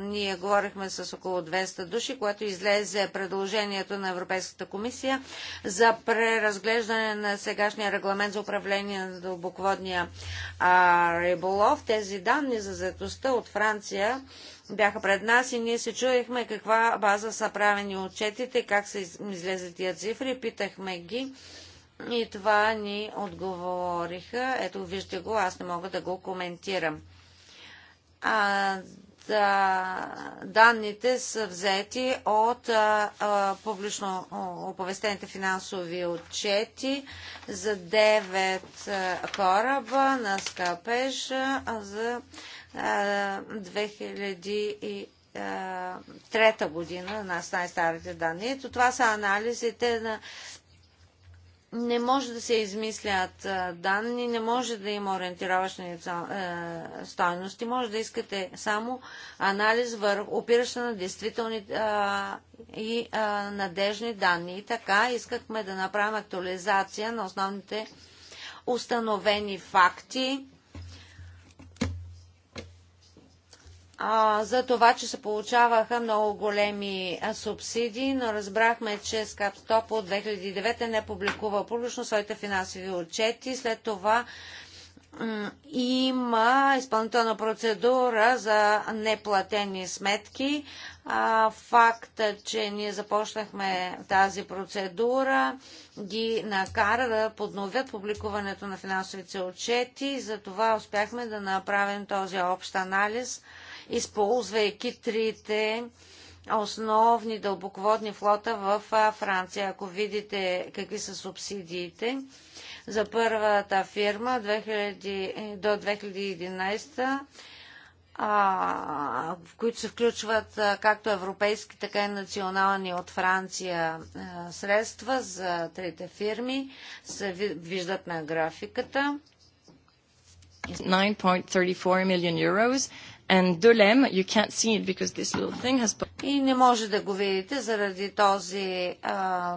Ние говорихме с около 200 души, което излезе предложението на Европейската комисия за преразглеждане на сегашния регламент за управление на дълбоководния риболов. Тези данни за заетостта от Франция бяха пред нас и ние се чуехме каква база са правени отчетите, как са излезли тия цифри. Питахме ги и това ни отговориха. Ето, вижте го, аз не мога да го коментирам. А, да, данните са взети от а, а, публично оповестените финансови отчети за 9 кораба на скапеж за а, 2003 година на най-старите данни. Ето това са анализите на не може да се измислят данни, не може да има ориентировачни стоености, може да искате само анализ върху опираща на действителни и надежни данни. И така искахме да направим актуализация на основните установени факти за това, че се получаваха много големи субсидии, но разбрахме, че Скапстоп от 2009 не публикува публично своите финансови отчети. След това има изпълнителна процедура за неплатени сметки. факта, че ние започнахме тази процедура, ги накара да подновят публикуването на финансовите отчети. за това успяхме да направим този общ анализ – използвайки трите основни дълбоководни флота в Франция. Ако видите какви са субсидиите за първата фирма 2000, до 2011 в които се включват както европейски, така и национални от Франция средства за трите фирми, се виждат на графиката. 9.34 милион евро And you can't see it because this little thing has... И не може да го видите заради този а,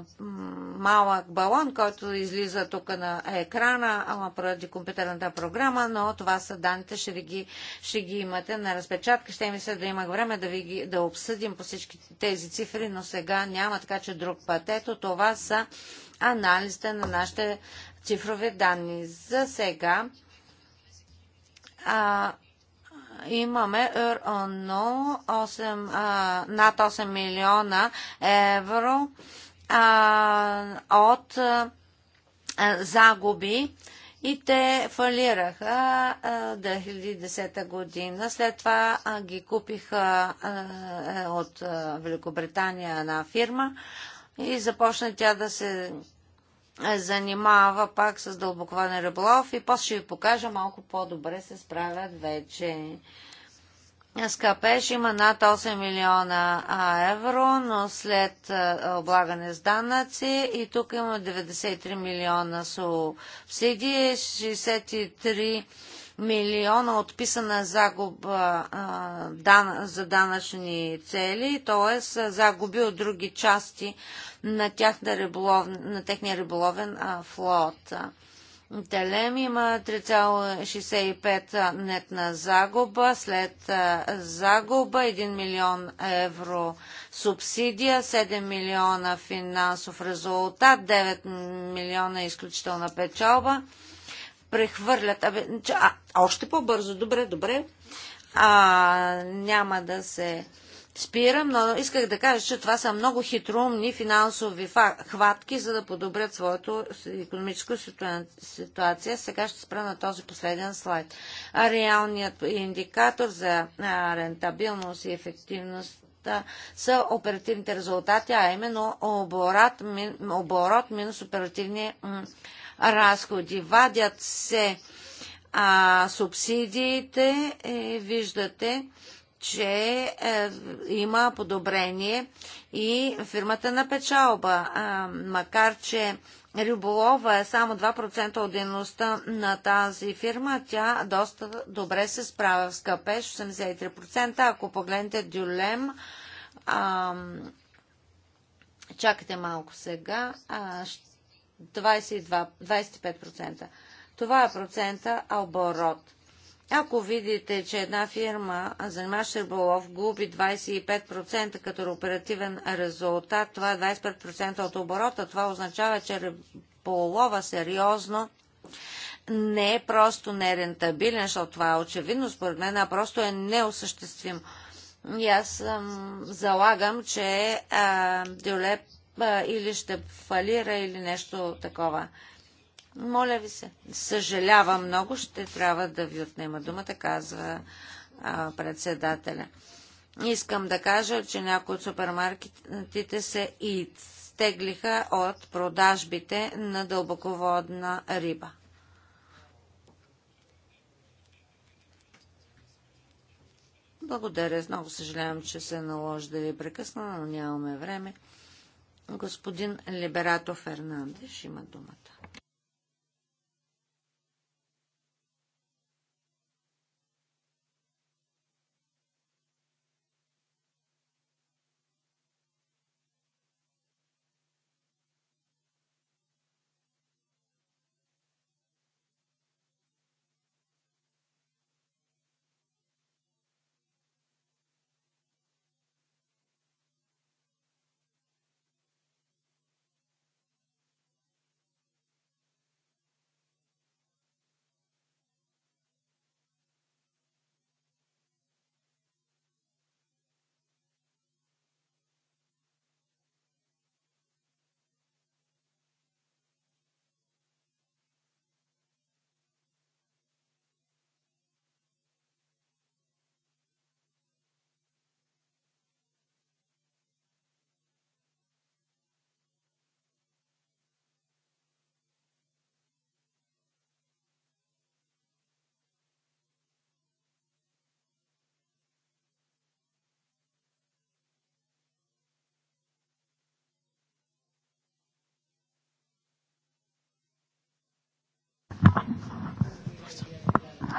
малък балон, който излиза тук на екрана, ама поради компютърната програма, но това са данните, ще, ви ги, ще ги имате на разпечатка. Ще ми се да имах време да, ви ги, да обсъдим по всички тези цифри, но сега няма, така че друг път. Ето това са анализите на нашите цифрови данни. За сега а, имаме РОНО 8, над 8 милиона евро от загуби и те фалираха 2010 година. След това ги купиха е, от Великобритания една фирма и започна тя да се е, занимава пак с дълбоководен риболов и после ще ви покажа малко по-добре се справят вече. Скапеш има над 8 милиона евро, но след е, облагане с данъци и тук има 93 милиона субсидии, 63 милиона отписана загуба за данъчни цели, т.е. загуби от други части на, риболов, на техния риболовен флот. Телем има 3,65 нетна загуба, след загуба 1 милион евро субсидия, 7 милиона финансов резултат, 9 милиона изключителна печалба прехвърлят. Абе, а, още по-бързо, добре, добре. А, няма да се спирам, но исках да кажа, че това са много хитроумни финансови хватки, за да подобрят своето економическо ситуация. Сега ще спра на този последен слайд. А реалният индикатор за рентабилност и ефективност са оперативните резултати, а именно оборот, оборот минус оперативния разходи. Вадят се а, субсидиите, е, виждате, че е, има подобрение и фирмата на печалба, а, макар че Риболова е само 2% от дейността на тази фирма. Тя доста добре се справя в скъпеж, 83%. Ако погледнете Дюлем, а, чакайте малко сега, а, ще 22, 25%. Това е процента оборот. Ако видите, че една фирма, занимаваща се риболов, губи 25% като оперативен резултат, това е 25% от оборота, това означава, че риболова сериозно не е просто нерентабилен, защото това е очевидно според мен, а просто е неосъществим. И аз залагам, че а, Дюлеп или ще фалира или нещо такова. Моля ви се. Съжалявам много, ще трябва да ви отнема думата, казва а, председателя. Искам да кажа, че някои от супермаркетите се изтеглиха от продажбите на дълбоководна риба. Благодаря. Много съжалявам, че се наложи да ви прекъсна, но нямаме време. Господин Либерато Фернандеш има думата.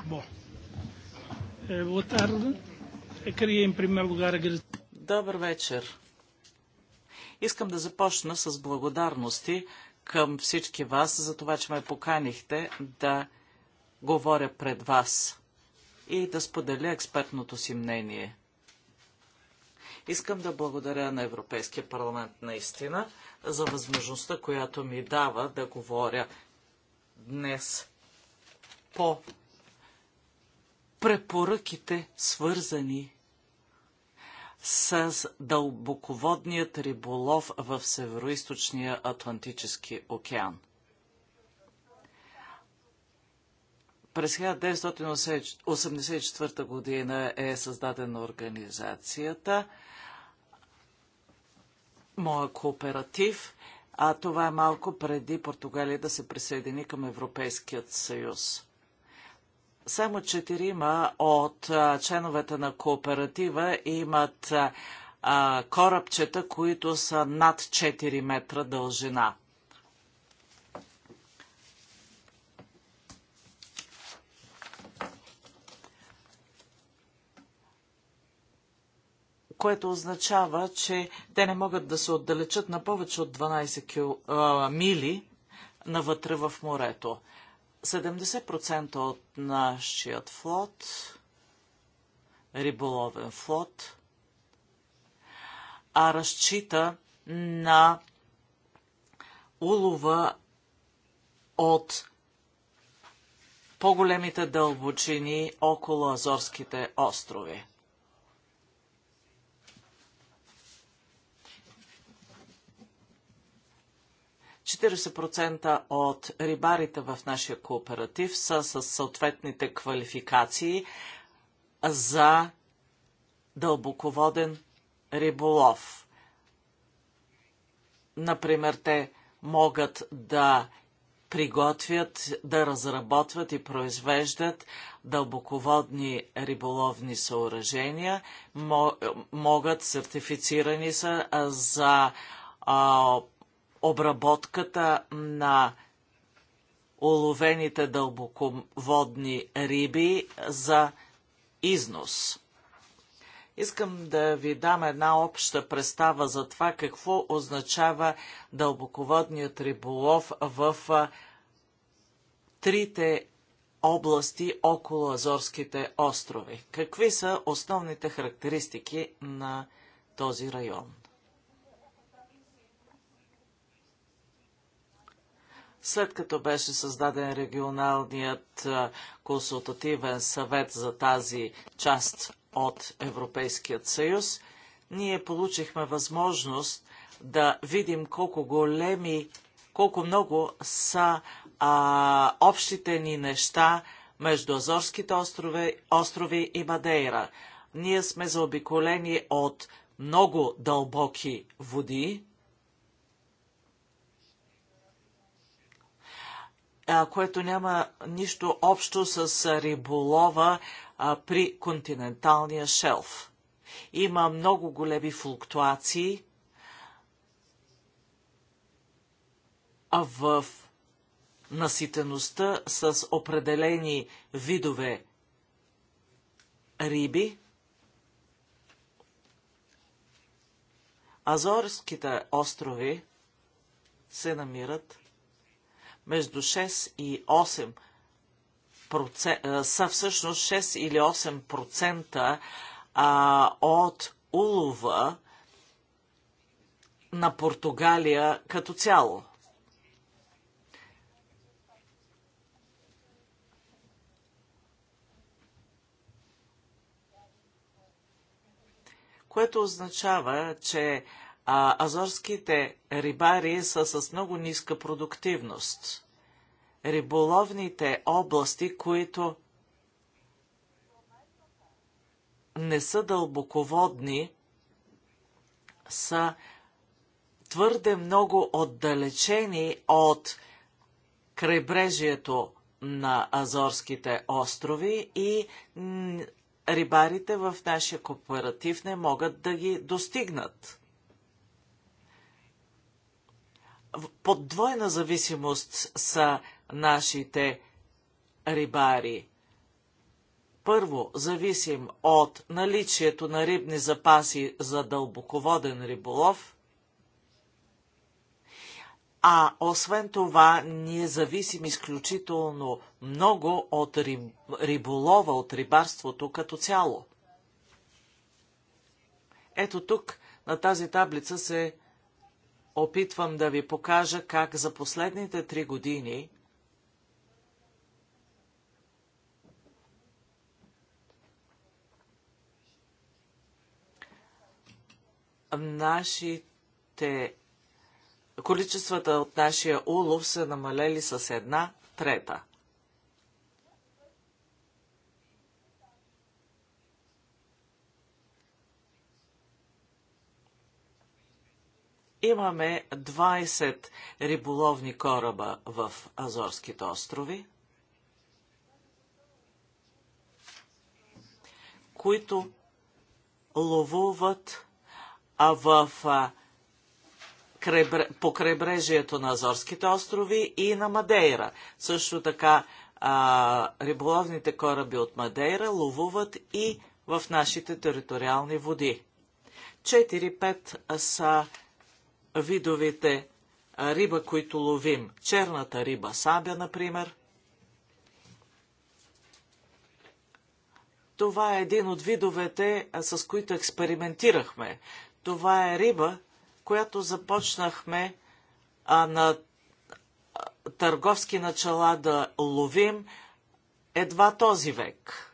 Bom, boa tarde. Eu queria, em primeiro lugar, agradecer. Добър вечер. Искам да започна с благодарности към всички вас за това, че ме поканихте да говоря пред вас и да споделя експертното си мнение. Искам да благодаря на Европейския парламент наистина за възможността, която ми дава да говоря днес по препоръките, свързани с дълбоководният риболов в Североизточния Атлантически океан. През 1984 година е създадена организацията Моя кооператив, а това е малко преди Португалия да се присъедини към Европейският съюз. Само четирима от членовете на кооператива имат корабчета, които са над 4 метра дължина. което означава, че те не могат да се отдалечат на повече от 12 мили навътре в морето. 70% от нашият флот, риболовен флот, а разчита на улова от по-големите дълбочини около Азорските острови. 40% от рибарите в нашия кооператив са с съответните квалификации за дълбоководен риболов. Например, те могат да приготвят, да разработват и произвеждат дълбоководни риболовни съоръжения, могат, сертифицирани са за обработката на уловените дълбоководни риби за износ. Искам да ви дам една обща представа за това какво означава дълбоководният риболов в трите области около Азорските острови. Какви са основните характеристики на този район? След като беше създаден регионалният консултативен съвет за тази част от Европейският съюз, ние получихме възможност да видим колко големи, колко много са а, общите ни неща между Азорските острови, острови и Мадейра. Ние сме заобиколени от много дълбоки води, което няма нищо общо с риболова при континенталния шелф. Има много големи флуктуации в наситеността с определени видове риби. Азорските острови се намират между 6 и 8 са всъщност 6 или 8% от улова на Португалия като цяло. Което означава, че а, азорските рибари са с много ниска продуктивност. Риболовните области, които не са дълбоководни, са твърде много отдалечени от крайбрежието на Азорските острови и рибарите в нашия кооператив не могат да ги достигнат. под двойна зависимост са нашите рибари. Първо, зависим от наличието на рибни запаси за дълбоководен риболов, а освен това ние зависим изключително много от риб, риболова, от рибарството като цяло. Ето тук на тази таблица се опитвам да ви покажа как за последните три години нашите количествата от нашия улов са намалели с една трета. Имаме 20 риболовни кораба в Азорските острови, които ловуват а в а, по крайбрежието на Азорските острови и на Мадейра. Също така а, риболовните кораби от Мадейра ловуват и в нашите териториални води. 4-5 са Видовете риба, които ловим. Черната риба сабя, например. Това е един от видовете, с които експериментирахме. Това е риба, която започнахме а, на търговски начала да ловим едва този век.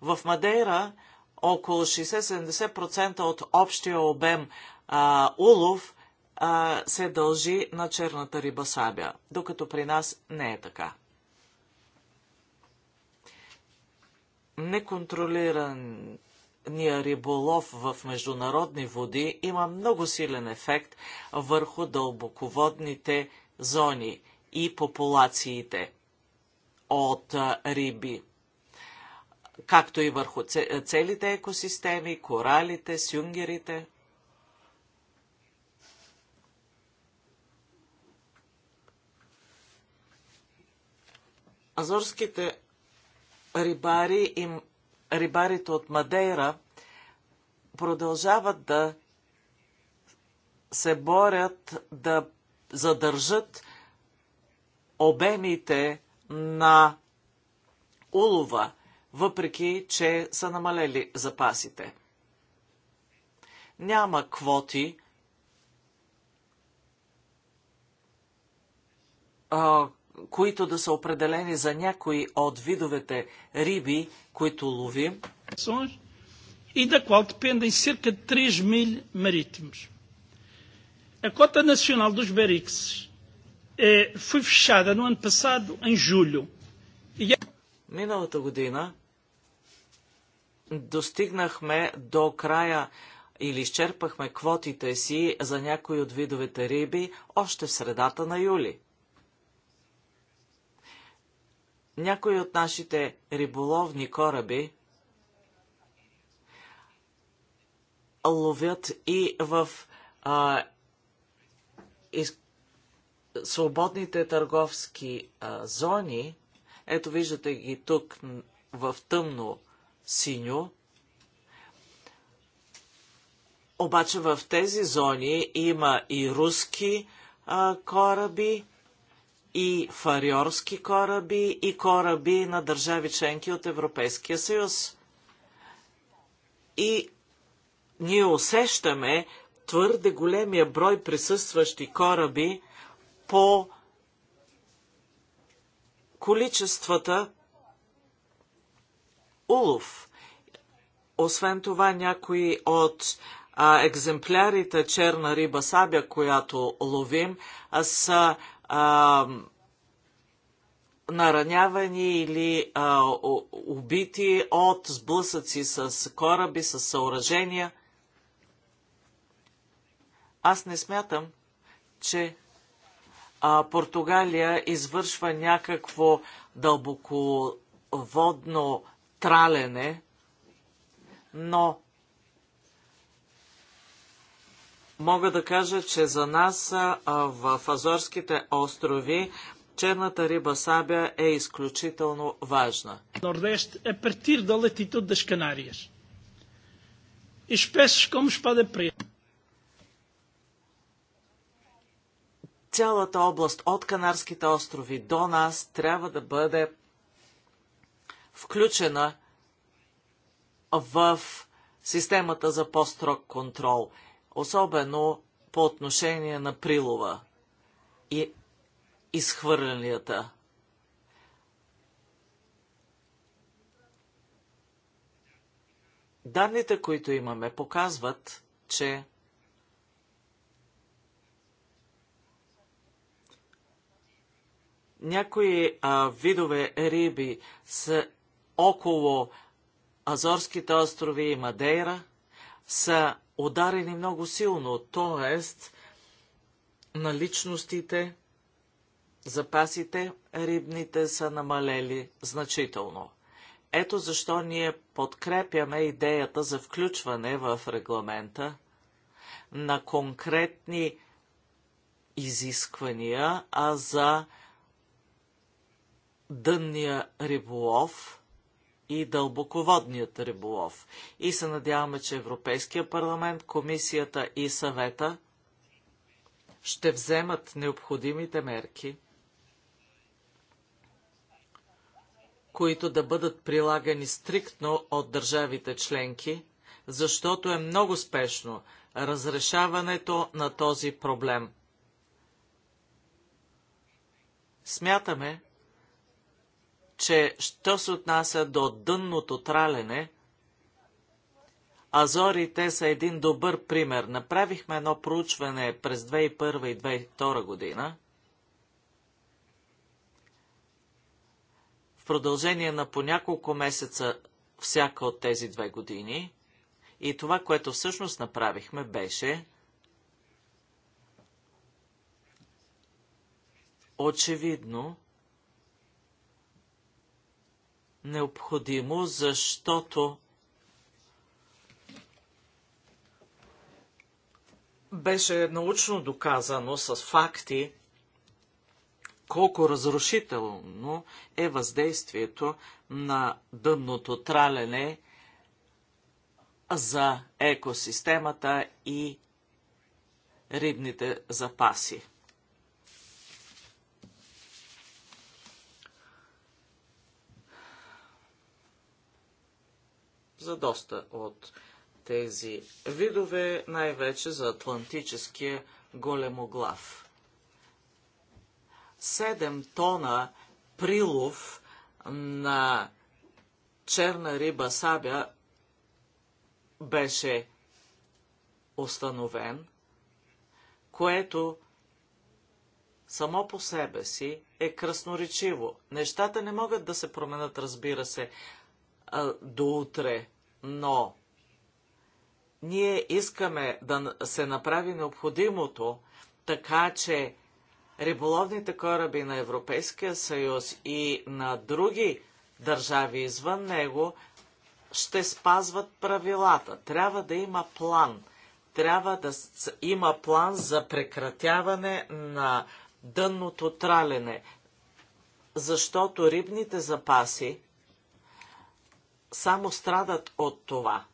В Мадейра около 60-70% от общия обем а, улов а, се дължи на черната риба сабя, докато при нас не е така. Неконтролирания риболов в международни води има много силен ефект върху дълбоководните зони и популациите от риби както и върху целите екосистеми, коралите, сюнгерите. Азорските рибари и рибарите от Мадейра продължават да се борят да задържат обемите на улова – въпреки че са намалели запасите. Няма квоти, а, които да са определени за някои от видовете риби, които ловим. И да qual dependem cerca de 3 mil marítimos. A cota nacional dos berics foi fechada no ano passado, em julho. Миналата година достигнахме до края или изчерпахме квотите си за някои от видовете риби още в средата на юли. Някои от нашите риболовни кораби ловят и в а, из, свободните търговски а, зони. Ето виждате ги тук в тъмно синьо. Обаче в тези зони има и руски а, кораби, и фариорски кораби, и кораби на държави членки от Европейския съюз. И ние усещаме твърде големия брой присъстващи кораби по количествата улов. Освен това, някои от а, екземплярите черна риба сабя, която ловим, а, са а, наранявани или а, убити от сблъсъци с кораби, с съоръжения. Аз не смятам, че а, Португалия извършва някакво дълбоководно Тралене. но мога да кажа, че за нас в Азорските острови черната риба сабя е изключително важна. Nordeste a partir da latitude das Canárias. Espécies como espada при. Цялата област от Канарските острови до нас трябва да бъде включена в системата за по-строг контрол, особено по отношение на прилова и изхвърлянията. Данните, които имаме, показват, че някои а, видове риби са около Азорските острови и Мадейра са ударени много силно, т.е. наличностите, запасите рибните са намалели значително. Ето защо ние подкрепяме идеята за включване в регламента на конкретни изисквания, а за дънния риболов – и дълбоководният риболов. И се надяваме, че Европейския парламент, комисията и съвета ще вземат необходимите мерки, които да бъдат прилагани стриктно от държавите членки, защото е много спешно разрешаването на този проблем. Смятаме, че що се отнася до дънното тралене, Азорите са един добър пример. Направихме едно проучване през 2001 и 2002 година. В продължение на по няколко месеца всяка от тези две години. И това, което всъщност направихме, беше очевидно необходимо, защото беше научно доказано с факти, колко разрушително е въздействието на дъното тралене за екосистемата и рибните запаси. за доста от тези видове, най-вече за атлантическия големоглав. 7 тона прилов на черна риба сабя беше установен, което само по себе си е красноречиво. Нещата не могат да се променят, разбира се, до утре но ние искаме да се направи необходимото, така че риболовните кораби на Европейския съюз и на други държави извън него ще спазват правилата. Трябва да има план. Трябва да има план за прекратяване на дънното тралене, защото рибните запаси само страдат от това.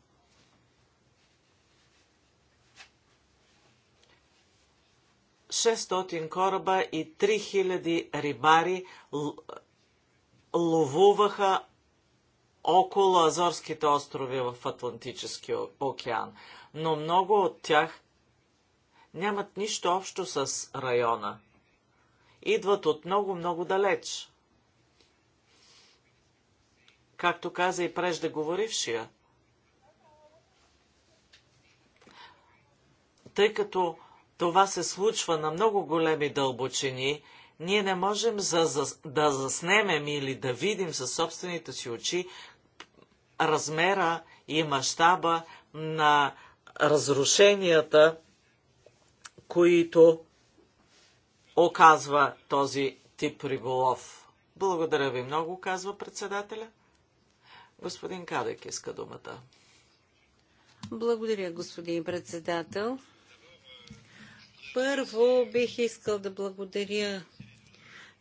Шестотин кораба и 3000 рибари ловуваха около Азорските острови в Атлантическия океан, но много от тях нямат нищо общо с района. Идват от много-много далеч както каза и преждеговорившия. Тъй като това се случва на много големи дълбочини, ние не можем за, за, да заснемем или да видим със собствените си очи размера и мащаба на разрушенията, които оказва този тип риболов. Благодаря ви много, казва председателя. Господин Кадек иска думата. Благодаря, господин председател. Първо бих искал да благодаря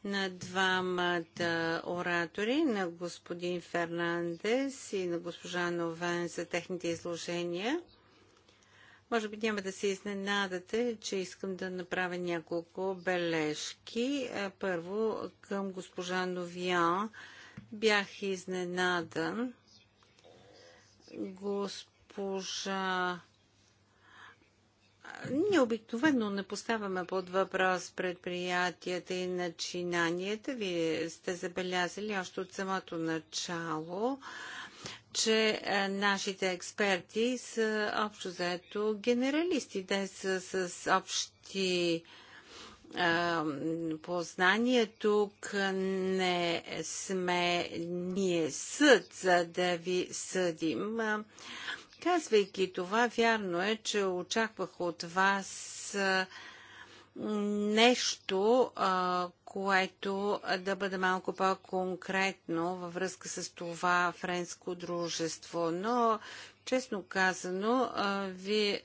на двамата оратори, на господин Фернандес и на госпожа Новен за техните изложения. Може би няма да се изненадате, че искам да направя няколко бележки. Първо към госпожа Новиан Бях изненадан. Госпожа ние обикновено не поставяме под въпрос предприятията и начинанията. Вие сте забелязали още от самото начало, че е, нашите експерти са общо заето генералисти. Те са с общи познание тук не сме ние съд, за да ви съдим. Казвайки това, вярно е, че очаквах от вас нещо, което да бъде малко по-конкретно във връзка с това френско дружество. Но Честно казано, ви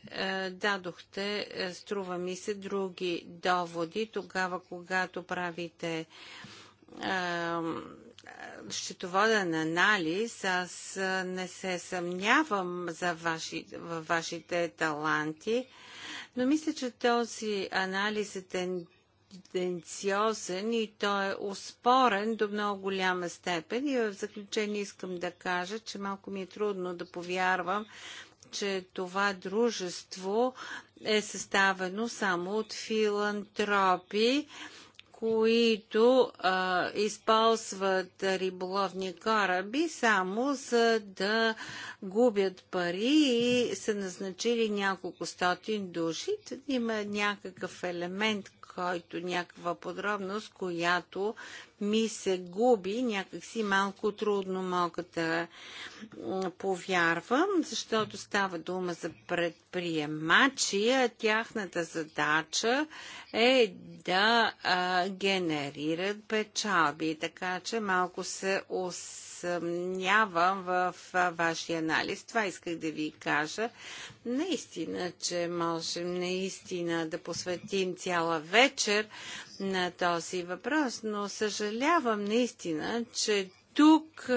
дадохте, струва ми се, други доводи тогава, когато правите счетоводен анализ, аз не се съмнявам за ваши, във вашите таланти, но мисля, че този анализ е тен, претенциозен и той е успорен до много голяма степен. И в заключение искам да кажа, че малко ми е трудно да повярвам, че това дружество е съставено само от филантропи които а, използват риболовни кораби само за да губят пари и са назначили няколко стотин души. Има някакъв елемент, който някаква подробност, която ми се губи, някакси малко трудно мога да повярвам, защото става дума за предприемачи, а тяхната задача е да а, генерират печалби. Така че малко се усъмнявам в а, вашия анализ. Това исках да ви кажа. Наистина, че можем наистина да посветим цяла вечер на този въпрос, но съжалявам наистина, че тук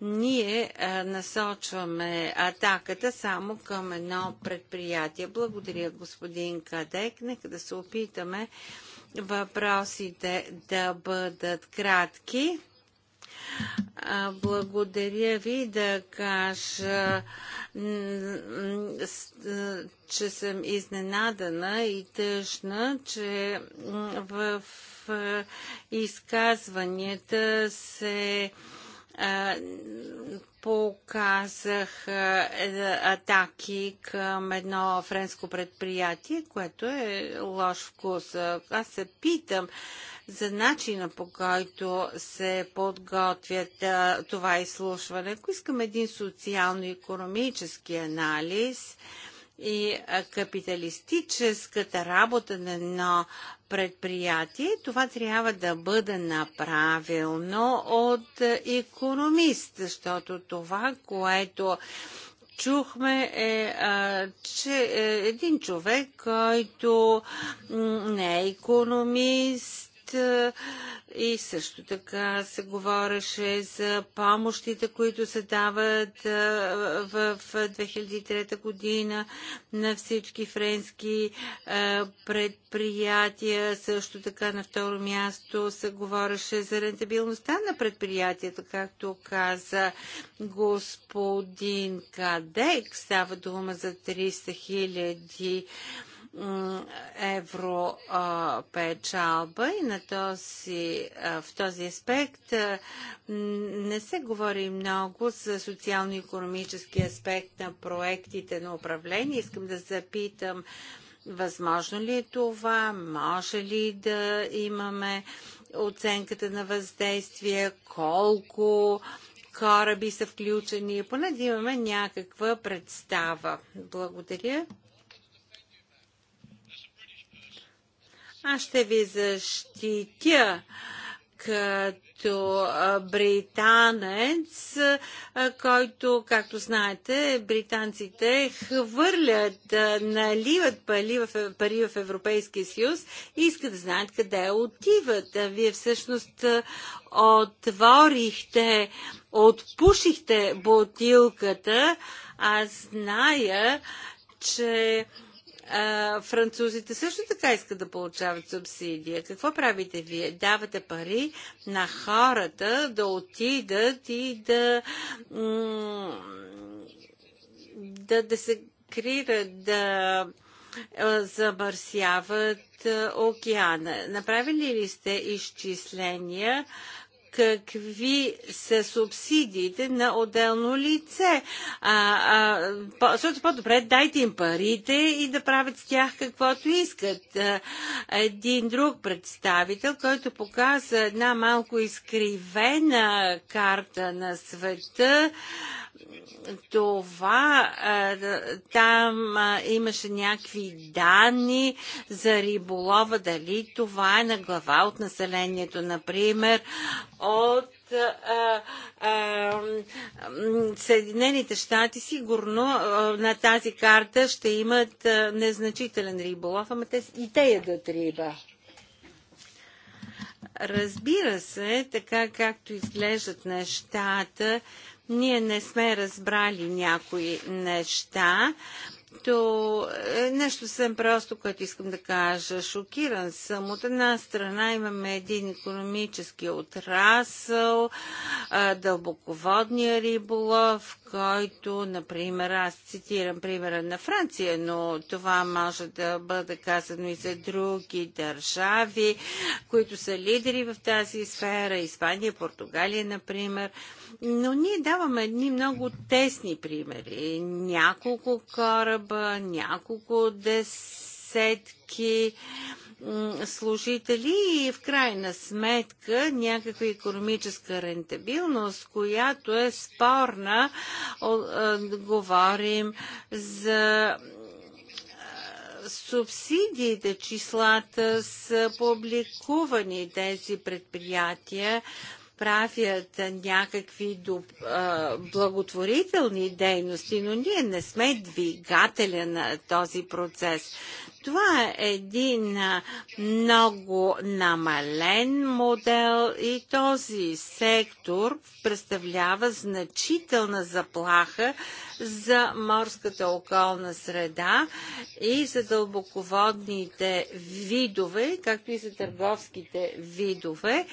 ние насочваме атаката само към едно предприятие. Благодаря, господин Кадек. Нека да се опитаме въпросите да бъдат кратки. Благодаря ви да кажа, че съм изненадана и тъжна, че в изказванията се показах е, атаки към едно френско предприятие, което е лош вкус. Аз се питам за начина по който се подготвят това изслушване. Ако искам един социално-економически анализ, и капиталистическата работа на едно предприятие, това трябва да бъде направено от економист, защото това, което чухме е, а, че е един човек, който не е економист, и също така се говореше за помощите, които се дават в 2003 година на всички френски предприятия. Също така на второ място се говореше за рентабилността на предприятията, както каза господин Кадек. Става дума за 300 хиляди 000 евро печалба и на този, в този аспект не се говори много за социално-економически аспект на проектите на управление. Искам да запитам възможно ли е това, може ли да имаме оценката на въздействие, колко кораби са включени, поне да имаме някаква представа. Благодаря. Аз ще ви защитя като британец, който, както знаете, британците хвърлят, наливат пари в, пари в Европейския съюз и искат да знаят къде отиват. Вие всъщност отворихте, отпушихте бутилката. Аз зная, че а, французите също така искат да получават субсидия. Какво правите вие? Давате пари на хората да отидат и да, да, да се крират, да замърсяват океана. Направили ли сте изчисления какви са субсидиите на отделно лице. А, а, по, защото по-добре дайте им парите и да правят с тях каквото искат. един друг представител, който показа една малко изкривена карта на света, това там имаше някакви данни за риболова, дали това е на глава от населението, например, от Съединените щати сигурно на тази карта ще имат незначителен риболов, ама те и те ядат риба. Разбира се, така както изглеждат нещата, ние не сме разбрали някои неща. То е, нещо съм просто, което искам да кажа. Шокиран съм. От една страна имаме един економически отрасъл, е, дълбоководния риболов, който, например, аз цитирам примера на Франция, но това може да бъде казано и за други държави, които са лидери в тази сфера, Испания, Португалия, например. Но ние даваме едни много тесни примери. Няколко кораба, няколко десетки служители и в крайна сметка някаква економическа рентабилност, която е спорна. Говорим за субсидиите, числата са публикувани тези предприятия правят някакви благотворителни дейности, но ние не сме двигателя на този процес. Това е един много намален модел и този сектор представлява значителна заплаха за морската околна среда и за дълбоководните видове, както и за търговските видове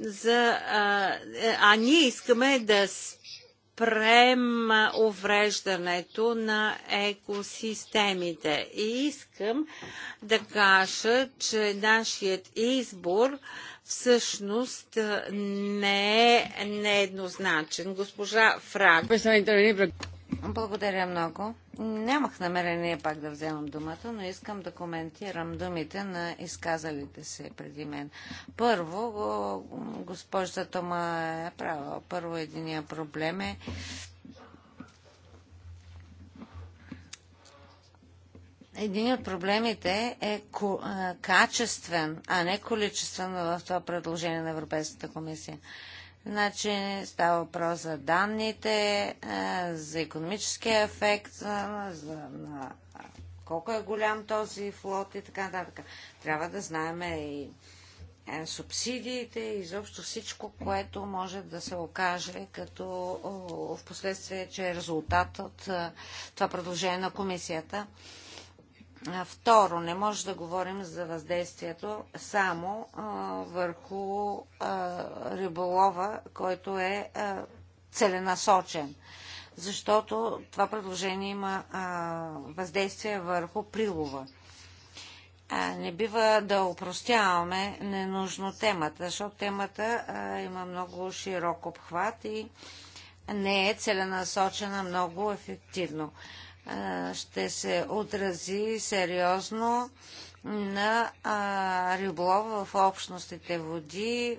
за, а, е, а ние искаме да спрем увреждането на екосистемите. И искам да кажа, че нашият избор всъщност не е нееднозначен. Госпожа Фраг. Благодаря много. Нямах намерение пак да вземам думата, но искам да коментирам думите на изказалите се преди мен. Първо, госпожа Тома е права. Първо, единия проблем е Един от проблемите е качествен, а не количествен в това предложение на Европейската комисия. Значи Става въпрос за данните, е, за економическия ефект, е, за на колко е голям този флот и така нататък. Трябва да знаем и е, субсидиите, и изобщо всичко, което може да се окаже като в последствие, че е резултат от това предложение на комисията. Второ, не може да говорим за въздействието само а, върху а, риболова, който е а, целенасочен, защото това предложение има въздействие върху прилова. Не бива да упростяваме ненужно темата, защото темата има много широк обхват и не е целенасочена много ефективно ще се отрази сериозно на а, риболова в общностите води,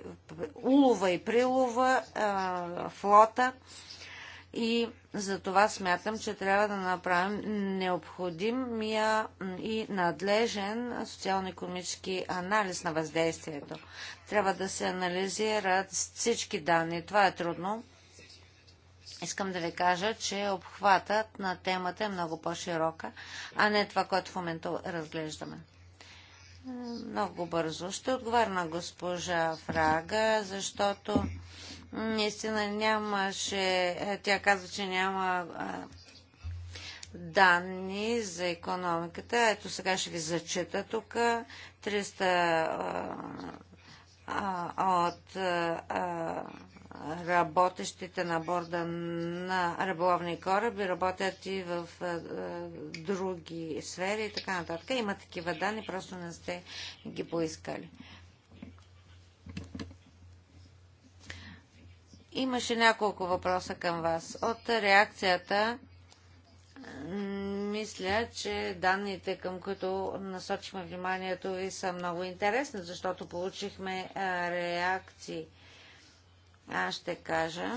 улова и прилова, флота. И за това смятам, че трябва да направим необходимия и надлежен социално-економически анализ на въздействието. Трябва да се анализират всички данни. Това е трудно. Искам да ви кажа, че обхватът на темата е много по-широка, а не това, което в момента разглеждаме. Много бързо. Ще отговаря на госпожа Фрага, защото наистина нямаше, тя казва, че няма данни за економиката. Ето сега ще ви зачита тук. 300 от работещите на борда на риболовни кораби работят и в други сфери и така нататък. Има такива данни, просто не сте ги поискали. Имаше няколко въпроса към вас. От реакцията мисля, че данните, към които насочихме вниманието ви, са много интересни, защото получихме реакции – аз ще кажа.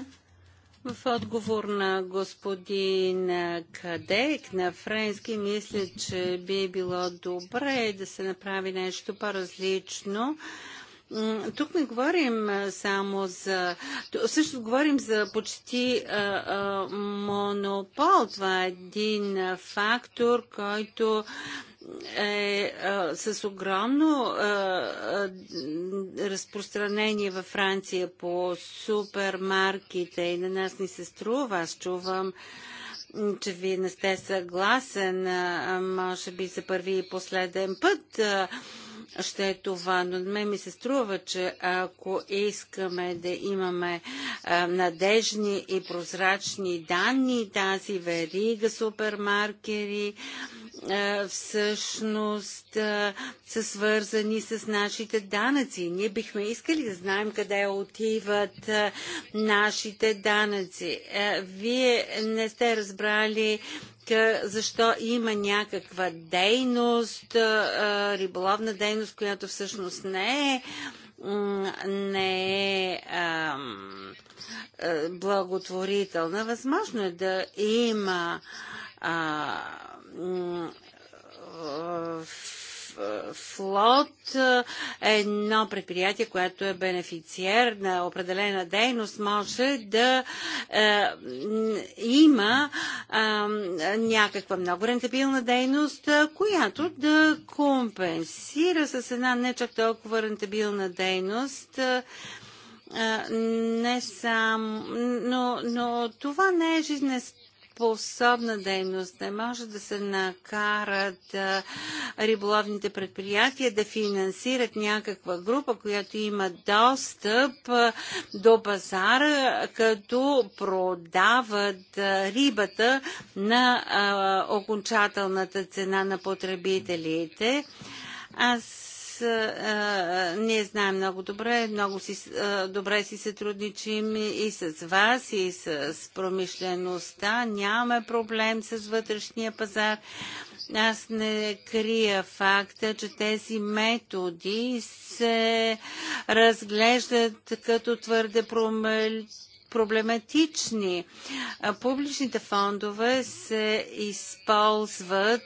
В отговор на господин Кадек на френски, мисля, че би било добре да се направи нещо по-различно. Тук не говорим само за... Също говорим за почти а, а, монопол. Това е един фактор, който е с огромно разпространение във Франция по супермарките и на нас ни се струва. Аз чувам, че вие не сте съгласен, може би за първи и последен път. А, ще е това. Но мен ми се струва, че ако искаме да имаме надежни и прозрачни данни, тази верига супермаркери всъщност са свързани с нашите данъци. Ние бихме искали да знаем къде отиват нашите данъци. Вие не сте разбрали е, защо има някаква дейност, е, е, риболовна дейност, която всъщност не е не е благотворителна. Възможно е да има а, флот, е, едно предприятие, което е бенефициер на определена дейност, може да е, има е, някаква много рентабилна дейност, която да компенсира с една не чак толкова рентабилна дейност не сам, но, но това не е жизнеспособно способна дейност. Не може да се накарат риболовните предприятия да финансират някаква група, която има достъп до пазара, като продават рибата на окончателната цена на потребителите. Аз аз а, ние знаем много добре, много си, а, добре си сътрудничим и с вас, и с промишлеността. Нямаме проблем с вътрешния пазар. Аз не крия факта, че тези методи се разглеждат като твърде промел проблематични. Публичните фондове се използват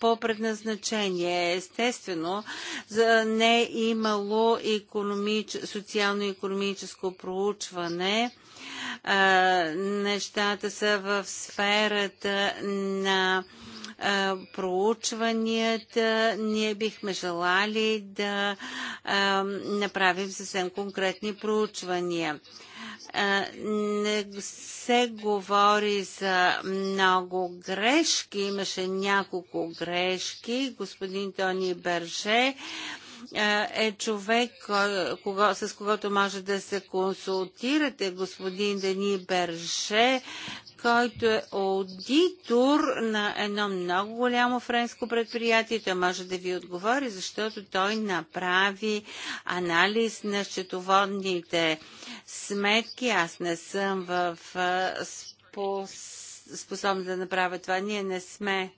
по предназначение. Естествено, не е имало економич... социално-економическо проучване нещата са в сферата на проучванията. Ние бихме желали да направим съвсем конкретни проучвания. Е, не се говори за много грешки. Имаше няколко грешки. Господин Тони Берже е, е човек, кого, с когото може да се консултирате. Господин Дени Берже който е аудитор на едно много голямо френско предприятие. Той може да ви отговори, защото той направи анализ на счетоводните сметки. Аз не съм в способна да направя това. Ние не сме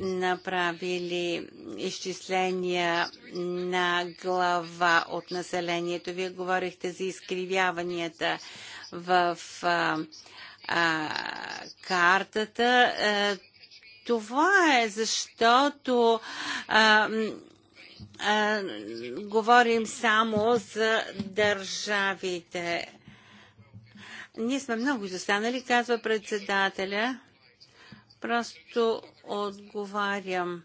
направили изчисления на глава от населението. Вие говорихте за изкривяванията в а, а, картата. А, е, това е защото а, а, говорим само за държавите. Ние сме много изостанали, казва председателя. Просто отговарям.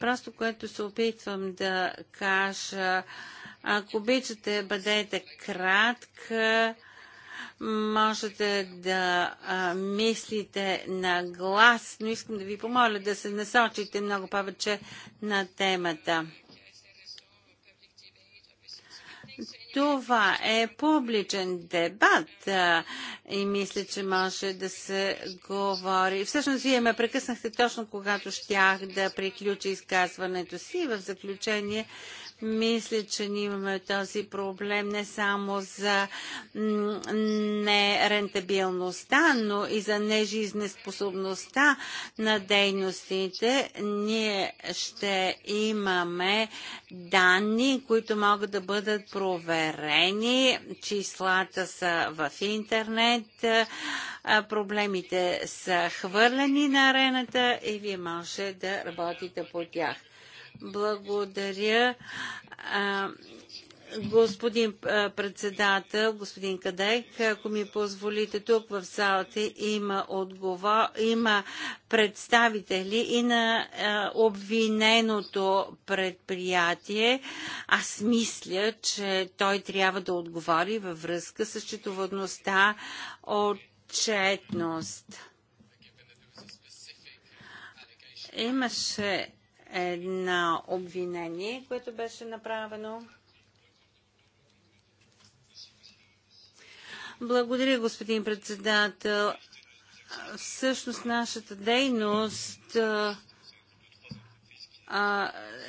Просто което се опитвам да кажа. Ако обичате, бъдете кратка можете да а, мислите на глас, но искам да ви помоля да се насочите много повече на темата. Това е публичен дебат а, и мисля, че може да се говори. Всъщност, вие ме прекъснахте точно когато щях да приключа изказването си. В заключение, мисля, че ние имаме този проблем не само за нерентабилността, но и за нежизнеспособността на дейностите. Ние ще имаме данни, които могат да бъдат проверени. Числата са в интернет. Проблемите са хвърлени на арената и вие може да работите по тях. Благодаря. господин председател, господин Кадек, ако ми позволите, тук в залата има, отговор, има представители и на обвиненото предприятие. Аз мисля, че той трябва да отговори във връзка с четоводността отчетност. Имаше едно обвинение, което беше направено. Благодаря, господин председател. Всъщност нашата дейност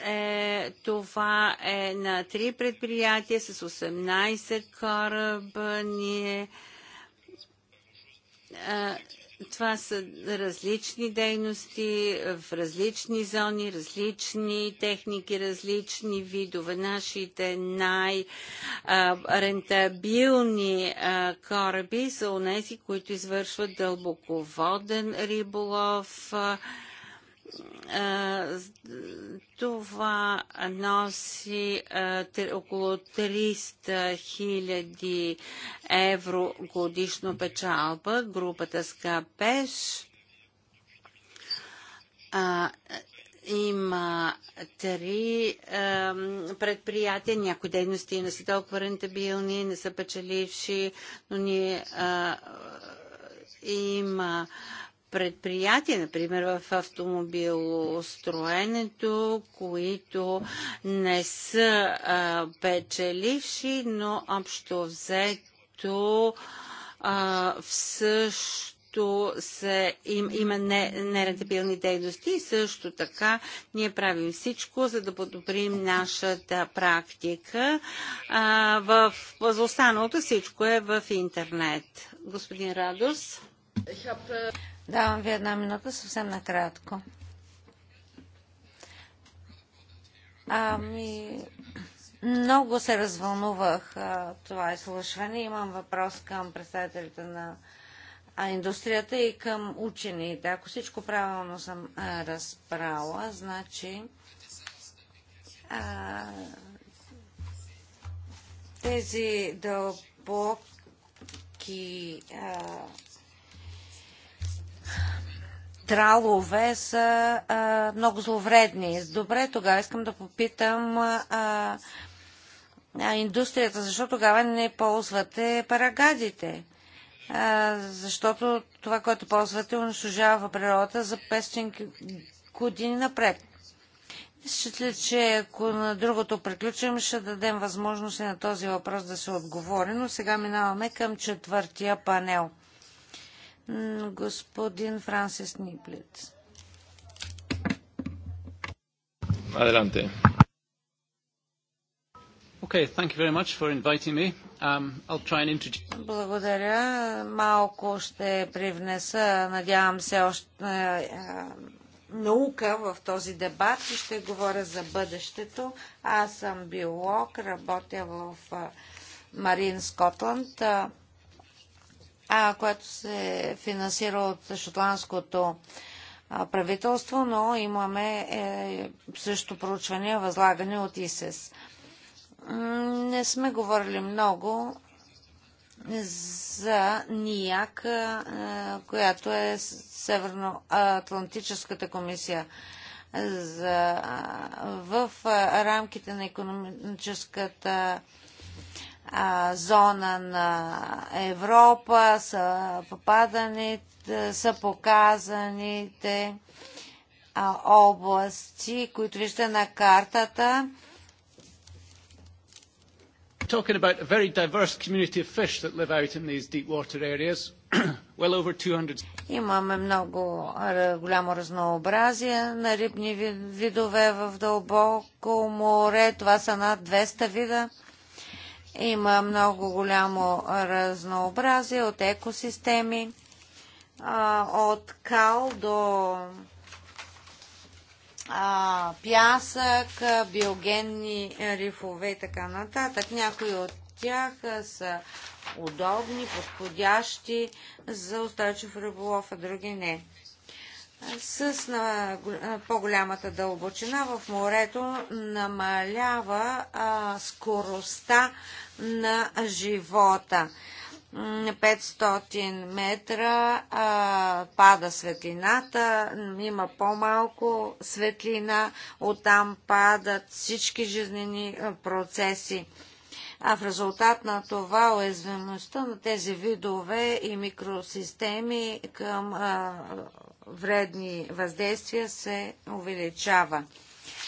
е, това е на три предприятия с 18 кораба. Ние това са различни дейности в различни зони, различни техники, различни видове. Нашите най-рентабилни кораби са унези, които извършват дълбоководен риболов, това носи около 300 хиляди евро годишно печалба. Групата Скапеш има три предприятия, някои дейности не са толкова рентабилни, не са печеливши, но ние има предприятия, например в автомобилостроенето, които не са а, печеливши, но общо взето а, всъщност се им, има нерентабилни дейности и също така ние правим всичко, за да подобрим нашата практика. А, в, за останалото всичко е в интернет. Господин Радос. Е, е, Давам ви една минута съвсем накратко. Ами, много се развълнувах а, това изслушване. Имам въпрос към представителите на а индустрията и към учените. Ако всичко правилно съм а, разбрала, значи а, тези дълбоки а, тралове са а, много зловредни. Добре, тогава искам да попитам а, а, индустрията, защо тогава не ползвате парагадите? А, защото това, което ползвате, унищожава природа за 500 години напред. Мисля, че ако на другото приключим, ще дадем възможност и на този въпрос да се отговори, но сега минаваме към четвъртия панел – господин Франсис Adelante. Okay, thank you very much for inviting me. Um, I'll try and introduce... Благодаря. Малко ще привнеса, надявам се, още е, е, наука в този дебат и ще говоря за бъдещето. Аз съм биолог, работя в Марин е, Скотланд а, което се финансира от шотландското а, правителство, но имаме е, също проучвания, възлагани от ИСЕС. Не сме говорили много за НИАК, която е Северноатлантическата комисия за, в рамките на економическата зона на Европа са попадани, е, са показаните области, които виждате на картата. Talking about a very diverse community of fish that live out in these deep water areas, well over 200. Имаме много голямо разнообразие на рибни видове в дълбоко море. Това са над 200 вида. Има много голямо разнообразие от екосистеми, от кал до пясък, биогенни рифове и така нататък. Някои от тях са удобни, подходящи за устойчив риболов, а други не с на, по-голямата дълбочина в морето намалява а, скоростта на живота. 500 метра а, пада светлината, има по-малко светлина, оттам падат всички жизнени процеси. А в резултат на това уязвимостта на тези видове и микросистеми към а, вредни въздействия се увеличава.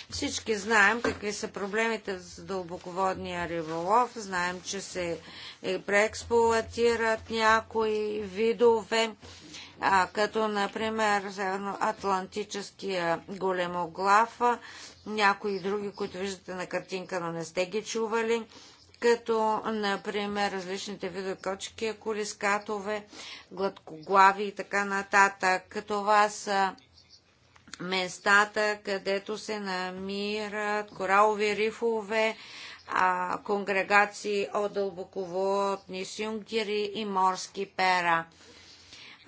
Всички знаем какви са проблемите с дълбоководния риболов. Знаем, че се е, преексплуатират някои видове, а, като например Северно-Атлантическия големоглав, някои други, които виждате на картинка, но не сте ги чували като например различните видове кочки, колискатове, гладкоглави и така нататък. Това са местата, където се намират коралови рифове, а, конгрегации от дълбоководни сюнгери и морски пера.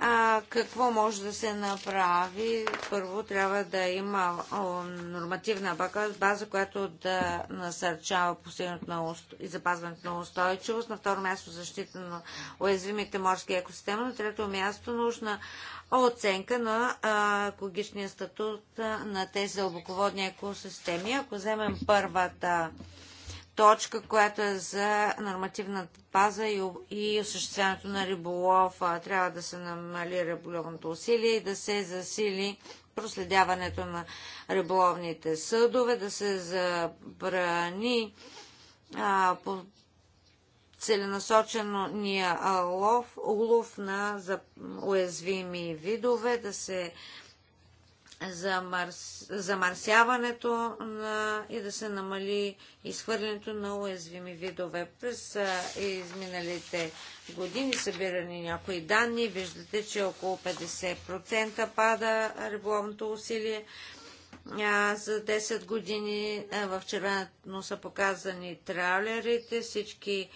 А, какво може да се направи? Първо трябва да има нормативна база, която да насърчава постигането на уст... и запазването на устойчивост. На второ място защита на уязвимите морски екосистеми. На трето място нужна оценка на екологичния статут на тези дълбоководни екосистеми. Ако вземем първата точка, която е за нормативната база и, и осъществяването на риболов. Трябва да се намали риболовното усилие и да се засили проследяването на риболовните съдове, да се забрани а, по целенасочено ния лов, улов на уязвими видове, да се а, замърсяването на... и да се намали изхвърлянето на уязвими видове. През а, изминалите години събирани някои данни, виждате, че около 50% пада риболовното усилие. А, за 10 години а, в червено са показани траулерите, всички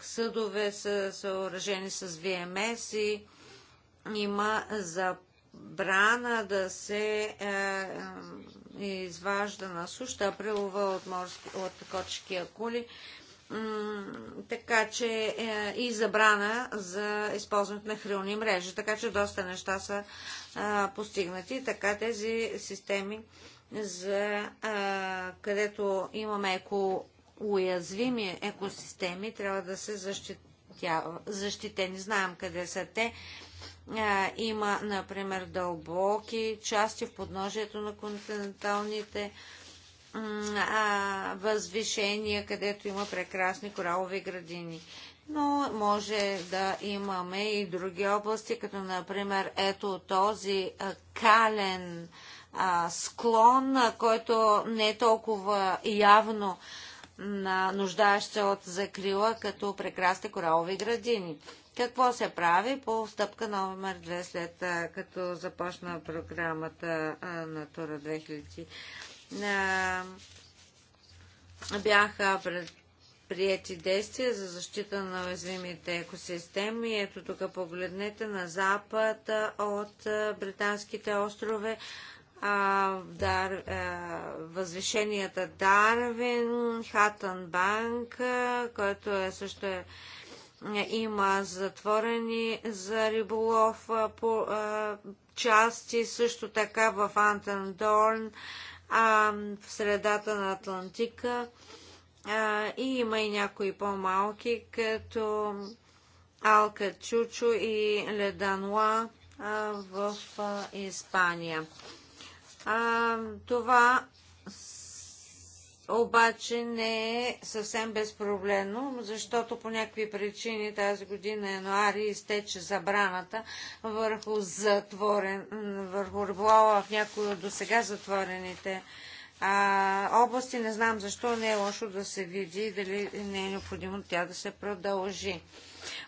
съдове са съоръжени с ВМС и има за Брана да се е, е, изважда на суща прилова от, морски, от кочки акули. М така че е, и забрана за използването на хрилни мрежи. Така че доста неща са е, постигнати. Така тези системи, за, е, където имаме еко уязвими екосистеми, трябва да се защитя защитени. Знаем къде са те има, например, дълбоки части в подножието на континенталните а, възвишения, където има прекрасни коралови градини. Но може да имаме и други области, като например ето този кален а, склон, който не е толкова явно на нуждаещ се от закрила, като прекрасни коралови градини. Какво се прави по стъпка номер 2 след като започна програмата Натура 2000? Бяха пред действия за защита на уязвимите екосистеми. Ето тук погледнете на запад от британските острове а, дар, а, възвишенията Дарвин, Хатън Банк, който е също е има затворени за риболов по, части, също така в Антендорн, в средата на Атлантика. и има и някои по-малки, като Алка Чучо и Ледануа в Испания. това обаче не е съвсем безпроблемно, защото по някакви причини тази година януари изтече забраната върху затворен, върху риболова в някои от досега затворените а, области. Не знам защо не е лошо да се види и дали не е необходимо тя да се продължи.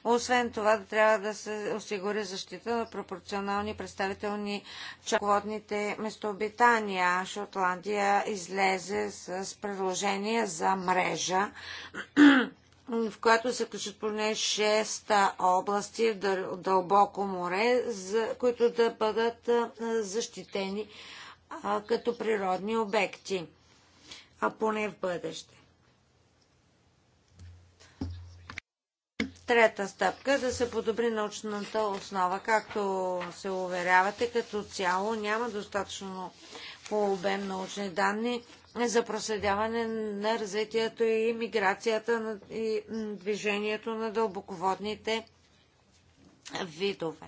Освен това, трябва да се осигури защита на пропорционални представителни чаководните местообитания. Шотландия излезе с предложение за мрежа в която се включат поне 6 области в дълбоко море, за които да бъдат защитени като природни обекти, а поне в бъдеще. Трета стъпка да се подобри научната основа. Както се уверявате, като цяло няма достатъчно по обем научни данни за проследяване на развитието и миграцията и движението на дълбоководните видове.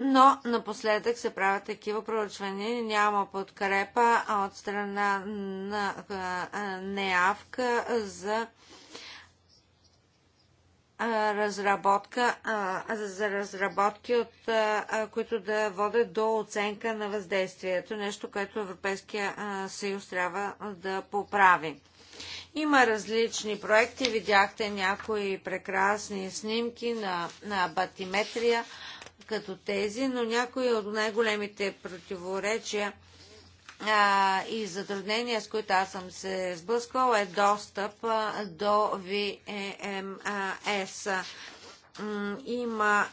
Но напоследък се правят такива проучвания. Няма подкрепа от страна на неавка за разработка, за разработки, от, които да водят до оценка на въздействието, нещо, което Европейския съюз трябва да поправи. Има различни проекти, видяхте някои прекрасни снимки на, на батиметрия като тези, но някои от най-големите противоречия – а, и затруднения, с които аз съм се сблъсквал, е достъп а, до ВМС. E има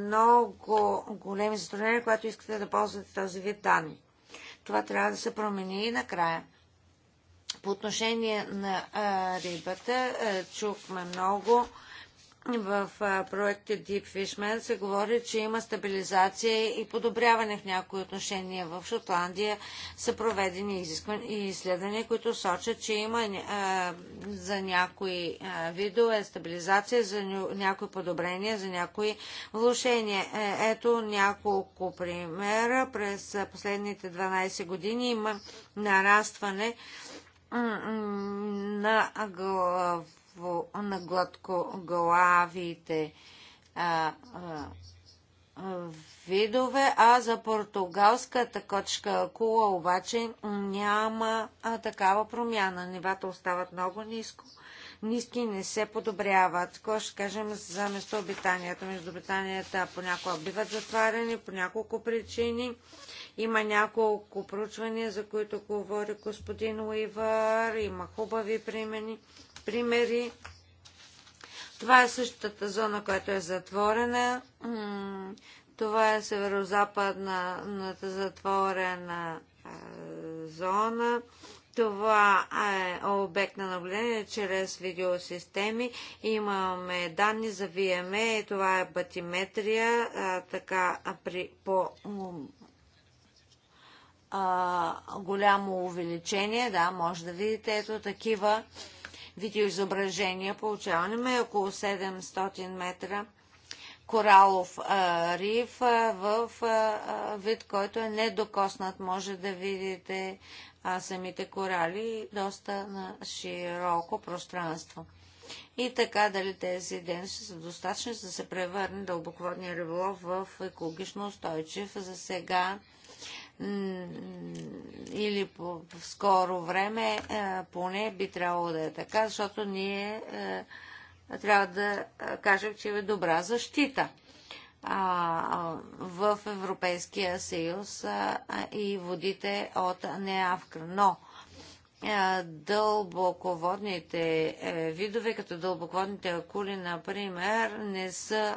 много големи затруднения, когато искате да ползвате този вид данни. Това трябва да се промени и накрая. По отношение на а, рибата, а, чухме много в проекта Deep Fishman се говори, че има стабилизация и подобряване в някои отношения. В Шотландия са проведени изследвания, които сочат, че има за някои видове стабилизация, за някои подобрения, за някои влушения. Е, ето няколко примера. През последните 12 години има нарастване на глава множество на главите а, а, видове, а за португалската кочка акула обаче няма а, такава промяна. Нивата остават много ниско. Ниски не се подобряват. Какво ще кажем за местообитанията? Местообитанията понякога биват затваряни по няколко причини. Има няколко проучвания, за които говори господин Уивър. Има хубави примени примери. Това е същата зона, която е затворена. Това е северо-западната затворена зона. Това е обект на наблюдение чрез видеосистеми. Имаме данни за VME, това е батиметрия, така при по голямо увеличение, да, може да видите ето такива видеоизображения получаваме около 700 метра коралов а, риф а, в а, вид, който е недокоснат. Може да видите а, самите корали доста на широко пространство. И така дали тези дейности са достатъчни, за да се превърне дълбоководния риболов в екологично устойчив. За сега или по, в скоро време, поне би трябвало да е така, защото ние трябва да кажем, че е добра защита в Европейския съюз и водите от неавкр. Но дълбоководните видове, като дълбоководните акули, например, не са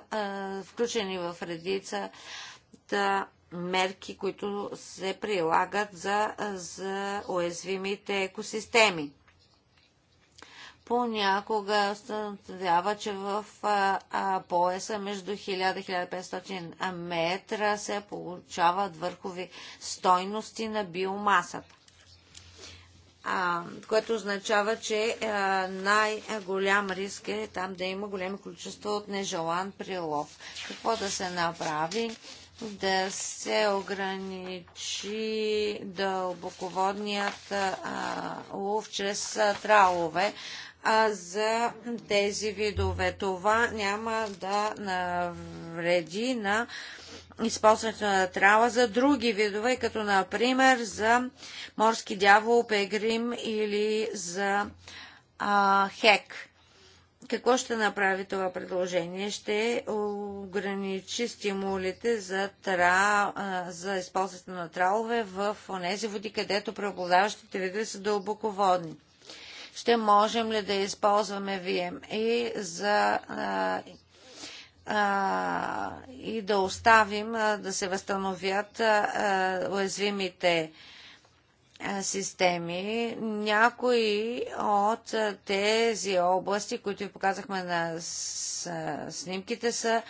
включени в редица мерки, които се прилагат за, за уязвимите екосистеми. Понякога установява, че в а, а, пояса между 1000-1500 метра се получават върхови стойности на биомасата. А, което означава, че най-голям риск е там да има големи количество от нежелан прилов. Какво да се направи? да се ограничи дълбоководният лов чрез тралове а, за тези видове. Това няма да навреди на използването на трала за други видове, като например за морски дявол, пегрим или за а, хек. Какво ще направи това предложение? Ще ограничи стимулите за, тра, за използването на тралове в тези води, където преобладаващите видове са дълбоководни. Ще можем ли да използваме и e за и да оставим да се възстановят уязвимите системи. Някои от тези области, които ви показахме на снимките, са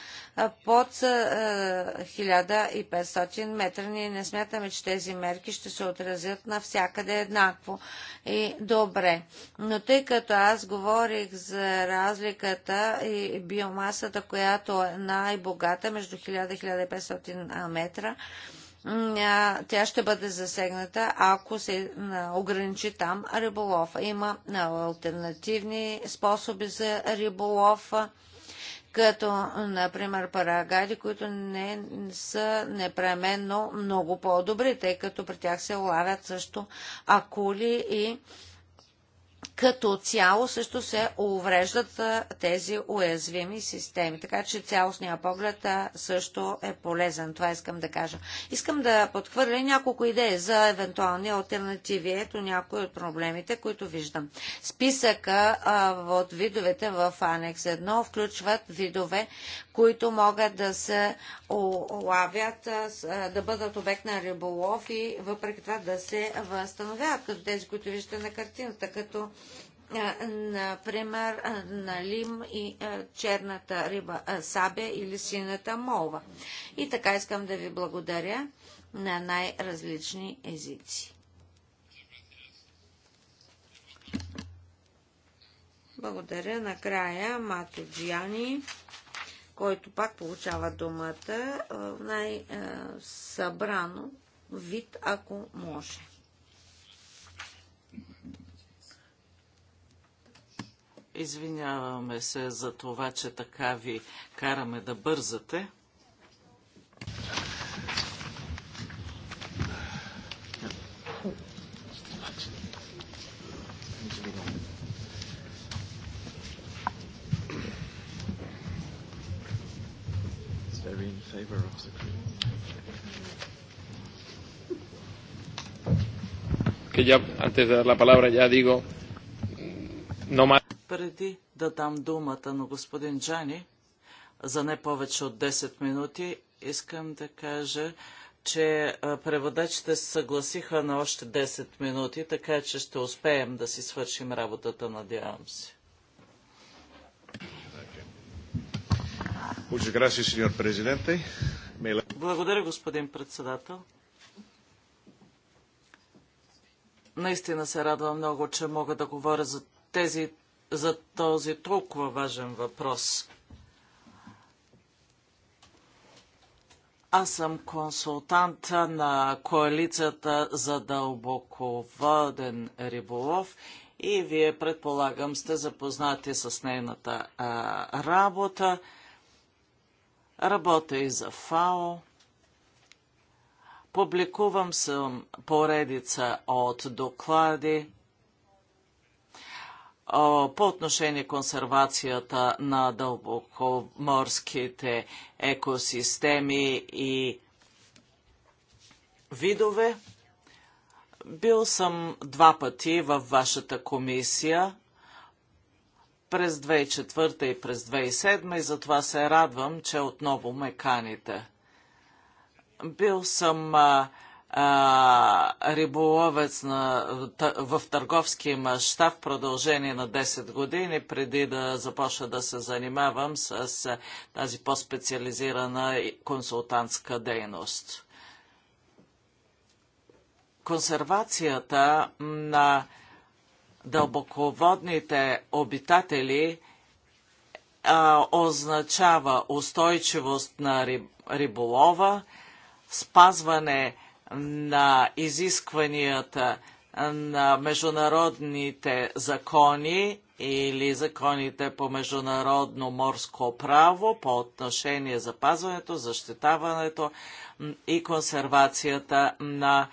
под 1500 метра. Ние не смятаме, че тези мерки ще се отразят навсякъде еднакво и добре. Но тъй като аз говорих за разликата и биомасата, която е най-богата между 1000 и 1500 метра, тя ще бъде засегната, ако се ограничи там риболов. Има альтернативни способи за риболов, като, например, парагади, които не са непременно много по-добри, тъй като при тях се улавят също акули и като цяло също се увреждат тези уязвими системи. Така че цялостния поглед също е полезен. Това искам да кажа. Искам да подхвърля няколко идеи за евентуални альтернативи. Ето някои от проблемите, които виждам. Списъка от видовете в Анекс 1 включват видове, които могат да се лавят, да бъдат обект на риболов и въпреки това да се възстановяват, като тези, които виждате на картината, като например, лим и черната риба сабя или сината молва. И така искам да ви благодаря на най-различни езици. Благодаря. Накрая Мато Джиани който пак получава думата в най-събрано вид, ако може. Извиняваме се за това, че така ви караме да бързате. favor of the Que ya, antes de dar la palabra, ya digo, no más. Преди да дам думата на господин Джани за не повече от 10 минути, искам да кажа, че преводачите се съгласиха на още 10 минути, така че ще успеем да си свършим работата, надявам се. Благодаря, господин председател. Наистина се радвам много, че мога да говоря за, тези, за този толкова важен въпрос. Аз съм консултант на коалицията за дълбоководен риболов и вие предполагам сте запознати с нейната а, работа. Работя и за ФАО. Публикувам съм поредица от доклади по отношение консервацията на дълбокоморските екосистеми и видове. Бил съм два пъти във вашата комисия през 2004 и през 2007 и затова се радвам, че отново ме каните. Бил съм а, а, риболовец на, в търговски мащаб в продължение на 10 години, преди да започна да се занимавам с, а, тази по-специализирана консултантска дейност. Консервацията на а, дълбоководните обитатели а, означава устойчивост на риб, риболова, спазване на изискванията на международните закони или законите по международно морско право по отношение запазването, защитаването и консервацията на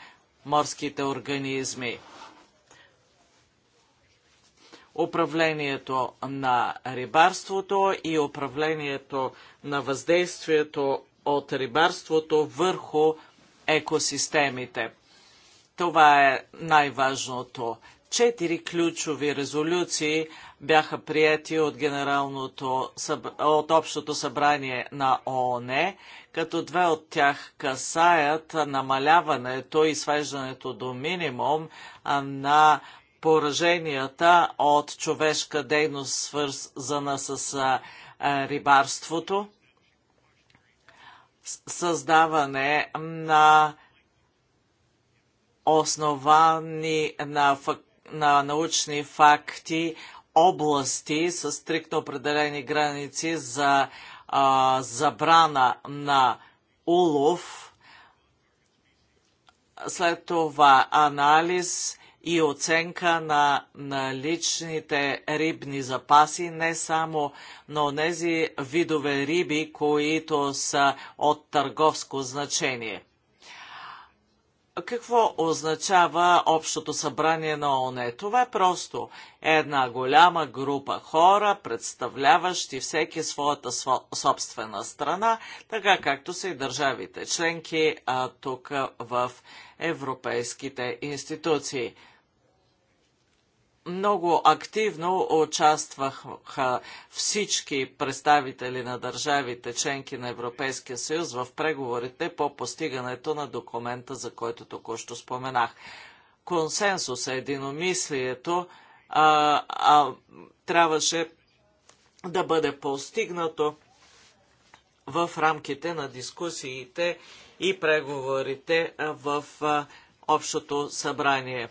морските организми управлението на рибарството и управлението на въздействието от рибарството върху екосистемите. Това е най-важното. Четири ключови резолюции бяха прияти от, генералното, от Общото събрание на ООН, като две от тях касаят намаляването и свеждането до минимум на пораженията от човешка дейност, свързана с рибарството, създаване на основани на, фак, на научни факти области с стрикно определени граници за а, забрана на улов, след това анализ и оценка на наличните рибни запаси, не само на тези видове риби, които са от търговско значение. Какво означава Общото събрание на ОНЕ? Това е просто една голяма група хора, представляващи всеки своята собствена страна, така както са и държавите членки а, тук в европейските институции много активно участваха всички представители на държавите членки на Европейския съюз в преговорите по постигането на документа, за който току-що споменах. Консенсус, единомислието а, а, трябваше да бъде постигнато в рамките на дискусиите и преговорите в Общото събрание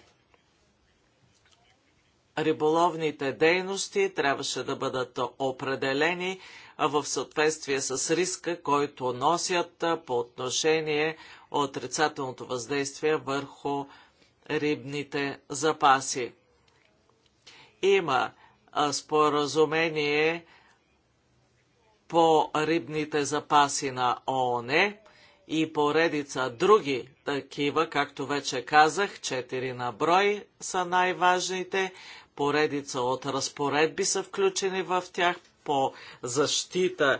риболовните дейности трябваше да бъдат определени в съответствие с риска, който носят по отношение отрицателното въздействие върху рибните запаси. Има споразумение по рибните запаси на ООН и поредица други такива, както вече казах, четири на брой са най-важните – поредица от разпоредби са включени в тях по защита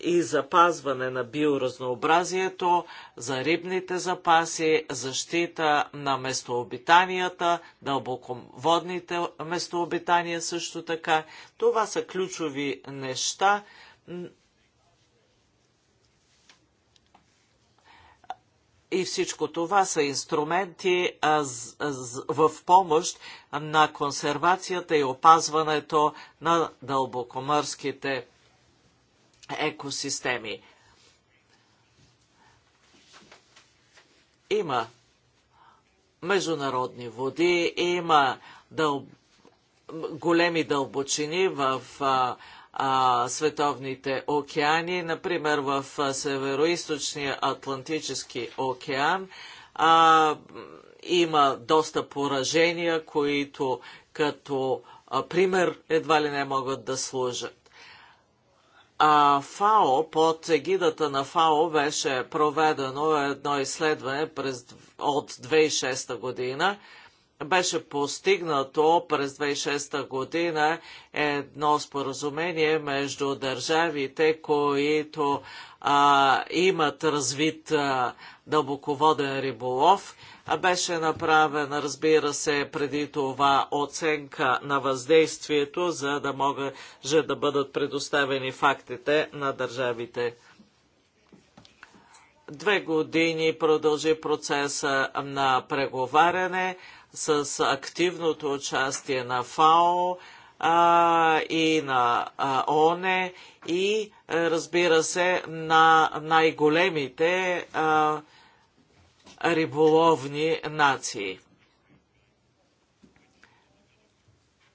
и запазване на биоразнообразието, за рибните запаси, защита на местообитанията, дълбоководните местообитания също така. Това са ключови неща, И всичко това са инструменти а, з, з, в помощ на консервацията и опазването на дълбокомърските екосистеми. Има международни води, има дъл... големи дълбочини в а, а, световните океани. Например, в Североисточния Атлантически океан а, има доста поражения, които като а, пример едва ли не могат да служат. А, ФАО, под егидата на ФАО беше проведено едно изследване през, от 2006 година, беше постигнато през 2006 година едно споразумение между държавите, които а, имат развит а, дълбоководен риболов. А беше направена, разбира се, преди това оценка на въздействието, за да могат да бъдат предоставени фактите на държавите. Две години продължи процеса на преговаряне с активното участие на ФАО а, и на а, ОНЕ и е, разбира се на най-големите риболовни нации.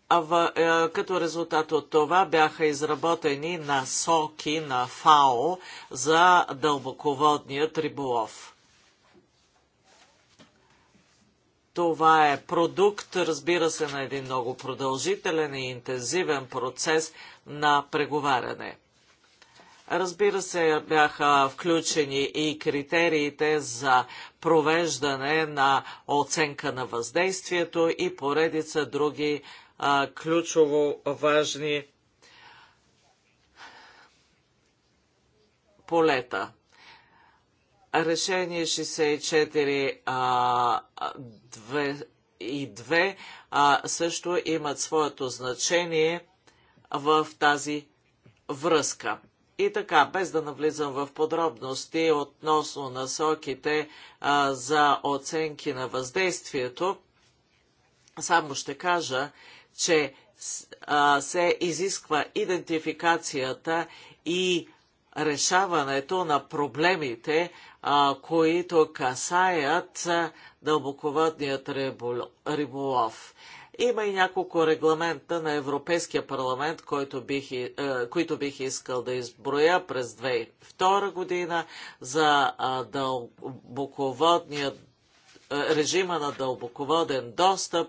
А в, а, е, като резултат от това бяха изработени насоки на ФАО за дълбоководният риболов. Това е продукт, разбира се, на един много продължителен и интензивен процес на преговаряне. Разбира се, бяха включени и критериите за провеждане на оценка на въздействието и поредица други а, ключово важни полета решение 64 а, 2 и 2 а, също имат своето значение в тази връзка. И така, без да навлизам в подробности относно насоките а, за оценки на въздействието, само ще кажа, че а, се изисква идентификацията и решаването на проблемите, които касаят дълбоководният риболов. Има и няколко регламента на Европейския парламент, който бих, е, които бих искал да изброя през 2002 година за а, дълбоководния е, режима на дълбоководен достъп,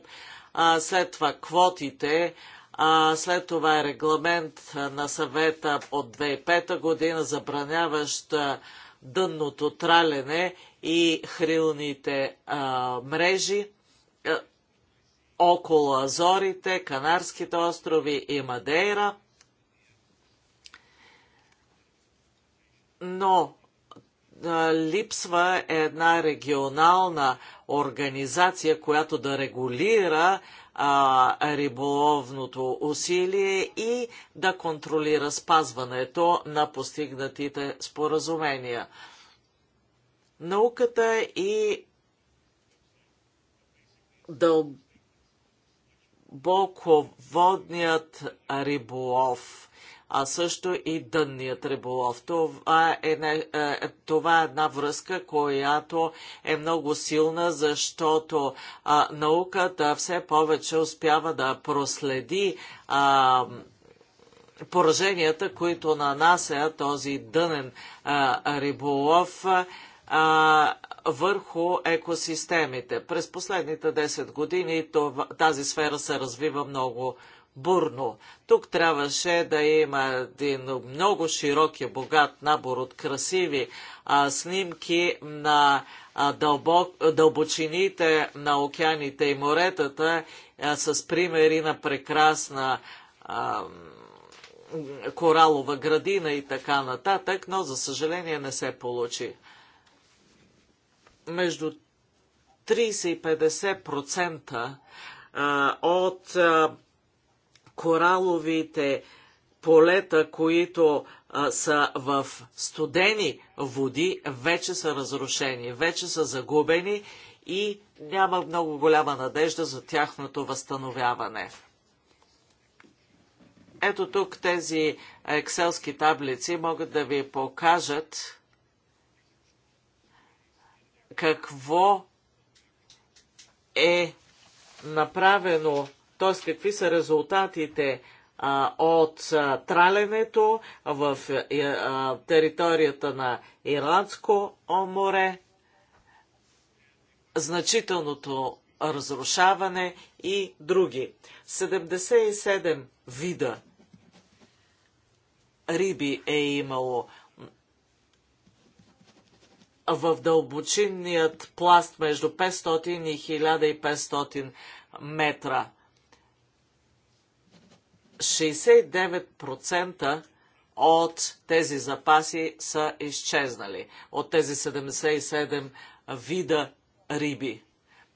а, след това квотите, а, след това е регламент на съвета от 2005 година, забраняващ дънното тралене и хрилните а, мрежи а, около Азорите, Канарските острови и Мадейра. Но а, липсва една регионална организация, която да регулира а, а, риболовното усилие и да контролира спазването на постигнатите споразумения. Науката и дълбоководният риболов а също и дънният риболов. Това е, не, е, е, това е една връзка, която е много силна, защото а, науката все повече успява да проследи а, пораженията, които нанася този дънен а, риболов а, върху екосистемите. През последните 10 години това, тази сфера се развива много бурно. Тук трябваше да има един много широк и богат набор от красиви а, снимки на а, дълбок, дълбочините на океаните и моретата а, с примери на прекрасна а, коралова градина и така нататък, но за съжаление не се получи. Между 30 и 50% от кораловите полета, които а, са в студени води, вече са разрушени, вече са загубени и няма много голяма надежда за тяхното възстановяване. Ето тук тези екселски таблици могат да ви покажат какво е направено т.е. какви са резултатите а, от а, траленето в е, е, а, територията на Ирландско море, значителното разрушаване и други. 77 вида риби е имало в дълбочинният пласт между 500 и 1500 метра. 69% от тези запаси са изчезнали, от тези 77 вида риби.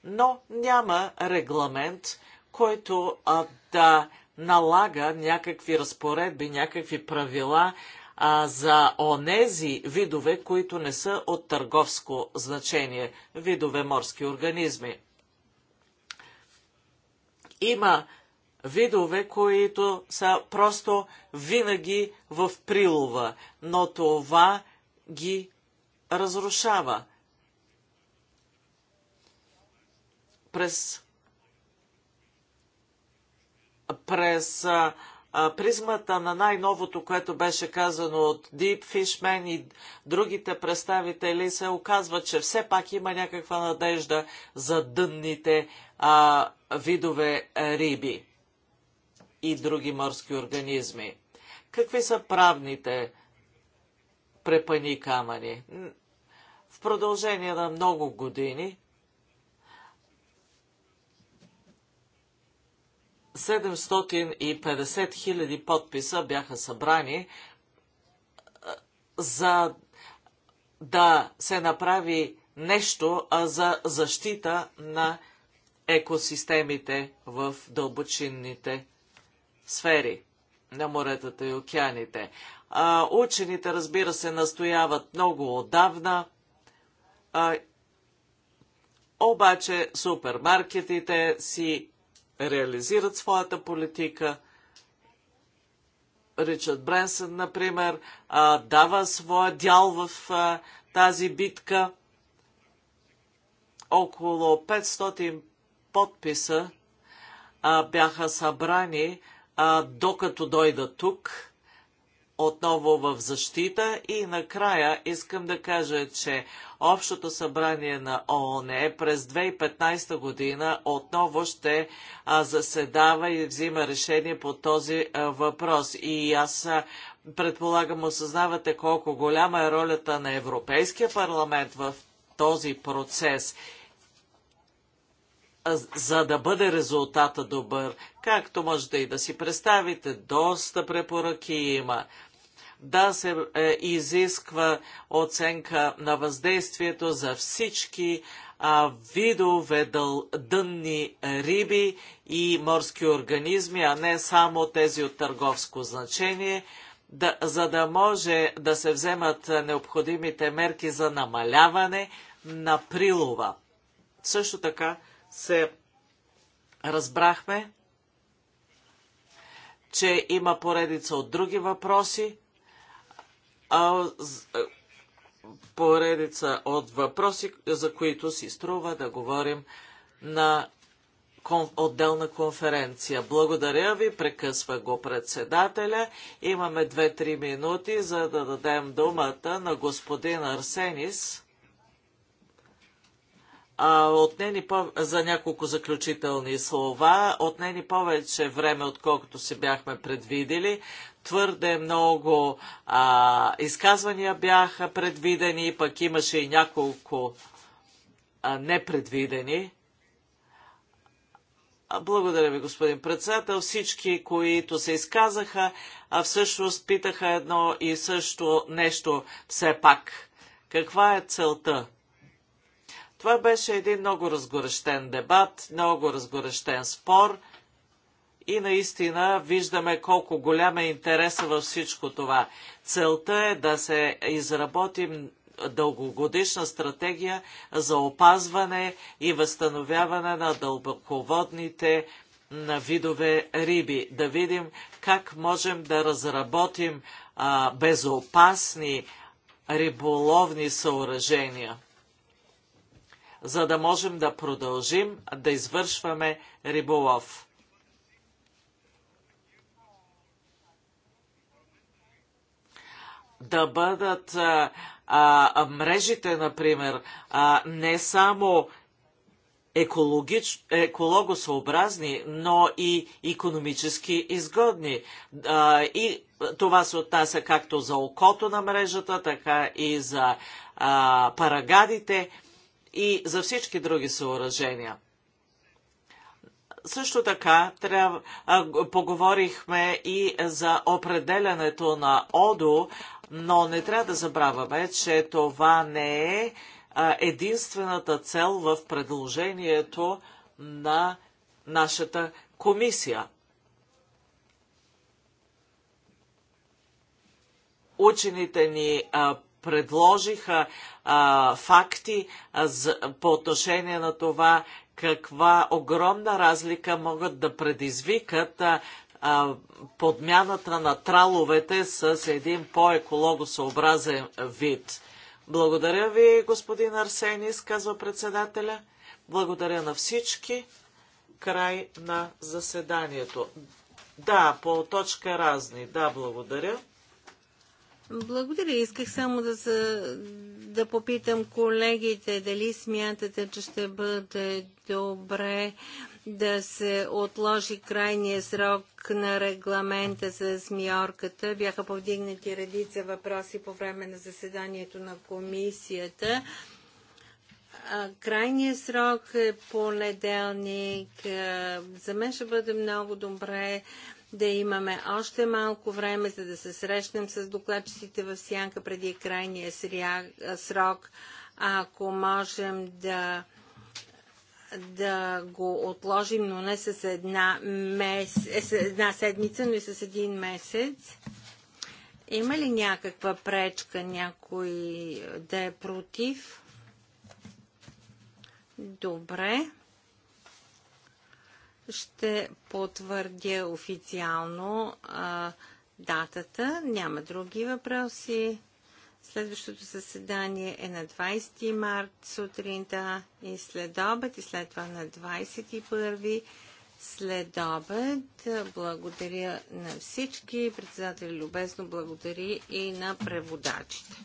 Но няма регламент, който а, да налага някакви разпоредби, някакви правила а, за онези видове, които не са от търговско значение, видове морски организми. Има видове, които са просто винаги в прилова, но това ги разрушава. През, през а, призмата на най-новото, което беше казано от Deep Fishman и другите представители, се оказва, че все пак има някаква надежда за дънните а, видове риби и други морски организми. Какви са правните препани камъни? В продължение на много години 750 хиляди подписа бяха събрани за да се направи нещо за защита на екосистемите в дълбочинните сфери на моретата и океаните. А, учените, разбира се, настояват много отдавна, а, обаче супермаркетите си реализират своята политика. Ричард Бренсън, например, а, дава своя дял в а, тази битка. Около 500 подписа а, бяха събрани а, докато дойда тук, отново в защита. И накрая искам да кажа, че Общото събрание на ООН е през 2015 година отново ще а, заседава и взима решение по този а, въпрос. И аз предполагам осъзнавате колко голяма е ролята на Европейския парламент в този процес за да бъде резултата добър, както можете и да си представите, доста препоръки има. Да се е, изисква оценка на въздействието за всички а, видове дъл, дънни риби и морски организми, а не само тези от търговско значение, да, за да може да се вземат необходимите мерки за намаляване на прилова. Също така, се разбрахме, че има поредица от други въпроси, а е, поредица от въпроси, за които си струва да говорим на отделна конференция. Благодаря ви, прекъсва го председателя. Имаме 2-3 минути, за да дадем думата на господин Арсенис а, отнени по... за няколко заключителни слова, отнени повече време, отколкото си бяхме предвидели. Твърде много а, изказвания бяха предвидени, пък имаше и няколко а, непредвидени. Благодаря ви, господин председател. Всички, които се изказаха, а всъщност питаха едно и също нещо все пак. Каква е целта това беше един много разгорещен дебат, много разгорещен спор и наистина виждаме колко голям е интереса във всичко това. Целта е да се изработим дългогодишна стратегия за опазване и възстановяване на дълбоководните на видове риби. Да видим как можем да разработим а, безопасни риболовни съоръжения за да можем да продължим да извършваме риболов. Да бъдат а, а, мрежите, например, а, не само екологич, екологосъобразни, но и економически изгодни. А, и това се отнася както за окото на мрежата, така и за а, парагадите и за всички други съоръжения. Също така трябва, а, поговорихме и за определянето на ОДО, но не трябва да забравяме, че това не е единствената цел в предложението на нашата комисия. Учените ни а, предложиха а, факти а, за, по отношение на това каква огромна разлика могат да предизвикат а, а, подмяната на траловете с един по-екологосъобразен вид. Благодаря ви, господин Арсенис, казва председателя. Благодаря на всички. Край на заседанието. Да, по точка разни. Да, благодаря. Благодаря. Исках само да, за, да попитам колегите дали смятате, че ще бъде добре да се отложи крайния срок на регламента с Миорката. Бяха повдигнати редица въпроси по време на заседанието на комисията. Крайният срок е понеделник. За мен ще бъде много добре да имаме още малко време, за да се срещнем с докладчиците в Сянка преди крайния срок. Ако можем да да го отложим, но не с една, мес... Е, с една седмица, но и с един месец. Има ли някаква пречка някой е, да е против? Добре ще потвърдя официално а, датата. Няма други въпроси. Следващото заседание е на 20 март сутринта и след обед и след това на 21 след обед. Благодаря на всички. Председател любезно благодари и на преводачите.